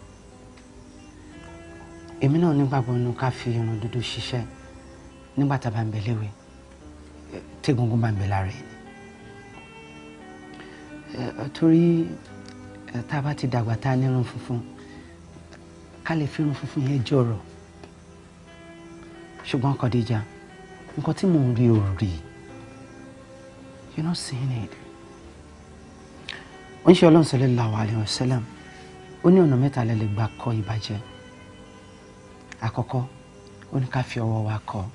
èmi náà nígbàgbọ́ inú ká fi irun dúdú ṣiṣẹ́ nígbà tá a bá ń bẹ tí egungun bá ń bẹ lára ẹni torí tá a bá ti dàgbà tá a nírun funfun ká lè fi irun funfun yẹn jọ̀rọ̀ ṣùgbọ́n Khadija nǹkan tí mò ń rí ò rí you no seeing it ó ń ṣe ọlọ́run sallallahu alaihi wasallam ó ní ọ̀nà mẹ́ta lẹ́lẹ́gbà kọ ìbàjẹ́ àkọ́kọ́ ó ní ká fi ọwọ́ wa kọ́ ọ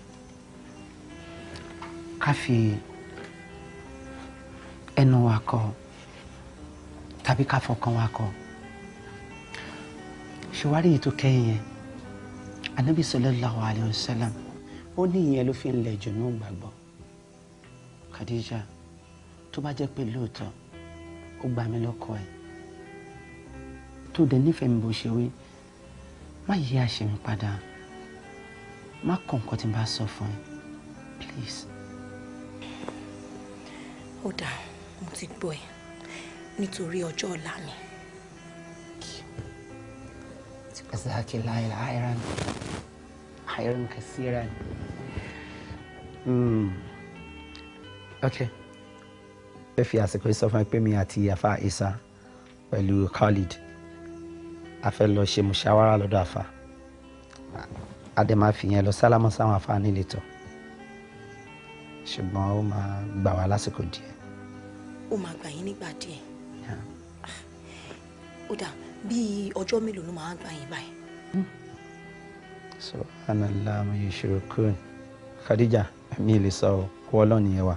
ká fi ẹnu wa kọ tàbí ká fọkàn wa kọ ṣèwárí yìí tó kẹ́yìn yẹn anabi sallallahu alayhi wa sallam ó ní ìyẹn ló fi ń lẹ̀ jù ní ìgbàgbọ́ Khadija tó bá jẹ́ pé lóòótọ́ ó gbà mí lọ́kọ ẹ̀ tó dẹ̀ nífẹ̀ẹ́ mi bó ṣe wí má yí àṣẹ mi padà má kọ̀ nǹkan tí n bá sọ fún ẹ please ó dáa mo ti gbọ́ ẹ nítorí ọjọ́ ọ̀la mi. جزاك الله خيرا خيرا كثيرا ok. ẹ fi àsìkò yìí sọ fún mi pé mi àti àfa isa pẹ̀lú khalid a fẹ́ lọ ṣe mùṣàwárà lọ́dọ̀ àfa a dẹ̀ máa fi yẹn lọ sálámọ́ sáwọn àfa nílẹ̀ tán ṣùgbọ́n ó máa gbà wá lásìkò díẹ̀. ó máa gbà yín nígbà díẹ̀. ó dà bíi ọjọ́ mélòó ló máa gbà yín báyìí. subhanallah mo yẹ ṣòro khadija mi lè sọ ọ ọlọ́run nìyẹn wà.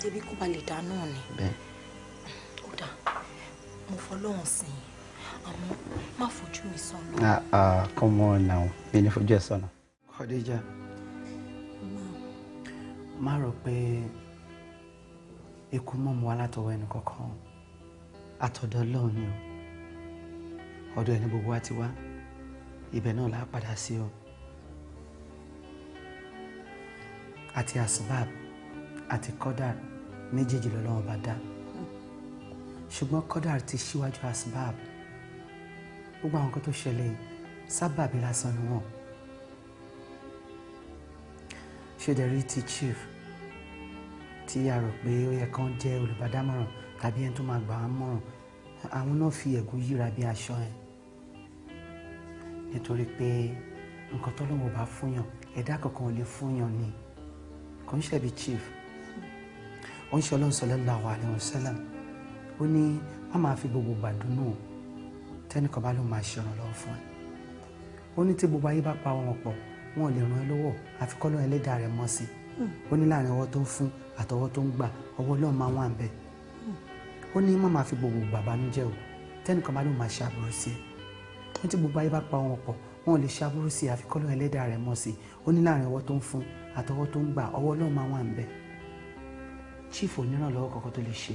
tẹbi ah, kó ba lè dá náà ni. ó dà mo fọlọ́run sí i àmọ́ má fojú mi sọ́nà. Ah, ah, come on now mi ní fojú ẹ sọ́nà. Khadija má rò pé ikú mọ̀ mú wa látọwọ́ ẹnu kankan àtọ̀dọ̀ Ọlọ́run ni o ọ̀dọ̀ ẹni gbogbo wa ti wá ibẹ̀ náà là á padà sí o àti asbab àti kọ́dàr méjèèjì lọ́lọ́run bá dá ṣùgbọ́n kọ́dàr ti ṣíwájú asbab gbogbo àwọn nǹkan tó ṣẹlẹ̀ sábàbí lásán ni wọ́n. ṣé dẹ̀ ti chief tí a rò pé ó yẹ kán jẹ́ olùbádámọ̀ràn tàbí ẹni tó máa gbà á mọ̀ràn àwọn náà fi ẹ̀gún yíra bí aṣọ ẹ̀ nítorí pé nǹkan tọ́lọ́wọ́ bá fúnyàn ẹ̀dá kankan ò lè fúnyàn ni kò ń ṣẹ̀bi chief ó ń ṣe ọlọ́run sallallahu alaihi wasallam ó ní wọ́n máa fi gbogbo gbàdúnú tẹ́nìkan bá ló máa ṣèrànlọ́wọ́ fún ẹ ó ní tí gbogbo ayé bá pa wọn pọ̀ wọn ò lè ràn án lọ́wọ́ àfi kọ́ lọ́run ẹlẹ́dàá rẹ̀ mọ́ sí i ó ní láàrin ọwọ́ tó ń fún àtọwọ́ tó ń gbà ọwọ́ Ọlọ́run máa wà ń bẹ̀ ó ní má máa fi gbogbo bàbá nu jẹ́ o tẹ́nìkan bá ló máa ṣe aburú sí i wọ́n ti gbogbo ayé bá pa wọn pọ̀ wọn ò lè ṣe aburú sí i àfi kọ́ lọ́run ẹlẹ́dàá rẹ̀ mọ́ sí i ó ní láàrin ọwọ́ tó ń fún àtọwọ́ tó ń gbà ọwọ́ Ọlọ́run máa wà ń bẹ̀ chief onírànlọ́wọ́ kọ̀ọ̀kan tó lè ṣe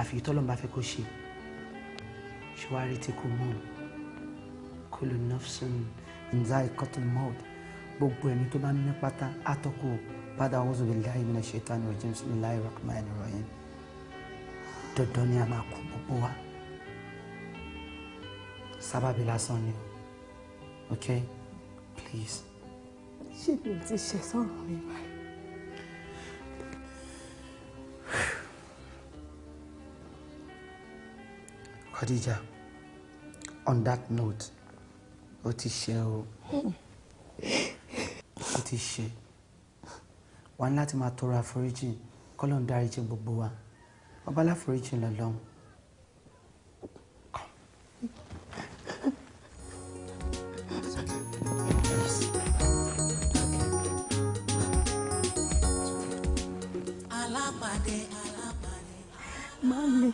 àfi ìtọ́lọ́mùbá fẹ́ kó ṣe ṣùwárí tí kò mọ̀ kulu nafsun nzai kọ́tùn mọ́ọ̀dù gbogbo ẹ̀mí tó bá ní pátá àtọ́kù padà a'udhu billahi minash shaitani rajim bismillahir rahmanir rahim dandan ni a máa kú gbogbo wa sábàbí lásán ni ok please. ṣé mi ò ti ṣe sọ̀rọ̀ mi báyìí. Khadija on that note ó ti ṣe o. Mm ó ti ṣe wà ní láti máa tọrọ àforíjì kọ́lọ̀ ń dáríjì gbogbo wa ọba aláforíjì lọ́lọ́run. Mami,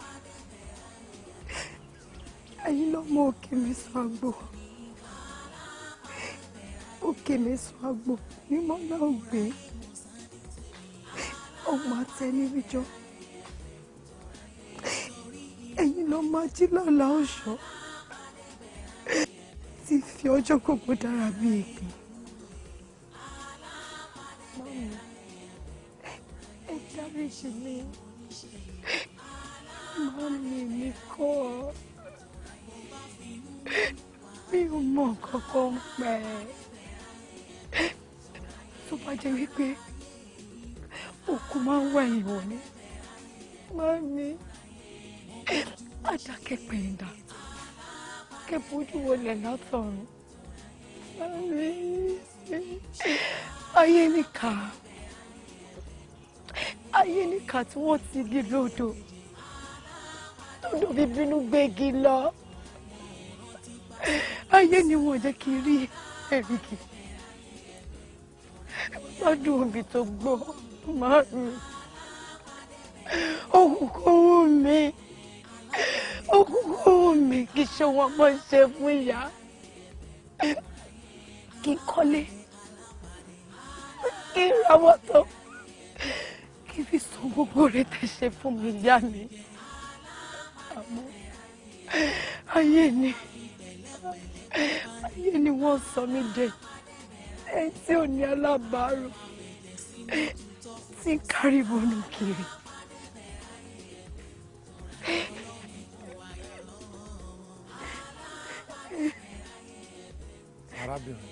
ẹ̀yin ló mú òkè mi sọ àgbò òkèlè sọ àgbò mímọ́ náà gbé ọmọ àtẹnirijọ ẹ̀yin ló máa jí lọ́la ọ̀ṣọ́ ti fi ọjọ́ gbogbo dára bí ègbé. ẹ dárí jì mí mọ́mí mi kọ́ ọ mi ò mọ̀ kankan pẹ́ tó bá jẹ́ wípé òkú máa ń wá ìwọ ni máa mi àdákẹ́pẹ́ ìdá kẹ́bójú wọlé látọ̀run máa mi ayé nìka ayé nìka tí wọ́n ti gé lódò lódò bíbínú gbégi lọ ayé ni wọ́n jẹ́ kí n rí ẹ̀rí kìí gbádùn òbí tó gbọ́ márùn òkúkúrú mi òkúkúrú mi kì í ṣe wọn mọ ṣe fún ìyá kí n kọ́lé kí n ra mọ́tò kí n fi san gbogbo rẹ̀ tẹ̀ ṣe fún mi ìyá mi àmọ́ ayé ni ayé ni wọ́n sọ mí dẹ̀yìn ẹni tí ò ní alábàárò tí ń kárí bọ́ọ̀lù kiri. arábìnrin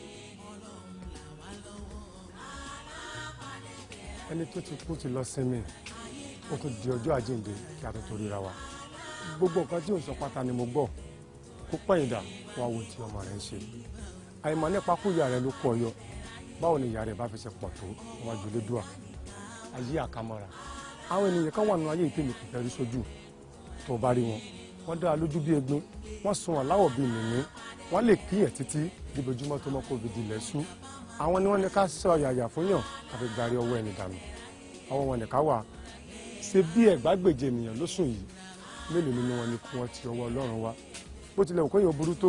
ẹni tó ti kú ti lọ sinmi ó tún di ọjọ́ àjíǹde kí a tó torí ra wa gbogbo nǹkan tí ò ń sọ pátá ni mo gbọ́ kó pẹ̀yìndà wá wo tí ọmọ rẹ̀ ń ṣe àìmọ̀ nípa kúyà rẹ̀ ló kọ́ ọ yọ báwo ni ìyá rẹ̀ bá fi ṣe pọ̀ tó wájú lédùá ayé àkàmọ́ra àwọn ènìyàn kan wà nínú ayé ìtẹ̀mí kò fẹ́ẹ́ rí sójú tó bá rí wọn wọ́n dá lójú bí egbin wọ́n sun aláwọ̀ bíi mìíní wọ́n lè kí ẹ̀ títí dìbòjúmọ́ tó mọ́ covid ilẹ̀ sú àwọn ni wọ́n ní ká sọ yàyà fún yàn àfi gbàrí ọwọ́ ẹni dànù ọwọ́ wọn nìka wà ṣe bí ẹ̀gbágbèje ènìyàn ló yìí mélòó nínú wọn ni kí wọ́n ti ọwọ́ ọlọ́run wá bó tilẹ̀ òkú yóò burú tó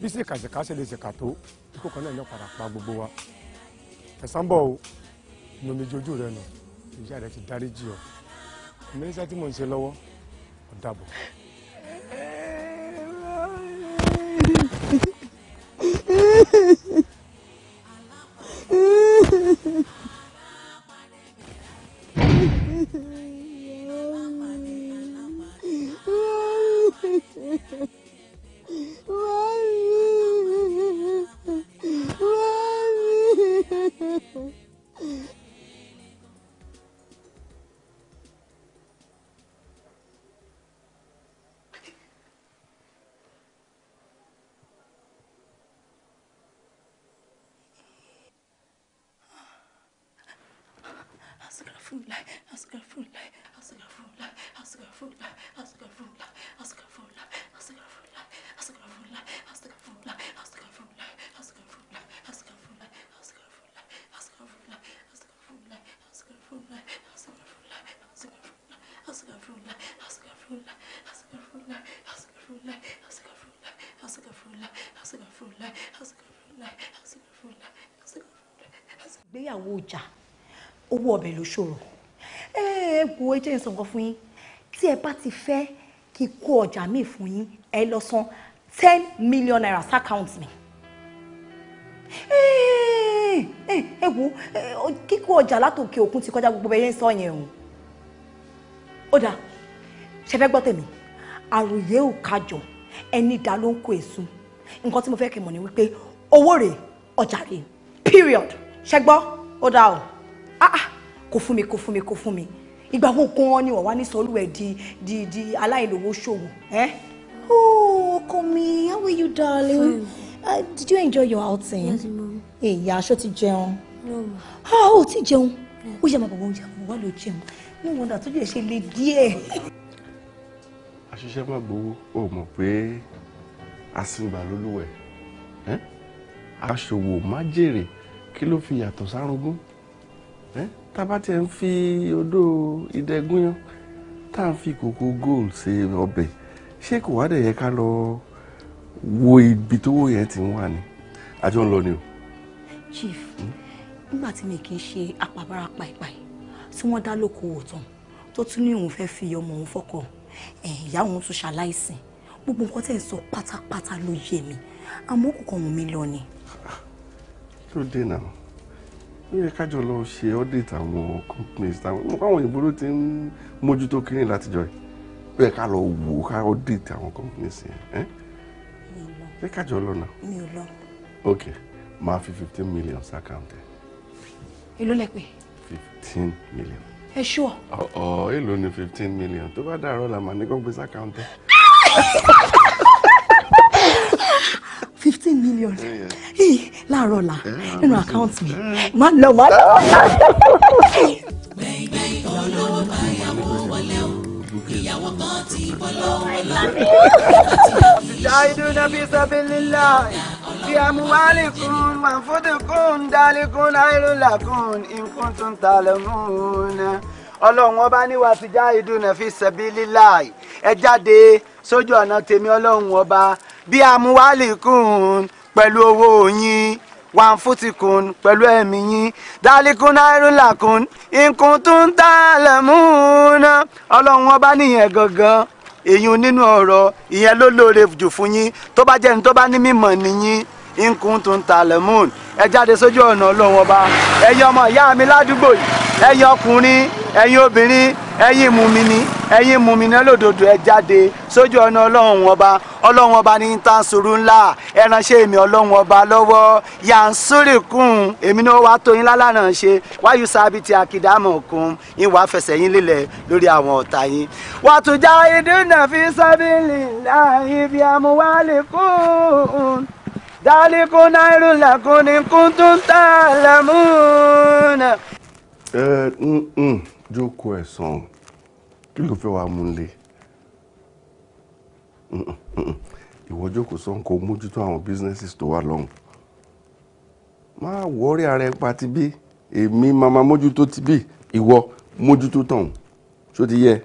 bí ṣèkàṣèkà ṣe lè ṣèkà tó ikú kan náà ní padà pa gbogbo wa ẹ̀sán bọ̀ o inú mi jojú rẹ nù ìyá rẹ ti dárí jì ọ mínísítà tí mò ń ṣe lọ́wọ́ ó dàbọ̀. Hehehehe 嗯。owó ọbẹ̀ ló ṣòro ẹ ẹ wo ẹ jẹ́ ìsọ̀kan fún yín tí ẹ bá ti fẹ́ kí kó ọjà míì fún yín ẹ lọ san ten million naira s'account mi ẹ wo kíkó ọjà látòkè òkun ti kọjá gbogbo ẹ yẹn sọ yẹn o ó dáa ṣe fẹ́ gbọ́ tèmi àròyé ò kájọ ẹni dá ló ń kó èso nǹkan tí mo fẹ́ kí mọ̀ ni wípé owó rèé ọjà rèé period ṣẹgbọ́ ó dáa o ah ah kó fún mi kó fún mi kó fún mi ìgbà wo gan ni wọ́n wá ní sọ́lú ẹ̀ di di di aláìlówó ṣòwò oh ọkọ mi how are you darling uh, did you enjoy your outing. yes ma'am. Eh, ìyá aṣọ ti jẹun. no ma. ah o ti jẹun ó yẹ màbàbà oúnjẹ àwọn wà ló jẹun no wonder tó jẹ ṣe lè díẹ̀. àṣìṣe máa gbowó o mọ̀ pé asíngbà lólúwẹ̀ aṣòwò má jèrè kí ló fi yàtọ̀ sárúngún tá a bá tiẹ̀ ń fi odó ìdẹ́gúnyán tá à ń fi kòkó gold ṣe ọbẹ̀ ṣé kò wá dẹ̀ yẹ ká lọ wo ibi tówó yẹn ti ń wà ni àjọ ń lọ ni o. chief nígbà tí mi kì í ṣe apàbára pàìpàì tí wọ́n dá lóko òtàn tó tún ní òun fẹ́ fi ọmọ òun fọ́kọ ìyá òun tún ṣaláìsìn gbogbo nǹkan tẹ̀ ń sọ pátápátá ló yé mi àmọ́ kò kàn wọ́n mi lọ ni. kí ló dé náà ó yẹ kájọ lọ ṣe audit àwọn companies táwọn òyìnbó ló ti ń mójútó kiri látijọ́ yìí ó yẹ ká lọ wò ká audit àwọn companies yẹn ṣé kájọ lọ náà. mi ò lọ. ok máa fi fifteen million ṣàkàǹtẹ. èló lẹ pé. fifteen million. ẹ ṣúọ. ọ̀ọ́ èló ni fifteen million tó bá dàrọ́ la màá ní kó gbé ṣàkàǹtẹ. fifteen million. Yeah, yeah láàárọ̀ la eh, ah, nínú account mi eh. má lọ má lọ. gbẹ̀ngbẹ̀ng olówó bá yàwó bí amúhálì kún màfúdù kún dálékún náírà làkún nǹkan tó ń talẹ̀ mú ọlọ́run ọba ní wàá ti já ìdúnà fi ṣẹ̀bi líláì ẹ jáde sójú ọ̀nà tèmi ọlọ́run ọba bí amúhálì kún pẹ̀lú owó yín wàn fútìkùn pẹ̀lú ẹ̀mí yín dáríkùn náírùlàkùn nǹkan tó ń tà lẹ́múnà ọlọ́run ọba nìyẹn gangan èyí nínú ọ̀rọ̀ ìyẹn ló lóore jù fún yín tó bá jẹ́ ní tó bá ní mímọ̀ nìyín nkún tó ń ta lemon ẹ jáde sójú ọ̀nà ọlọ́run ọba ẹ̀yin ọmọ ìyá mi ládùúgbò yìí ẹ̀yin ọkùnrin ẹ̀yin obìnrin ẹ̀yin mùmíní ẹ̀yin mùmíní lòdòdó ẹ jáde sójú ọ̀nà ọlọ́run ba ọlọ́run ba ní ta sùúrù ńlá ẹranṣẹ́ mi ọlọ́run ba lọ́wọ́ yansuri kùn èmi ni ó wá tóyin lálànà ṣe wáyú sábì ti àkìdámọ̀ kùn ìwà fẹsẹ̀ yín lílẹ̀ lórí àwọn ọ̀tá yín. wàtújà ìdúnà fi sábìlì láàyè bí amúwálé dáríkó náírà làkó ni kún tó ń tà lámúnà. ẹ ń jókòó ẹ̀sán kí ló fẹ́ wàá mú un lé hm, hm, hm, ìwọ jókòó sọ́n kó mójútó àwọn businesses tó wà lọ́hùn má wọ́ọ́rí ara ẹ pa ti bí èmi màmá mójútó ti bí ìwọ mójútó tàn ṣó ti yẹ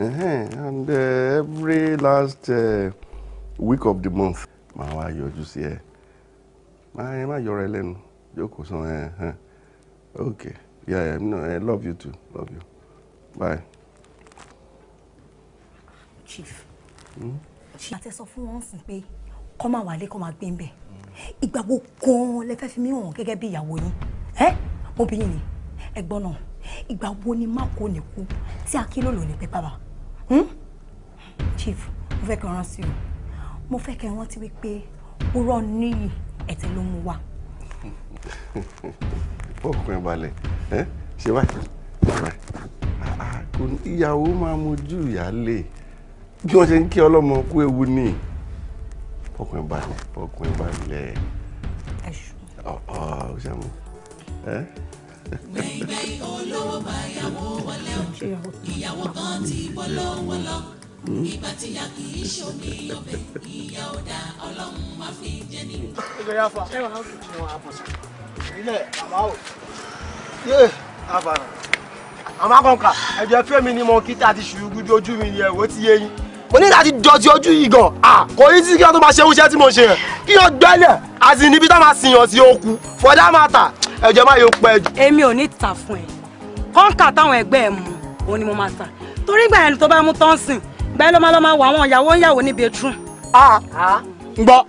and uh, every last uh, week of the month màá wá yọjú sí ẹ máa ẹ má yọra ẹ lẹ́nu jókòó sàn ẹ hàn ok yeah yeah no, I love you too love you bye. chief ṣe hmm? àti sọ fún wọn sìn pé kọ́ máa wálé kọ́ máa gbé ń bẹ̀ ìgbà wo gan-an lẹ fẹ́ fi mí hàn gẹ́gẹ́ bí ìyàwó yín ẹ́ obìnrin ni ẹ̀gbọ́n náà ìgbà wo ni máko nìkú tí akílòlò ní pípa wa hmm? chief mo fẹ́ kí n rán sí o mo fẹ́ kẹ́ rántí wípé òrọ̀ níyì ẹ̀tẹ̀ ló mú wa. ọkùnrin balẹ̀ ẹ ṣe báyìí ah, ah, ìyàwó máa mojú ìyáálé bí wọ́n ṣe ń kí ọlọ́mọ kú ewu ni ọkùnrin balẹ̀ ọkùnrin balẹ̀ ọ̀ ọ̀ ṣàmù olówó bá yàwó wọlé ìyàwó kan ti bọ́ lọ́wọ́ ìgbà tí ìyá kì í ni mo kí tá a ti ṣùgbọ́n ojú mi ni ẹ̀wọ́ ti yé yín mo ní láti dọ̀tí ojú yìí gan kò ní sí kí wọ́n tó máa ṣe irúṣẹ́ tí mo ṣe yẹn kí wọ́n gbẹ́lẹ̀ àti níbi tá máa sìyàn sí okùn fọdá máa tà ẹ̀jẹ̀ máa yóò pẹ́ jù. èmi ò ní ta fún ẹ kọ́ńkà táwọn ẹgbẹ́ ẹ mú òun ni mo máa ta torí ìgbà yẹn tó bá mú tọ́ǹsìn bẹ́ẹ̀ ló máa lọ máa wọ àwọn ìyàwó ìyàwó ní bedroom. Ah. a gbọ́.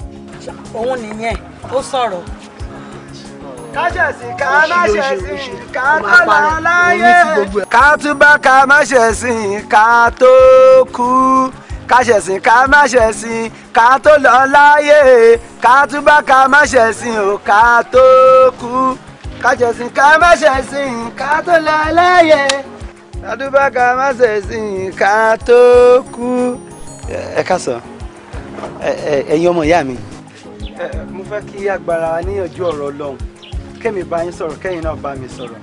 òun nìyẹn ó sọ̀rọ̀. ká ṣẹ̀sìn ká má ṣẹ̀sìn ká tó là láyé ká túbà ká má ṣẹ̀sìn ká tó kú ká ṣẹ̀sìn ká má ṣẹ̀sìn ká tó lọ láyé ká túbà ká má ṣẹ̀sìn ò ká tó kú ká ṣẹ̀sìn ká má ṣẹ̀sìn ká tó lọ láyé adúbàkà má ṣe sìn ká tó kú. ẹ ká sọ ẹ̀yin ọmọ ìyá mi. mo fẹ́ kí agbára níyànjú ọ̀rọ̀ ọlọ́run kẹ́mi bá yín sọ̀rọ̀ kẹ́yin náà bá mi sọ̀rọ̀.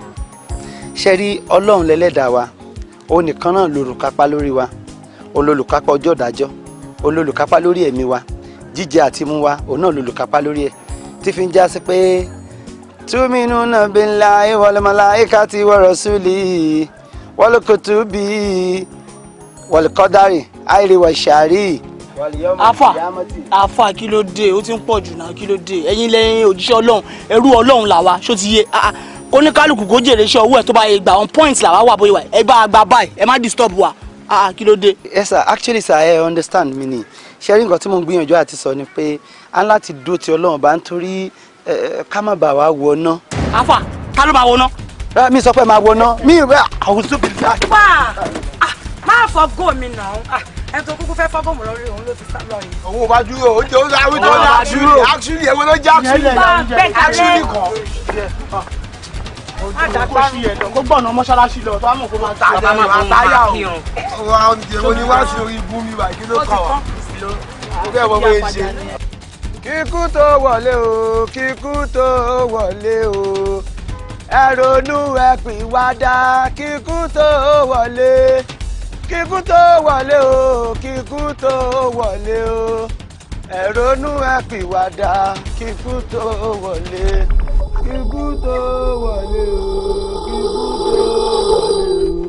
ṣe rí ọlọ́run lẹ́lẹ́dàá wa òun nìkan náà lòlùkápá lórí wa olólùkápá ọjọ́ ìdájọ́ olólùkápá lórí ẹ̀mí wa jíjẹ àti mú wa òun náà lòlùkápá lórí ẹ̀ tí fi ń já sí pé túmínú náà bí ńlá ìwọlọmọlá ìka ti wọ̀rọ̀ súlì yìí wọ́lùkùtùbí wọ̀lùkọ́dárì àìrèwà ìṣàárì afa afa kí ló dé ó ti ń pọ̀ jù náà kí ló dé ẹ̀yin lẹ́yìn òjíṣẹ́ ọlọ́run ẹrú ọlọ́run làwa ṣó ti yé ah, ah, kóníkálùkù kó jèrè iṣẹ́ owó ẹ̀ tó bá yẹ gbà on point làwa wà bóyá ẹ bá gba báyìí ẹ má disturb wa ah, kí ló dé. ẹ sà actually sir, I understand mi ni ṣe rí nǹkan tí mo ń gbìyànjú àti sọ ni pé a ń láti dó ti ọlọ́run bá ń torí ká má bàa wá wọná. afa ta ló bá wọná mi sọ pé máa wọná mi rẹ àwọn tó bí bá. wá ah, máa fọ góò mi nà án ah, ẹni tó kúkú fẹ́ fọ́ góòmù lórí òun ló ti sá lọ yìí. òun ò bá dúró o jẹ́ òun láwùjọ tó ní àṣírí àṣírí ẹ̀wọ̀n ló jẹ́ àṣírí àṣírí kan. Ojú kò sí ẹ̀ lọ, kó gbọ̀nà mọ́ṣáláṣí lọ, tó á mọ̀ kó máa ta ẹ̀ máa ta yà o. Ọ̀rọ̀ ìdìbò ni wá sí orí ibú mi wà kí ló kàn wá. Mo bẹ́ẹ̀ mọ bóyá ṣe. Kíkú tó wọlé o, kíkú tó wọlé o ẹ ronú ẹ pìwàdà kíkú tó wọlé kíkú tó wọlé o kíkú tó wọlé o ẹ ronú ẹ pìwàdà kíkú tó wọlé kíkú tó wọlé o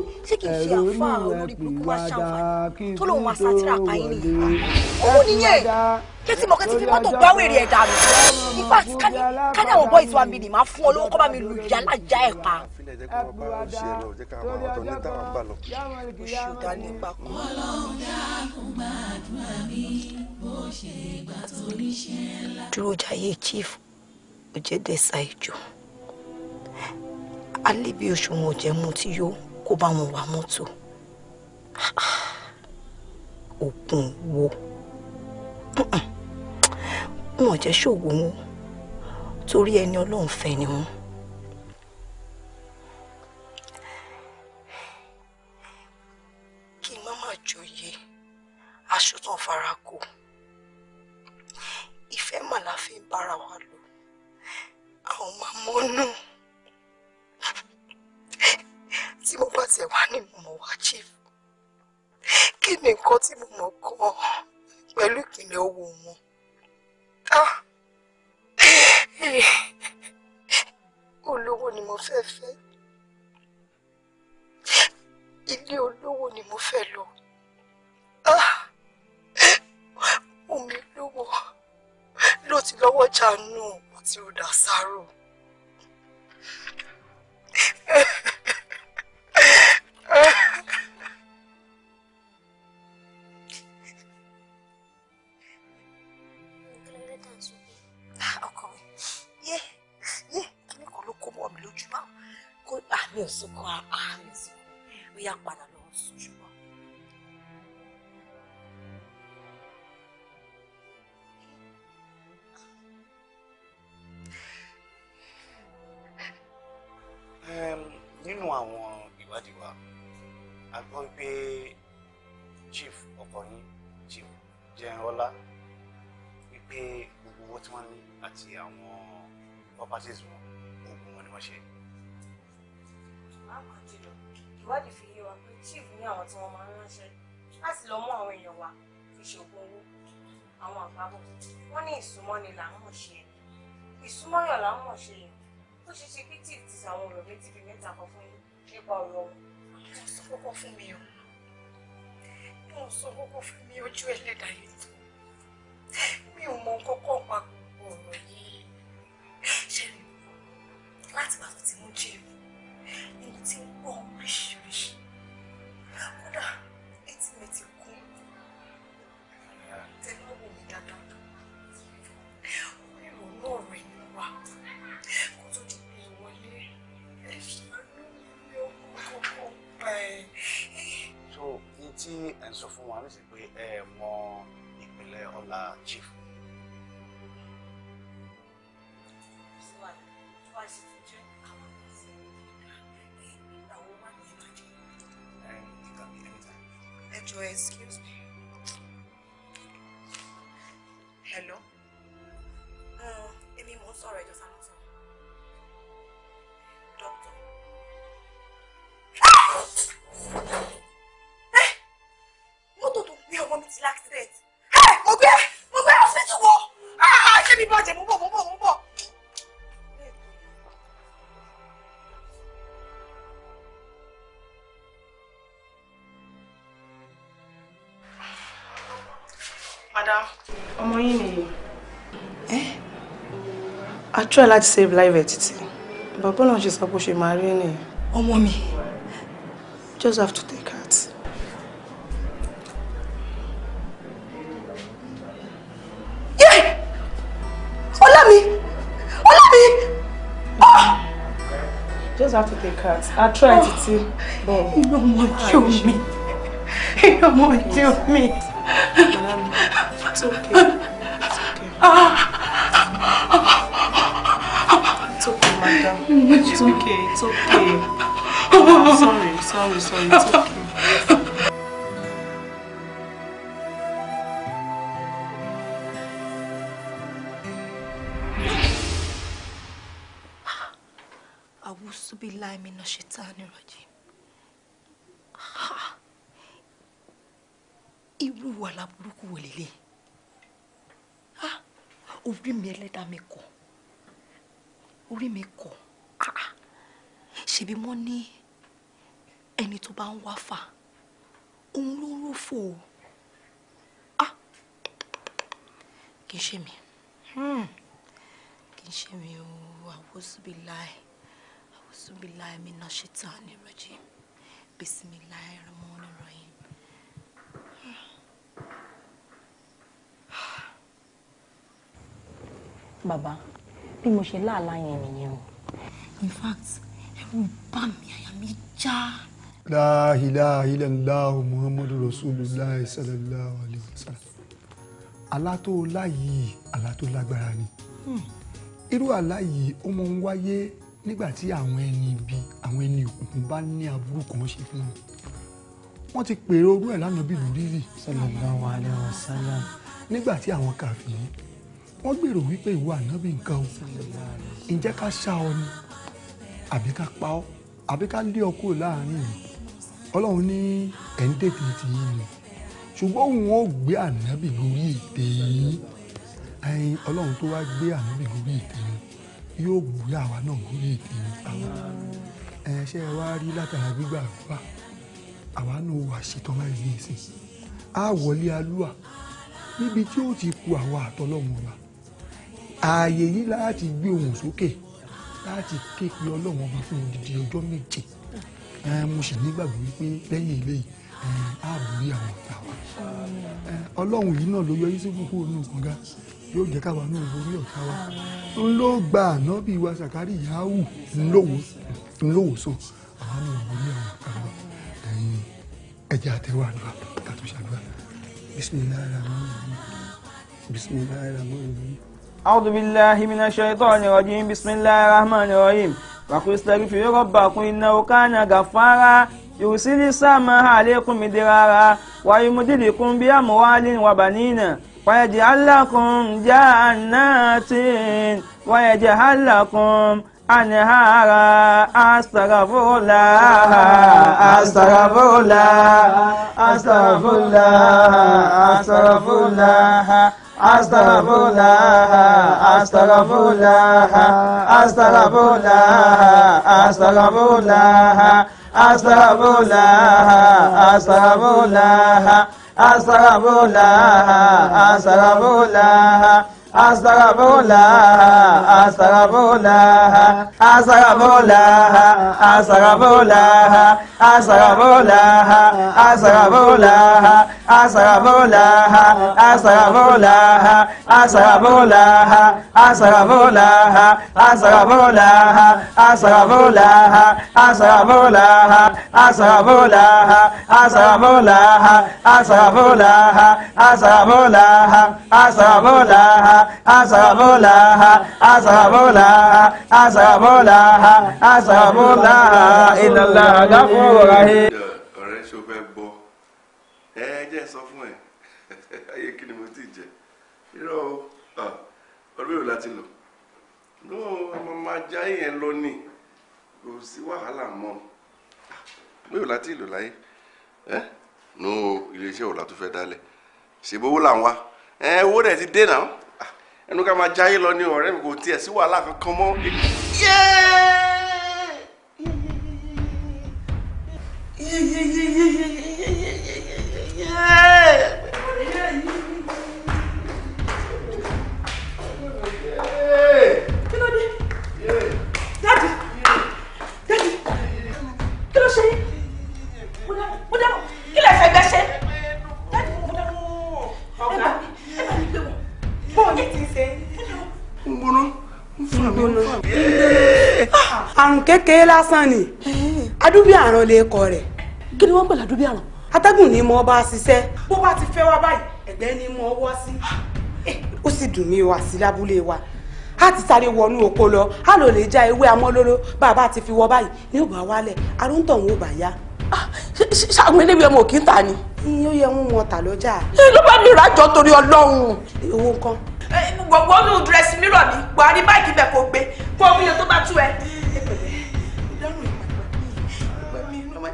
kíkú tó wọlé o ṣé kìí ṣe àfáà olórí burúkú wá ṣàǹfààní tó lòun wá sátìrà pa yín nìyí kẹ́sì mọ̀ kẹ́sì fi mọ́tò gbáwèrè ẹ̀ dànù ipa kádà àwọn bọ́ìsì wa mi nì máa fún ọ lówó kọ́ bá mi lù yà ẹ̀ pa. oṣù dání chief ojede ṣàìjò alibi òṣùwọ̀n òjẹ̀mú tí yó kó bá wọn wà mọ́tò òkun ah, wo. uh wọn ò jẹ́ ṣòwò wọn torí ẹni ọlọ́run fẹ́ ni wọn. kí n má má joyè aṣọ tán fara kó ìfẹ́ mà la fi ń bára wa lò àwọn máa mọ́nú tí mo bá tiẹ̀ wá ní mọ̀ wá chief kí ni nǹkan tí mo mọ̀ gan pẹ̀lú ìpínlẹ̀ owó wọn olówó ni mo fẹ́ fẹ́ ilé olówó ni mo fẹ́ lọ omi lówó ló ti lọ́wọ́ jánu àti ọ̀dà sáró. Ah! mi ò sunkún àpá mi ò sunkún Joy, Excuse me. try láti save life ẹ̀ títí bàbá náà ṣe sọ bó ṣe máa rí nìyẹn. ọmọ mi just have to take heart. ọlá Olami, ọlá ah! just have to take heart i try ah! títí. inú ọmọ jù mí inú ọmọ kill me. it's okay it's okay. Ah. Mm, it's okay, it's okay. I'm sorry, sorry, sorry, it's okay. billahi mina shaitani rajim irú wàhálà burúkú wò lélẹ̀ orí mi ẹlẹ́dàá mi kọ̀ orí mi kọ̀ ah, ah. ṣebí wọ́n ní ẹni tó bá ń wá fà òun ló rófò ah. kì í ṣe mi hmm. kì í ṣe mi o àwòsùbíláì àwòsùbíláì mi náà ṣe tán ní rọjí bísímíláì rẹmọ nírọyìn. bàbá bí mo ṣe láàlá yẹn nìyẹn o. in fact ẹ̀rù bà mí àyà mi já. la ilaha illallah muhammadu rasulullah sallallahu alayhi wa sallam àlá tó lá yìí àlá tó lágbára ni hmm. irú àlá yìí ó máa ń wáyé nígbà tí àwọn ẹni ibi àwọn ẹni òkùnkùn bá ní aburú kan ṣe fún wọn wọ́n ti pèrè orú ẹ̀ lánàá bí lórí rí. sallallahu alayhi wa sallam. nígbà tí àwọn kàfíìn wọ́n gbèrò wípé ìwọ ànábì nǹkan o ǹjẹ́ ká ṣá ọ ni àbí ká pa ọ àbí ká lé ọ kúrò láàrin yìí ọlọ́run ní ẹ̀ ń tètè ni ṣùgbọ́n òun ó gbé ànábì gorí ètè yìí ẹyin ọlọ́run tó wá gbé ànábì gorí ètè yìí yóò gbé àwa náà gorí ètè yìí ẹ ṣe ẹ wá rí látara gbígbà àdúrà àwa náà wà ṣetán láì ní ìsìn á wọlé níbi tí ó ti ku àwa àtọlọ́run ààyè yìí láti gbé ohùn sókè láti ké pe ọlọ́run ọba fún odidi ọjọ́ méje mo sì nígbàgbọ́ wípé lẹ́yìn eléyìí ààbòrí àwọn ọ̀tá wa ọlọ́run yìí náà ló yọ Yúsúfù kúrò nínú kànga yóò jẹ́ káwa náà lórí ọ̀tá wa n ló gba ànábì wa Sàkárì yahoo n lówó sàn àwọn náà lórí àwọn ọ̀tá wa ẹ̀jẹ̀ àtẹ̀wá àdúrà kàtúnṣàdúrà bisimilayi rahman rahim bisimilayi rahman rahim. أعوذ بالله من الشيطان الرجيم بسم الله الرحمن الرحيم وقل استغفروا ربكم إنه كان غفارا يرسل السماء عليكم مدرارا ويمددكم بأموال وبنين ويجعل لكم جنات ويجعل لكم anihara astagafurula astagafurula astagafurula astagafurula astagafurula astagafurula astagafurula astagafurula astagafurula astagafurula astagafurula astagafurula. Astagfirullah, astagfirullah, astagfirullah, astagfirullah, astagfirullah, astagfirullah, astagfirullah, astagfirullah, astagfirullah, astagfirullah, astagfirullah, astagfirullah, astagfirullah, astagfirullah, astagfirullah, astagfirullah, astagfirullah, astagfirullah, asabulaha asabulaha asabulaha asabulaha ìlànà àgàfọ̀ wàhí. ọ̀rẹ́ ṣe o fẹ́ bọ́ ẹ jẹ́ sọ fún ẹ ayé kí ni mo ti jẹ irọ́ ọdún yóò láti lọ ló ọmọ máa já yẹn lónìí kò sí wàhálà mọ́ ọdún yóò láti lọ láyé ẹ nù iléeṣẹ́ òòlà tó fẹ́ dálẹ̀ ṣèbówó là ń wá ẹ owó rẹ̀ ti dé náà ẹnu ká máa jáyé lọ ní ọ̀rẹ́ mi kò tiẹ̀ sí wàhálà kankan mọ́. yéé àrùn kékeré lásán ni eh. adúbí àrùn lè kọ rẹ̀. kí ni wọ́n pè ládùúbí àrùn. atẹ́gùn ni mo bá ṣiṣẹ́ bó bá ti fẹ́ wá báyìí ẹ̀gbẹ́ ni mo wọ́ sí. Eh, ó sì dùn mí wá sí lábúlé wa a ti sáré wọnú oko lọ a lò lè já ewé amọ́lóró bàbá ti fi wọ báyìí ní ògbà wálẹ̀ arúntọ̀ ń wò bá yá. Ah, ṣàgbọ́n eléwé ọmọ òkè ń ta ni. iye ó yẹ ń mọ tà lọ́jà. ló bá mi rájọ torí ọlọ́run. owó nǹkan. Eh, gbogbo nù dírẹ́sì mìíràn mi buhari báyìí bẹ̀ kó gbé kó omi yẹn tó bá tú ẹ.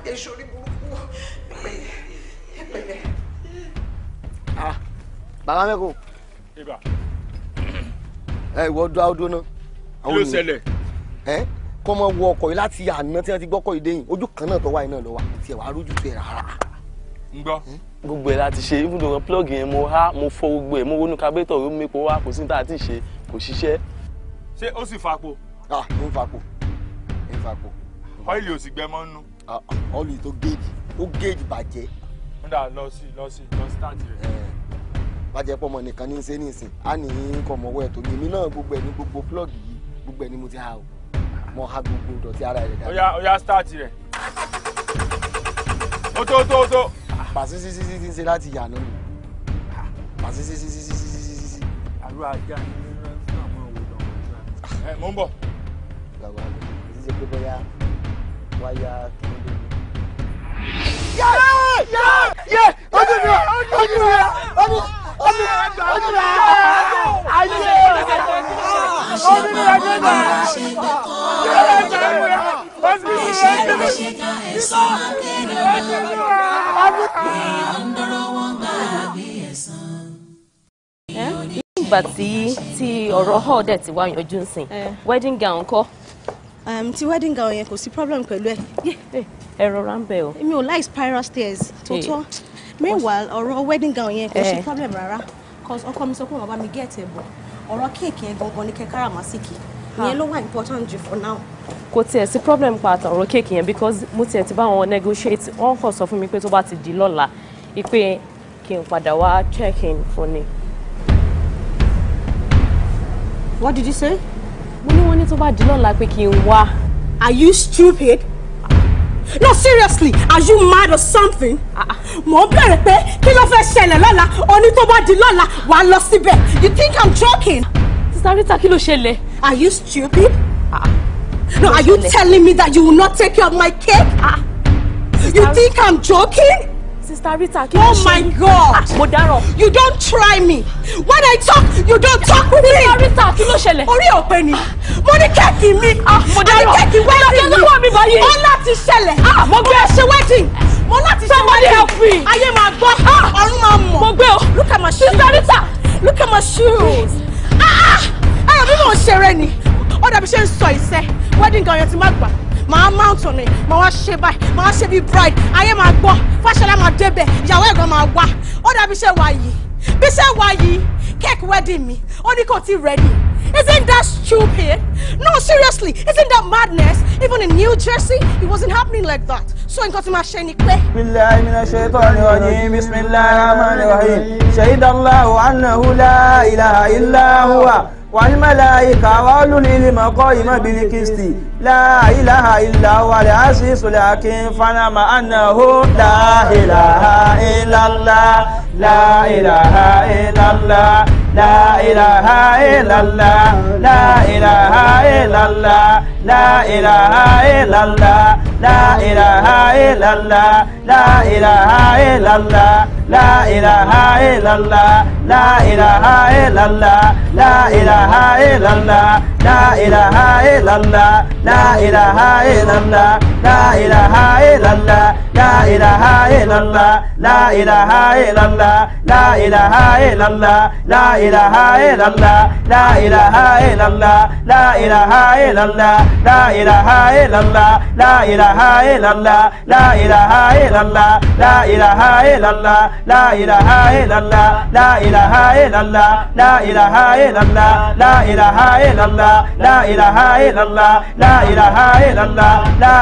jẹ́ sórí burúkú pẹ̀lẹ́ pẹ̀lẹ́. Ah, bàbá mẹ́kọ̀ọ́. ibà. ẹ ìwọ dúró àwọn dúró náà. kí ló ṣẹlẹ̀. ẹ kọ́ mọ wọ ọkọ̀ yìí láti àná tí wọ́n ti gbọ́kọ̀ yìí dé yìí ojú kan náà tó wáyé náà lọ wá tiẹ̀ wá rójú tiẹ̀ rárá. ń gbọ́. gbogbo ẹ̀ láti ṣe ibùdó kan plọ́ọ̀gì yẹn mo há mo fọ gbogbo ẹ̀ mo wọnú kábẹ́tọ̀ ló mẹ́kọ̀ọ́ wá kò sí ní tá ti ṣe kò ṣiṣẹ́. ṣé ó sì fapo. ah ń fapo ń fapo. ọ́ìlì ò sì gbẹ mọ́ nínú always you to gauge, géèjì gauge kódà lọ sí lọ sí lọ sí start rẹ. bàjẹ́ pọ̀ mọ́ nìkan ní í ṣe ní ìsìn á ní í kọ̀ to ẹ̀ tó ní èmi náà gbogbo ẹ̀ ní gbogbo plọ́ọ̀gì yìí gbogbo ẹ̀ ní mo ti ha o mo ha gbogbo ìdọ̀tí ara rẹ̀ dáadáa. ó yá ó yá stáàtì rẹ̀ ó tó ó tó ó tó. pàṣẹ sí sí sí sí ń ṣe láti yà náà pàṣẹ sí sí sí sí sí sí sí sí. àlọ́ mo ń bọ̀. ẹ mò ń bọ̀. gbàgbọ́ àgbẹ̀ ṣíṣe pé wáyà kìnìún yẹ yẹ yẹ ojú mi ojú mi ojú ojú ojú mi ayé ojú mi ojú mi yẹ yẹ yẹ yẹ ojú mi yẹ yẹ yẹ ojú mi ojú mi. ìgbà tí tí ọ̀rọ̀ hall dẹ̀ ti wá yanjú nsìn wedding gown kọ́. Um, ti wedding gown yẹn kò sí problem pẹ̀lú ẹ̀. Eh, eh, ẹ rọra ń bẹ o. èmi ò like spiral stairs tó eh. meanwhile ọ̀rọ̀ wedding gown yẹn kò sí problem rárá cause ọkọ mi sọ pé wọn bá mi get ẹ bọ ọ̀rọ̀ kéèkì yẹn gangan ní kẹkẹrà màsíkì ìyẹn ah. ló wà important jù for now. kò tiẹ̀ sí problem pa àtọ̀rọ̀ kéèkì yẹn because mo tiẹ̀ ti bá wọn negotiate wọn kàn sọ fún mi pé tó bá ti di lọ́la ìpè kí n padà wá check in fún ni. what did you say? mo ní wọ́n ní tó bá di lọ́la pé kí n wá. are you stupid? no seriously are you mad or something? Ah, ah. mo ń bẹ̀rẹ̀ pé kí ló fẹ́ ṣẹlẹ̀ lọ́la oní tó bá di lọ́la wàá lọ síbẹ̀ you think I'm joking? sista Rita kí ló ṣẹlẹ̀? are you stupid? Ah, no are you telling me that you will not take care of my cake? you think I'm joking? Sister Rita kí oh ló Oh my God! Ah, Modaro! You don't try me. When I talk, you don't talk with me. Sister Rita kí ló ṣẹlẹ̀? Orí ọ̀pẹ ni. Mo ní kẹ́ẹ̀kì mi. Ah, mo dáràn. Mo ní kẹ́ẹ̀kì wedding mi. Mo ní kẹ́ẹ̀kì ó láti ṣẹlẹ̀. Ah, mo wedding. Mo láti ṣe Somebody help me. Ayé máa gbọ́. Ah, máa mọ̀. Mo gbé o. Look at my shoes. Sister Rita. Look at my shoes. Ah, Ayọ̀ mi mò ń ṣeré ni. Ó dàbí ṣe ń sọ ìṣe. Wedding gown an yẹn ti má gbà màá mountain, on ẹ̀ màá wá ṣe báyìí màá ṣe bí bride ayé máa gbọ́ Fáṣọlá máa débẹ̀ ìyàwó ẹ̀gbọ́n máa wá ó dàbí ṣe wà yìí bí ṣe wà yìí cake wedding mi ó ní kò tí ready Isn't that stupid? No, seriously, isn't that madness? Even in New Jersey, it wasn't happening like that. So nǹkan tí máa ṣe ni pé. Billahi minash shaitani rajim, bismillahir rahmanir rahim. Shahidallahu annahu la ilaha illa huwa. والملائكة وأولو العلم قائما بالقسط لا إله إلا هو العزيز الحكيم فنعم أنه لا إله إلا الله لا إله إلا الله la ilaha illallah la ilaha illallah la ilaha illallah la ilaha illallah la ilaha illallah la ilaha illallah la ilaha illallah la ilaha illallah la ilaha illallah la ilaha illallah la ilaha illallah la ilaha illallah la ilaha illallah la ilaha illallah la ilaha illallah la ilaha illallah la ilaha illallah la ilaha illallah la ilaha illallah la ilaha illallah la ilaha illallah la ilaha illallah la ilaha illallah la ilaha illallah la ilaha illallah la ilaha illallah la ilaha illallah la ilaha illallah la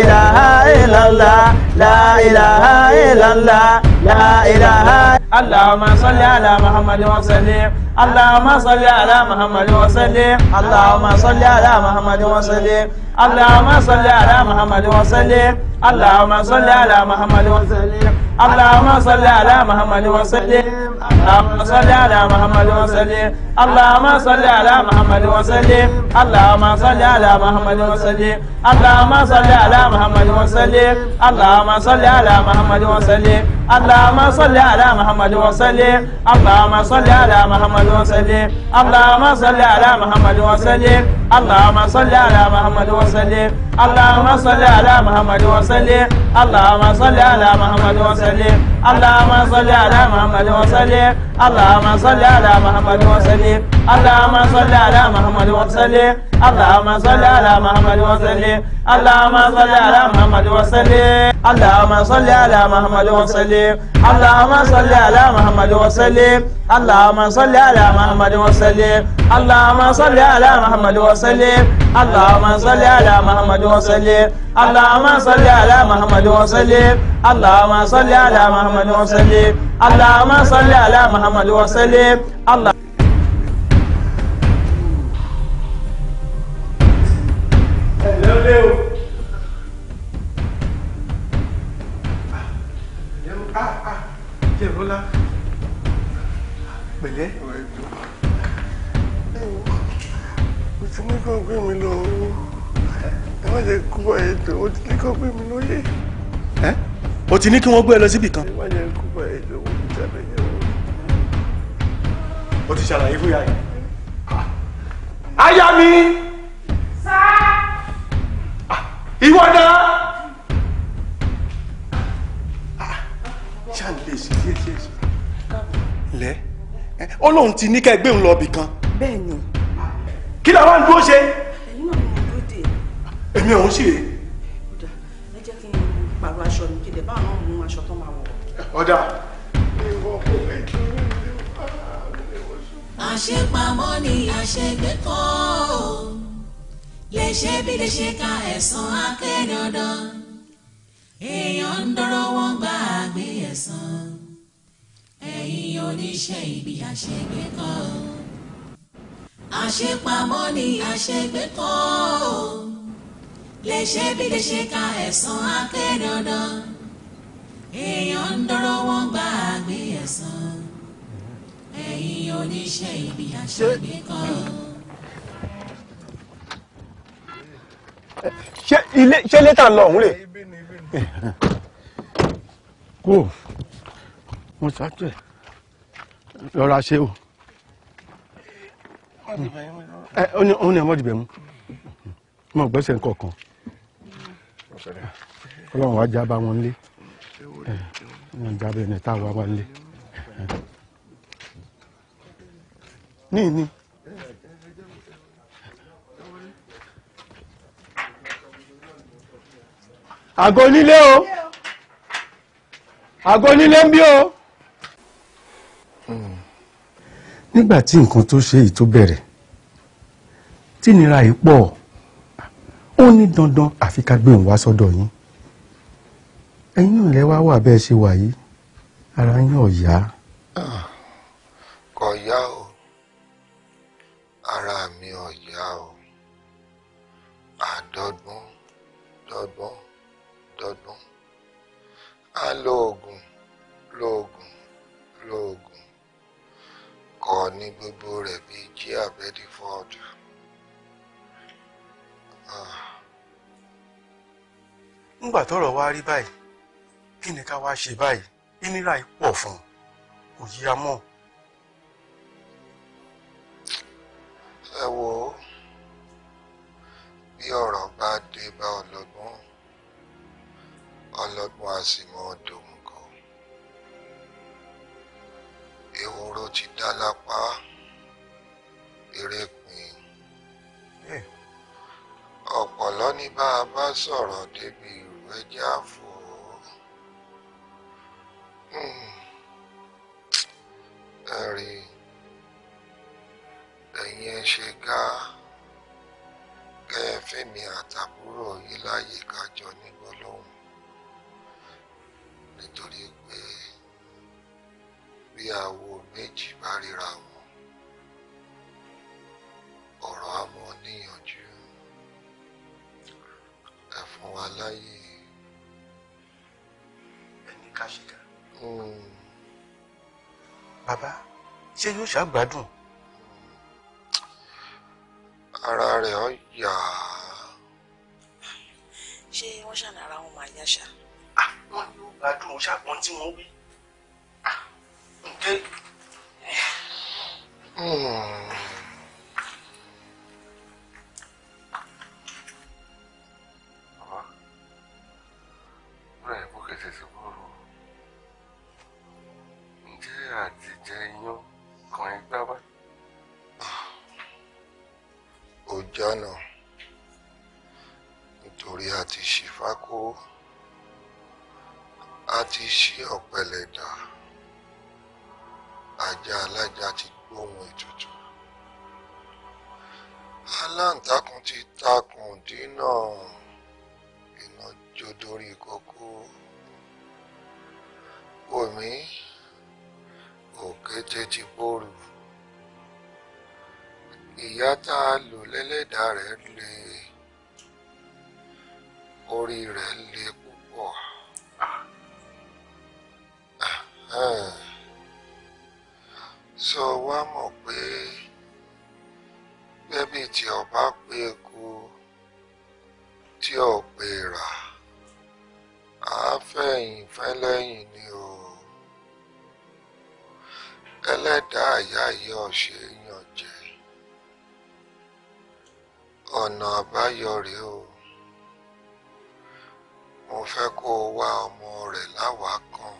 ilaha illallah la ilaha illallah لا إله اللهم صل على محمد وسلم اللهم صل على محمد وسلم اللهم صل على محمد وسلم اللهم صل على محمد وسلم اللهم صل على محمد وسلم اللهم صل على محمد وسلم اللهم صل على محمد وسلم اللهم صل على محمد وسلم اللهم صل على محمد وسلم اللهم صل على محمد وسلم اللهم صل على محمد وسلم اللهم صل على محمد وسلم اللهم صل على محمد وسلم اللهم صل على محمد وسلم اللهم صل على محمد وسلم اللهم صل على محمد وسلم اللهم صل على محمد وسلم وسلم اللهم صل على محمد وسلم اللهم صل على محمد وسلم اللهم صل على محمد وسلم اللهم صل على محمد وسلم اللهم صل على محمد وسلم اللهم صل على محمد وسلم اللهم صل على محمد وسلم اللهم صل على محمد وسلم اللهم صل على محمد وسلم اللهم صل على محمد وسلم اللهم صل على محمد وسلم اللهم صل على محمد وسلم اللهم صل على محمد وسلم الله Jẹ̀rọ́lá pẹ̀lẹ́. mo ti ní kàn gbé mi lọ owó ẹ má jẹ́ kú báyìí tó mo ti ní kàn gbé mi lóyè. ẹ o ti ní kí wọ́n gbé ẹ lọ síbì kan. ẹ má jẹ́ kú báyìí tó mo ti ṣàlàyé wọn. o ti ṣàlàyé fún yàrá. Ah. aya mi. sá. Ah. ìwọ náà. ṣàǹdèsì díẹ̀ díẹ̀ sí. lẹ ó lóun ti ní kẹgbẹ́ òun lọ ibì kan. bẹ́ẹ̀ni. kí la wá ń dúró ṣe. ẹ̀yin náà ni mo dúró dé. èmi ò ń ṣe. ọ̀dà ẹ jẹ́ kí n pàrọ̀ aṣọ mi kéde báwọn náà mú aṣọ tó máa wọ̀. ọ̀dà. àṣepamọ́ ni àṣegbé kọ́ lè ṣe bí lè ṣe ka ẹ̀sán akédandan èèyàn ń dọ́rọ̀ wọ́n gbá àgbé ẹ̀san ẹ̀yin oníṣẹ́ ibi àṣegbé kọ́ àṣepamọ́ ni àṣegbé kọ́ lè bí lè ka ẹ̀san akédandan èèyàn ń dọ́rọ̀ wọ́n gbá àgbé ẹ̀san ẹ̀yin oníṣẹ́ ibi àṣegbé kọ́. ṣé ilé ṣé létà lọ ọ̀hún rè kó mo ṣàtúwẹ̀ lọ́ra ṣe o ẹ ó ní ẹ mọ́dìbẹ̀ mú mo gbẹ́sẹ̀ kọ̀ọ̀kan ọlọ́run wàá já bá wọn lé ẹ àgọ́ onílé o àgọ́ onílé ń bí o. nígbà tí nǹkan tó ṣe yìí tó bẹ̀rẹ̀ tí ìnira yìí pọ̀ ó ní dandan àfi ká gbé òun wá sọ́dọ̀ yín ẹ̀yin náà lẹ wá wà bẹ́ẹ̀ ṣe wà yìí ara yín ò yá. kò yá o ara mi ò yá o àdọ́gbọ́n dọ́gbọ́n Ah, a lo e oògùn lo oògùn lo ah. oògùn kọ ní gbogbo rẹ rẹ̀ bíi jíà bẹ́dífọ́ọ̀dù. ńgbà tọrọ wa rí báyìí kí ni ká wá ṣe báyìí ìnira yìí pọ̀ fún kò yí a mọ́. ẹ wo bí ọrọ bá dé bá ọlọ́gbọ́n. ọlọ́gbọ́n àsìmọ́ dòmùgọ̀ ehoro ti dá lápá erépin ọ̀pọ̀lọ́ ní bá a bá sọ̀rọ̀ débi ìrù ẹja fò ó hmm. ẹ̀rí ẹ̀yin ẹ ṣe gá kẹ́ ẹ fẹ́mi àtàbúrò yìí láyè kájọ nígbó lóhùn nítorí pé bí àwo méjì bá ríra wọn ọ̀rọ̀ á mọ níyànjú ẹ fún wa láyè. ẹni ká ṣe ká. Hmm. bàbá ṣé yóò ṣàgbádùn. ara rẹ̀ ọ̀ yà. ṣé wọ́n ṣàlàyé ara wọn máa yá ṣáá wọn yóò gbádùn ó tí wọn wí. ǹjẹ́. bàbá wúrà ìbò kẹsẹ̀ sí bọ́ọ̀rù ǹjẹ́ àtijẹ́ iyán kan ẹgbẹ́ wá. ó jọ́nà. rẹ̀ le orí rẹ̀ ayọ̀ rèé o mo fẹ́ kó o wá ọmọ rẹ̀ láwàá kan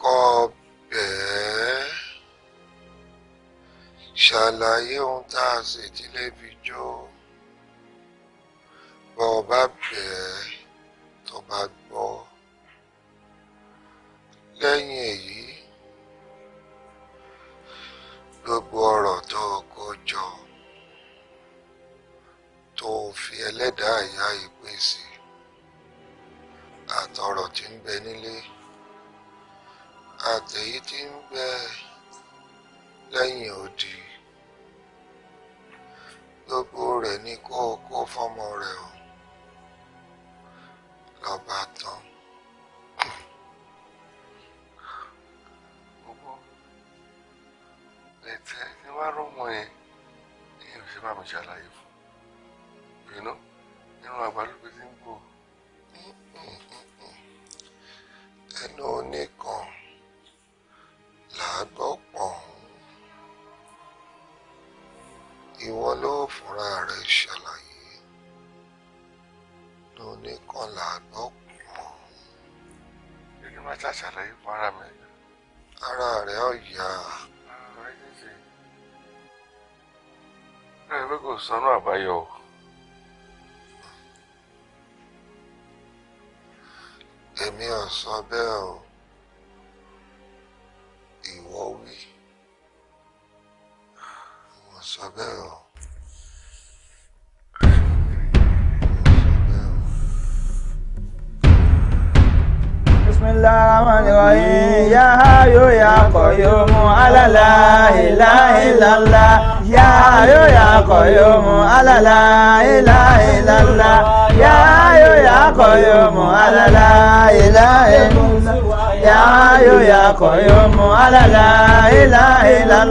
kọ́ bẹ́ẹ̀ ṣàlàyé ohun tá a ṣètìlẹ́bí jó o. Sanuabai, ó. alala ya yo ya ilà ìlàlà yáyò yá kọ̀yọ̀mù alàlà ilà ìlàlà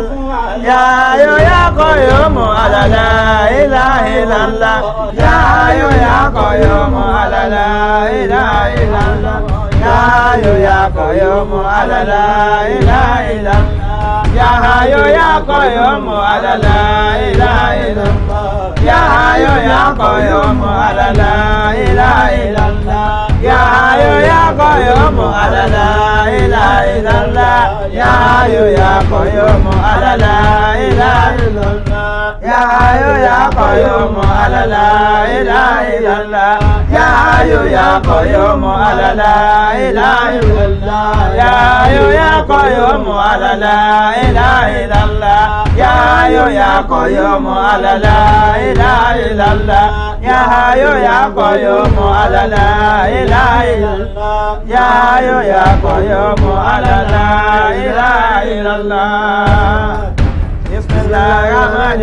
yáyò yá kọ̀yọ̀mù alàlà ilà ìlàlà yáyò yá kọ̀yọ̀mù alàlà ilà ìlàlà yáyò yá kọ̀yọ̀mù alàlà ilà ya yáyò yá kọ̀yọ̀mù alàlà ilà ìlàlà. Ya hayo ya koyomo ala la ilaha illallah. Ya hayo ya koyomo ala la ilaha illallah ya ayo ya koyomo alala ila ilala ya ayo ya koyomo alala ila ilala ya ayo ya koyomo alala ila ilala ya ayo ya koyomo alala ila ilala ya ayo ya koyomo alala ila ilala ya ayo ya koyomo alala ila ilala. Ya hayo ya koyomo ala la ilaha illallah. Ya hayo ya koyomo ala la ilaha illallah. يا كلام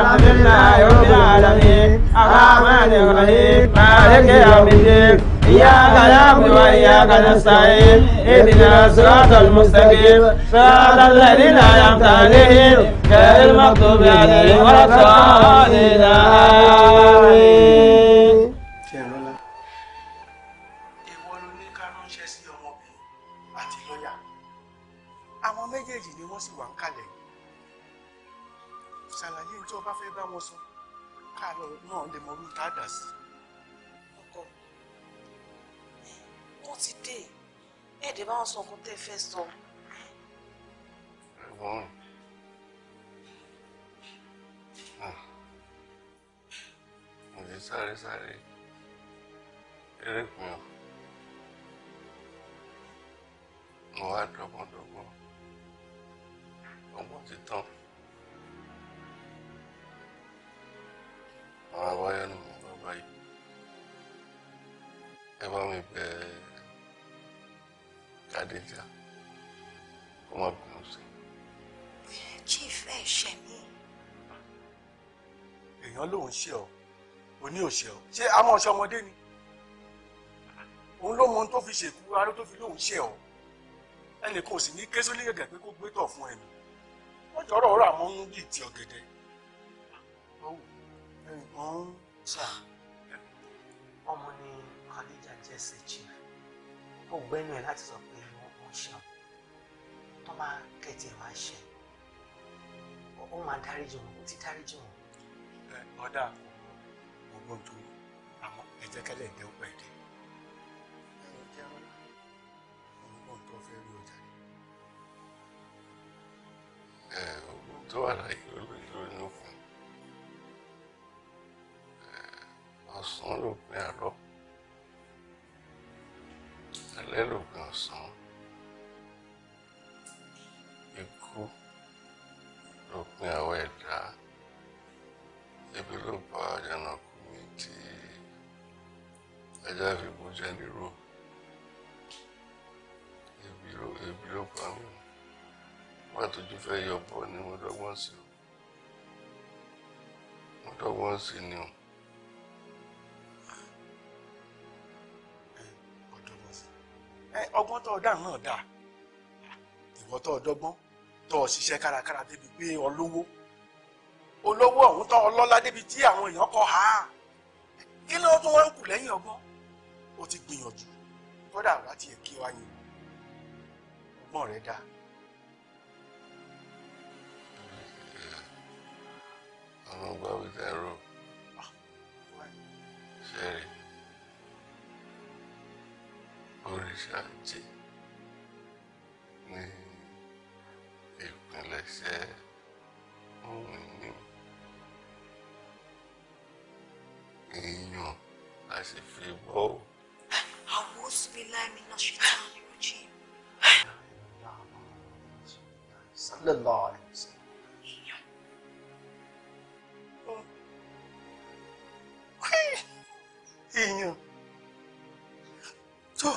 الحمد لله رب العالمين الرحمن الرحيم مالك يوم الدين إياك وإياك نستعين اهدنا الصراط المستقيم صراط الذين أنعمت عليهم غير المغضوب عليهم ولا الضالين آمين kẹ́ bá wọn sọ nǹkan tẹ́ fẹ́ sọ. ẹ̀gbọ́n ah. mo lè sáré sáré eré kan mo wá dọ́gbọ́ndọ́gbọ́n ọgbọ́n ti tán àwọn abáyọ ni mo bá báyìí ẹ bá mi bẹ̀ẹ́. Adéjà, ó má bínú sí. Chief ẹ ṣẹ̀ mí. Èèyàn lòun ṣe ọ, òní ò ṣe ọ. Ṣé a mọ̀ ṣe ọmọdé ni? Òun ló mọ ohun tó fi ṣèkú aró tó fi lóun ṣe ọ. Ẹnì kan ò sì ní késo ní gẹ̀gẹ̀ pé kó gbé tọ̀ fún ẹnu. Wọ́n jọ̀rọ̀ ọ̀rọ̀ àmọ́ ń bì ti ọ̀gẹ̀dẹ̀. Ẹ̀gbọ́n sà, ọmọ ni Khadija jẹ́ sí chief. Ó gbẹ́nu ẹ̀ láti sọ pé option tó máa kẹ̀tì wá ṣe ó máa dáríjì wọn ó ti dáríjì wọn. ẹ ọ̀dà mo gbọ́n tó àmọ́ ẹ̀jẹ̀ kẹlẹ̀ ìdẹ́ ó pẹ̀ dé. ẹ jẹ́ ọgbọ́n tó fẹ́ rí ọjà rẹ̀. ẹ ọgbọ́n tó wà láyé olóyún ló ọ̀sán ló pin àlọ́ alẹ́ ló pin ọ̀sán. ni enwe da developa aja na kọmiti aja fi bójá nírò ebi ló pa mí wọn àtọjú fẹ́ yọ ni mo si sí o mo dọ́gbọ́n ni o. ọgbọ́n tó o dá náà dáa ìwọ tó o dọ́gbọ́n tó ṣiṣẹ́ kárakára débi pé olówó olówó ọ̀hún tán ọlọ́lá débi tí àwọn èèyàn kọ ha kí ló tún wọ́n kù lẹ́yìn ọgbọ́n ó ti gbìyànjú kódà wá tiẹ̀ kí wá yẹn ọgbọ́n rẹ̀ dáa. ọ̀rọ̀ gbà wíta ah, ẹ̀rọ ṣẹ́rí oríṣà jẹ́. ẹsẹ̀ òun ni èèyàn a sì fi bọ́ àwọn oṣù mi láì náà ṣe tán ní ojú mi. èèyàn tó.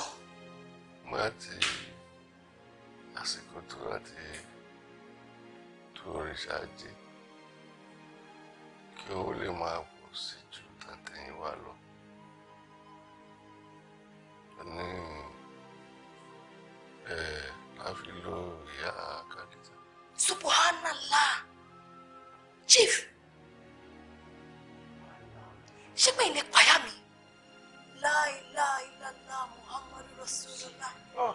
tó òrìṣà jẹ́ kí ó lè máa pọ̀ sí ju tàtẹ̀yìnwá lọ. ní ẹ̀ láfi lo ìyá kàdíjà. subhanallah chief ṣé pé ilé pàyà mi la muhammadu rasulullah. Ah,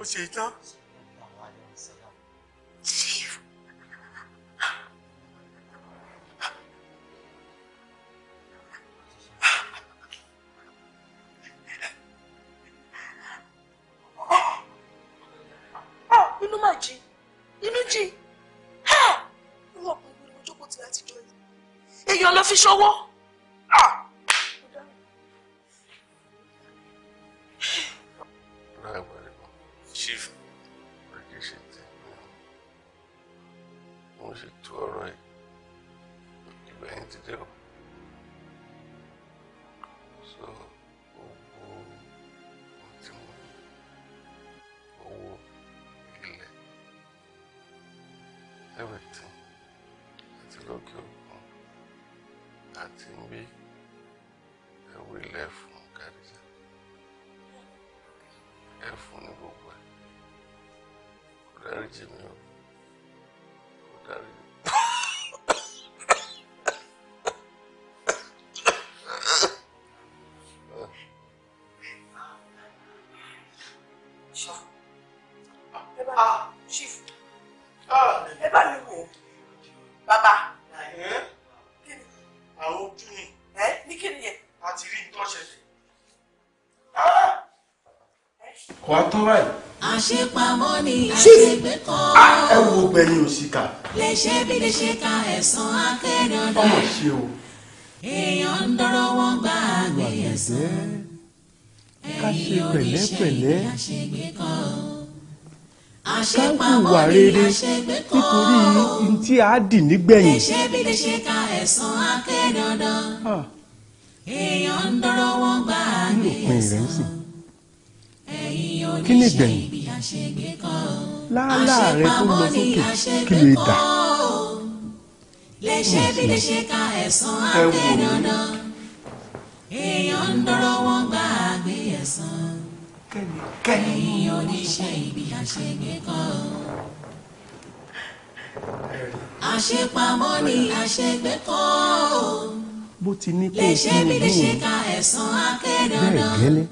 ó ṣe tán. 烧过。lẹ fún Kàdíjà ní gbogbo ẹ kò dáríjì mi o kò dáríjì. Ah, Chief. tán báyìí. àṣepamọ́ ni àṣegbé kan. ẹ wo gbẹ̀yìn òṣìkà. lè ṣe bí lè ṣe ka ẹ̀sán akẹ́rẹ́ ọ̀dọ́. ọmọ ṣe o. èèyàn ń dọ́rọ́ wọ́n gbà àgbẹ̀ ẹ̀sán. ká ṣe pẹ̀lẹ́pẹ̀lẹ́. ká hùwà rere nítorí n tí a dì nígbẹ̀yìn. lè ṣe bí lè ṣe ka ẹ̀sán akẹ́rẹ́ ọ̀dọ́. èèyàn ń dọ́rọ́ wọ́n gbà àgbẹ̀ ẹ̀sán kí ni gbẹ̀yìn làálàá rẹ tó lọ sókè kí lè dà. léṣe bí léṣe ka ẹ̀sán àtẹnudọ́ èèyàn ń dọ́rọ́ wọn gbà gbé ẹ̀sán ẹ̀yìn oníṣẹ́ ibi àṣegbé kọ́. àṣepamọ́ ni àṣegbé kọ́. bó ti ní kó o fún un ní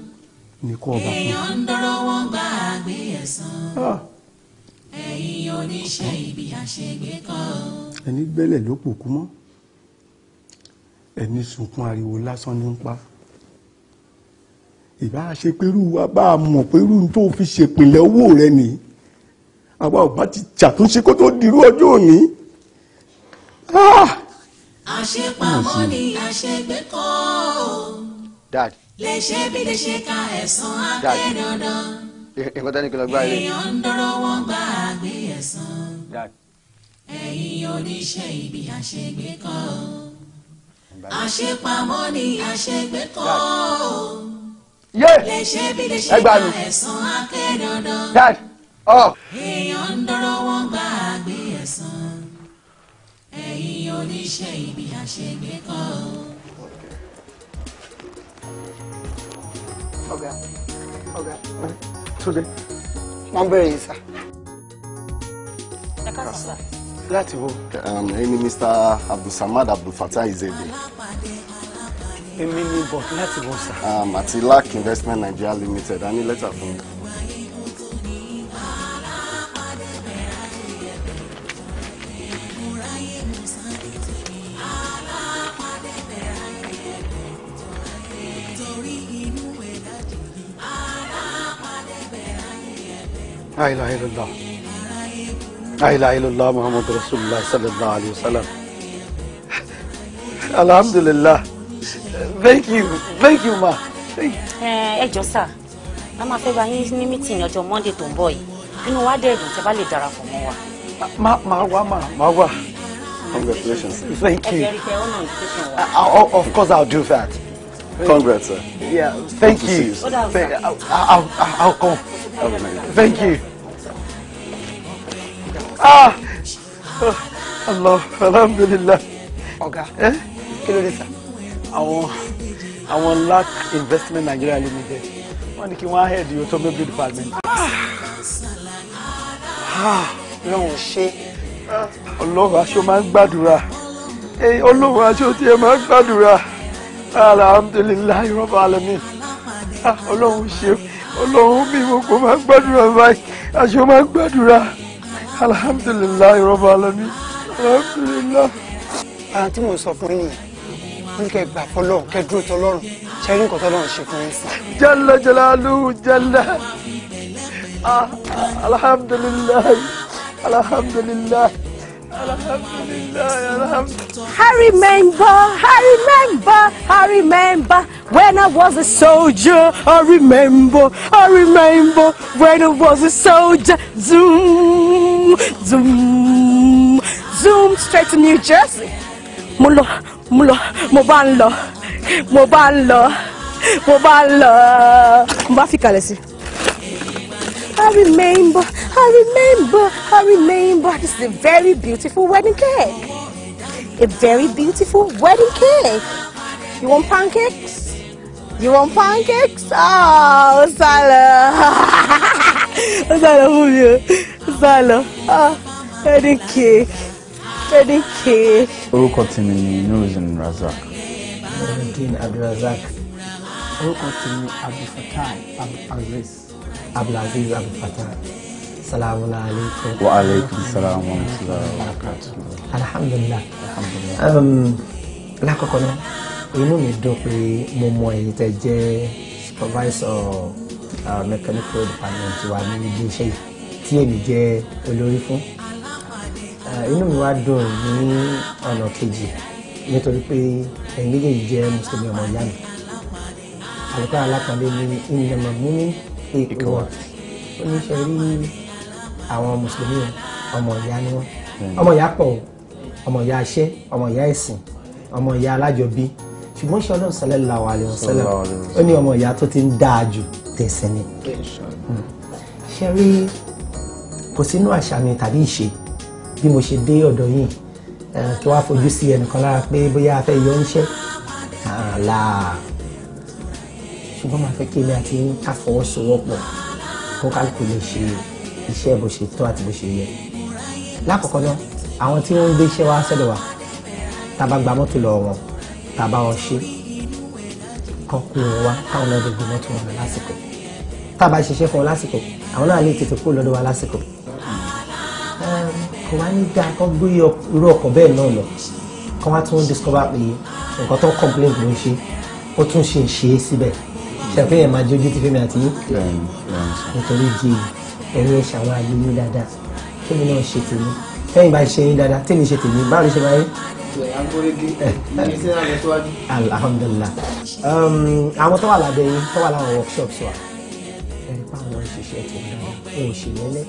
ní kó ọba fún. èèyàn ń dọ́rọ̀ wọ́n gba àgbé ẹ̀sán ah. ẹ̀yin oníṣẹ́ ibi àṣegbé kan. ẹni gbẹ́lẹ̀ ló pòkú mọ́ ẹni sunkún ariwo lásán ní ń pa ìbá ṣe pẹ̀lú wa bá a mọ̀ pẹ̀lú tó fi ṣèpìlẹ̀ owó rẹ ni àwa ò bá ti ṣàtúnṣe kó tó dirú ọjọ́ òní. Ah. àṣepamọ́ ni àṣegbé kan dad. lè ṣe bí lè ṣe ka ẹ̀sán abẹ́ dandan. nǹkan tẹ́ni kìlọ̀ gbá ilé. èèyàn dọ́rọ̀ wọ́n gbá àgbé ẹ̀sán. dad. ẹ̀yin oníṣẹ́ ibi àṣegbé kọ́. àṣepamọ́ ni àṣegbé kọ́. lè ṣe bí lè ṣe ka ẹ̀sán abẹ́ dad. Oh. èèyàn dọ́rọ̀ wọ́n gbá àgbé ẹ̀sán. ẹ̀yin oníṣẹ́ ibi àṣegbé kọ́. ọ̀gá ọ̀gá Túndé wọ́n bẹ̀rẹ̀ yìí sá. láti wo. ẹni um, Mr Abdulsamad Abdulfatah Izede. èmi ni bọ̀ láti wo sá. Um, àti lac investment Nigeria limited a ní lẹ́tà fún mi. la ilaha illallah la ilaha illallah sallallahu alayhi wa alhamdulillah thank you thank you ma. ẹ jọ sá a máa fẹ́ bá yín ní mítìnì ọjọ́ monday tó ń bọ̀ yìí inú wa dẹ̀ dùn tẹ́ bá lè darapọ̀ mọ́ wa. ma ma wa ma ma wa congratulations thank you uh, uh, of course i'll do that. Congrats, sir. Yeah, thank you. I'll, I'll, uh, uh, I'll come. Thank you. Ah, Allah alhamdulillah. ọ̀gá eh? kí ló dé sá. àwọn àwọn lac investment Nigeria limited wọ́n ní kí wọ́n á head the automobile department. lọ́hùn ah! ṣe. Ah! ọlọ́run aṣọ máa ń gbàdúrà eh, ọlọ́run aṣọ tiẹ̀ máa ń gbàdúrà alhamdulilayi rọ́bà alamin ah! ọlọ́run ṣe ọlọ́run mi mo kò máa ń gbàdúrà báyìí aṣọ máa ń gbàdúrà alhamdulilayi rọba alami alhamdulilayi. ara tí mo sọ fún yín nìyẹn n kẹ gbà fọlọ kẹ dúró tọlọ́run ṣe rí nǹkan tọlọ́run ṣe fún yín sí. jalla jalaluhu jalla ah, alhamdulilayi alhamdulilayi. I remember, I remember, I remember when I was a soldier. I remember, I remember when I was a soldier. Zoom, zoom, zoom straight to New Jersey. Mo lọ, mo lọ, mo bá ń I remember, I remember, I remember. This is a very beautiful wedding cake. A very beautiful wedding cake. You want pancakes? You want pancakes? Oh, ah, Salah. Salah, move you. Salah. Ah, oh, wedding cake. Wedding cake. Orúkọ tèmi ni Nurudeen Razak. Nurudeen Abdulrazak. Orúkọ tèmi Abdulfatai Abdulrazi abdulaziz abdulfatah salamu alaykum. wa aleykum salaam wa rahmatulah wa barakatuh. alhamdulilah um, lákọ̀ọ́kọ́ náà inú mi dùn pé mo mọ èyí tẹ́ jẹ́ supervisor uh, mechanical department wa ní ilé iṣẹ́ yìí tí èmi jẹ́ olórí fún uh, inú mi wá dùn ní ọ̀nà kejì nítorí pé ẹ̀yin méjèèjì jẹ́ mùsùlùmí ọmọ ìyá mi àlùkò alákàndé ní ìnìyàn mọ̀mí ikọ̀ wa ó ní ṣe rí àwọn mùsùlùmí ọmọ ìyá ni wọn hmm. ọmọ ìyá pọ̀ ọmọ ìyá aṣẹ́ ọmọ ìyá ẹ̀sìn ọmọ ìyá alájọbí ṣùgbọ́n ṣe ọlọ́run sallallahu alaihi wasallam ó ní ọmọ ìyá tó ti ń dáa jù tẹ̀sìn ni hmm. ṣe rí kò sínú àṣà mi tàbí ìṣe bí mo ṣe dé ọ̀dọ̀ yìí eh, kí wàá fojú sí ẹnìkan lára pé bóyá a fẹ́ yọ ń àlàá ṣùgbọ́n màá fẹ́ kí èmi àti yín kó kálukú ṣe iṣẹ́ bó ṣe tó àti bó ṣe yẹ. lákọ̀ọ́kọ́ náà àwọn tí wọ́n ń gbé iṣẹ́ wá sọ́dọ̀ wa tá a bá gba mọ́tò lọ wọn tá a bá wọn ṣe kán wọn wá káwọn náà lè gbé mọ́tò wọn lásìkò tá a bá ṣiṣẹ́ fún wọn lásìkò àwọn náà lè tètè kúrò lọ́dọ̀ wa lásìkò. kò wá ní dáa kán gbé irú ọkọ̀ bẹ́ẹ̀ náà lọ kán wá tún discover pé nǹkan tó ń complain ló ń ṣe ó tún ṣe ṣe é síbẹ̀ ṣàpé ẹ̀ máa jójú ti fẹ́mi àti yín nítorí di ẹ̀rọ ẹ̀ṣẹ̀ àwọn ayé yín dáadáa tèmi náà ṣe tèmi tẹ́yìn bá ṣe yín dáadáa tèmi ṣe tèmi báwo ló ṣe máa yín. alhamdulilah um, àwọn tó wà lábẹ́ yín tó wà láwọn workshops wa ẹ̀rí pa àwọn ìṣiṣẹ́ tó dáa òun ṣe lẹ́lẹ́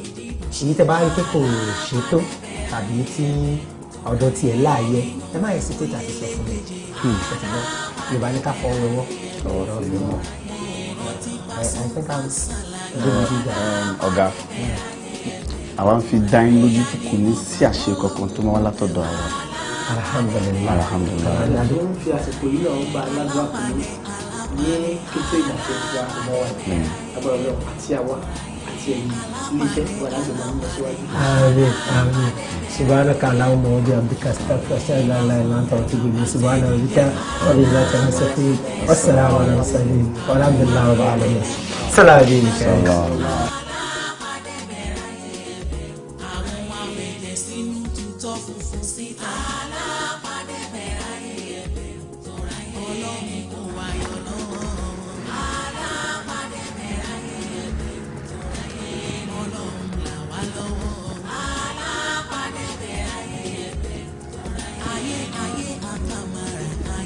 èyí tẹ́ bá rí pé kò ṣètò tàbí tí ọ̀dọ̀ tiẹ̀ láàyè ẹ má yẹ sí tètè àti sọ fún mi hmm. yorùbá ní ká fọ ọwọ́ ọwọ́ I think I'm good. ọ̀gá àwa ń fi dá yín lójú tí kò ní sí àṣẹ kankan tó máa wá látọ̀dọ̀ àwa. alhamdulilayi alhamdulilayi. àlàyé ń fi àsìkò yìí náà ń gba aládùn àkùnrin ní kété ìgbà that ti gba to wa hmm. agbára ọlọ́run àti àwa àti ẹ̀yìn iléeṣẹ́ ìwádàgbà máa ń lọ síwájú. àmín àmín سبحانك اللهم وبحمدك استغفرك واتوب اليك انت واتوب اليك سبحان ربك رب العزه عما يصفون والسلام على المرسلين والحمد لله رب العالمين. سلام عليكم.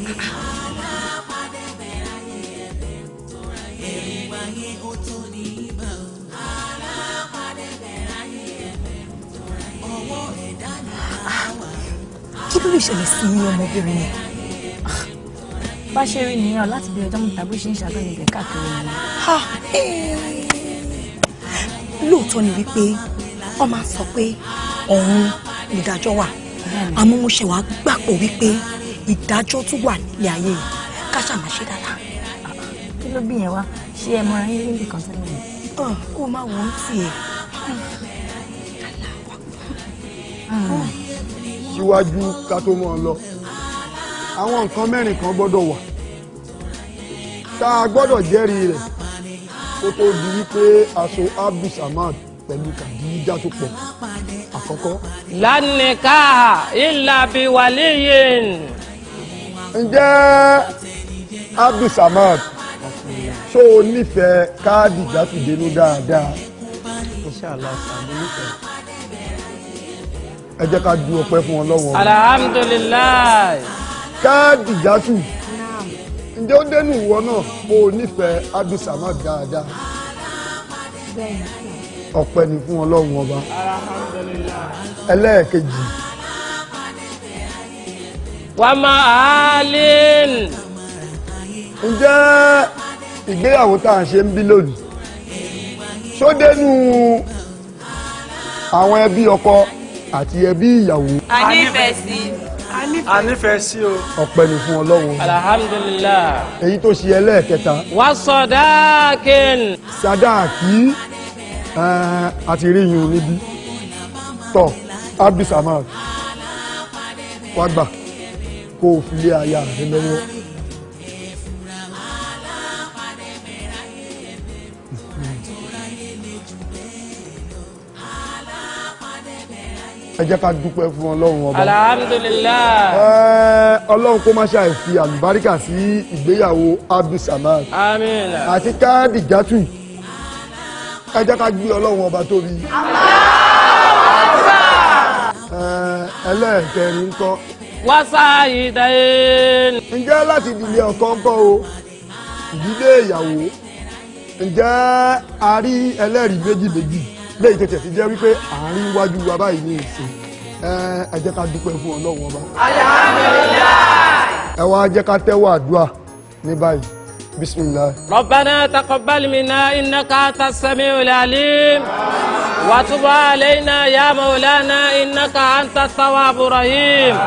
kí ló lè ṣẹlẹ̀ sí ní ọmọbìnrin yẹn. bá ṣe rí nìyẹn láti bí ọjọ́ mọ́ta bó ṣe ń ṣàgbọ́n ilẹ̀ káàkiri nìyẹn. lóòótọ́ ni wípé wọ́n máa ń sọ pé ọ̀run ìdájọ́ wà àmọ́ mo ṣe wàá gbàgbọ́ wípé ìdájọ́ tún wà nílé ayé yìí ká ṣàmà ṣe dáadáa. kí ló bí yẹn wá ṣé ẹ mọra yín níbi kan tẹ́lẹ̀ ni. ọ kó o máa wọ ó tiẹ̀. síwájú ká tó mọ̀ ọ́ lọ àwọn nǹkan mẹ́rin kan gbọ́dọ̀ wà tá a gbọ́dọ̀ jẹ́rìí rẹ̀ kó tó di wípé aṣọ abdulsamad pẹ̀lú kàdíjà tó pọ̀ àkọ́kọ́. lánìí ká ìlà bíi wàlíyìn. ǹjẹ́ abdulsamad ṣó o nífẹ̀ẹ́ káàdì jáfìdénú dáadáa. ẹ jẹ́ ká du ọpẹ́ fún ọlọ́wọ́. alhamdulilayi. káàdì jáfì ǹjẹ́ ó dẹnu ìwọ náà kó nífẹ̀ẹ́ abdulsamad dáadáa. ọpẹ́ ni fún ọba. ẹlẹ́ẹ̀kejì. wa ma'alin. ǹjẹ́ ìgbéyàwó tá à ń ṣe ń bí lónìí ṣó dénú àwọn ẹbí ọkọ àti ẹbí ìyàwó. a nífẹ̀ẹ́ sí i a nífẹ̀ẹ́ sí o. ọpẹ́ ni fún ọlọ́run. alhamdulilayi. èyí tó ṣe ẹlẹ́ẹ̀kẹta. wá sọdáàkìn. sàdáàkì àti ríyìn níbí tọ abdulsamad wàá gbà kó o fi lé aya rẹ lọ́wọ́. ẹ jẹ́ ká dúpẹ́ fún ọlọ́run ọba. alhamdulilayi. ẹ ọlọ́run kó má ṣàì fi àlùbáríkà sí ìgbéyàwó abdulsamad. àmín. àti káàdì játù ẹ jẹ́ ká gbé ọlọ́run ọba tóbi. ẹ ẹlẹ́ẹ̀kẹrin ń kọ́ wáṣà ìdáyé. ǹjẹ́ láti ìdílé ọ̀kan kọ́ o ìdílé ìyàwó ǹjẹ́ a rí ẹlẹ́rìí méjì méjì léyìí tó tẹ̀sí jẹ́ wípé àárín iwájú wa báyìí ní ìsìn ẹ jẹ́ ká dúpẹ́ fún Ọlọ́run ọba. Alhamdulillah. ẹ wá jẹ́ ká tẹ́wọ́ àdúrà ní báyìí. بسم الله ربنا تقبل منا إنك أنت السميع العليم وتب علينا يا مولانا إنك أنت التواب الرحيم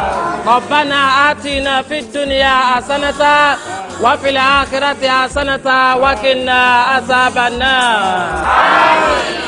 ربنا آتنا في الدنيا حسنة وفي الآخرة حسنة وقنا عذاب النار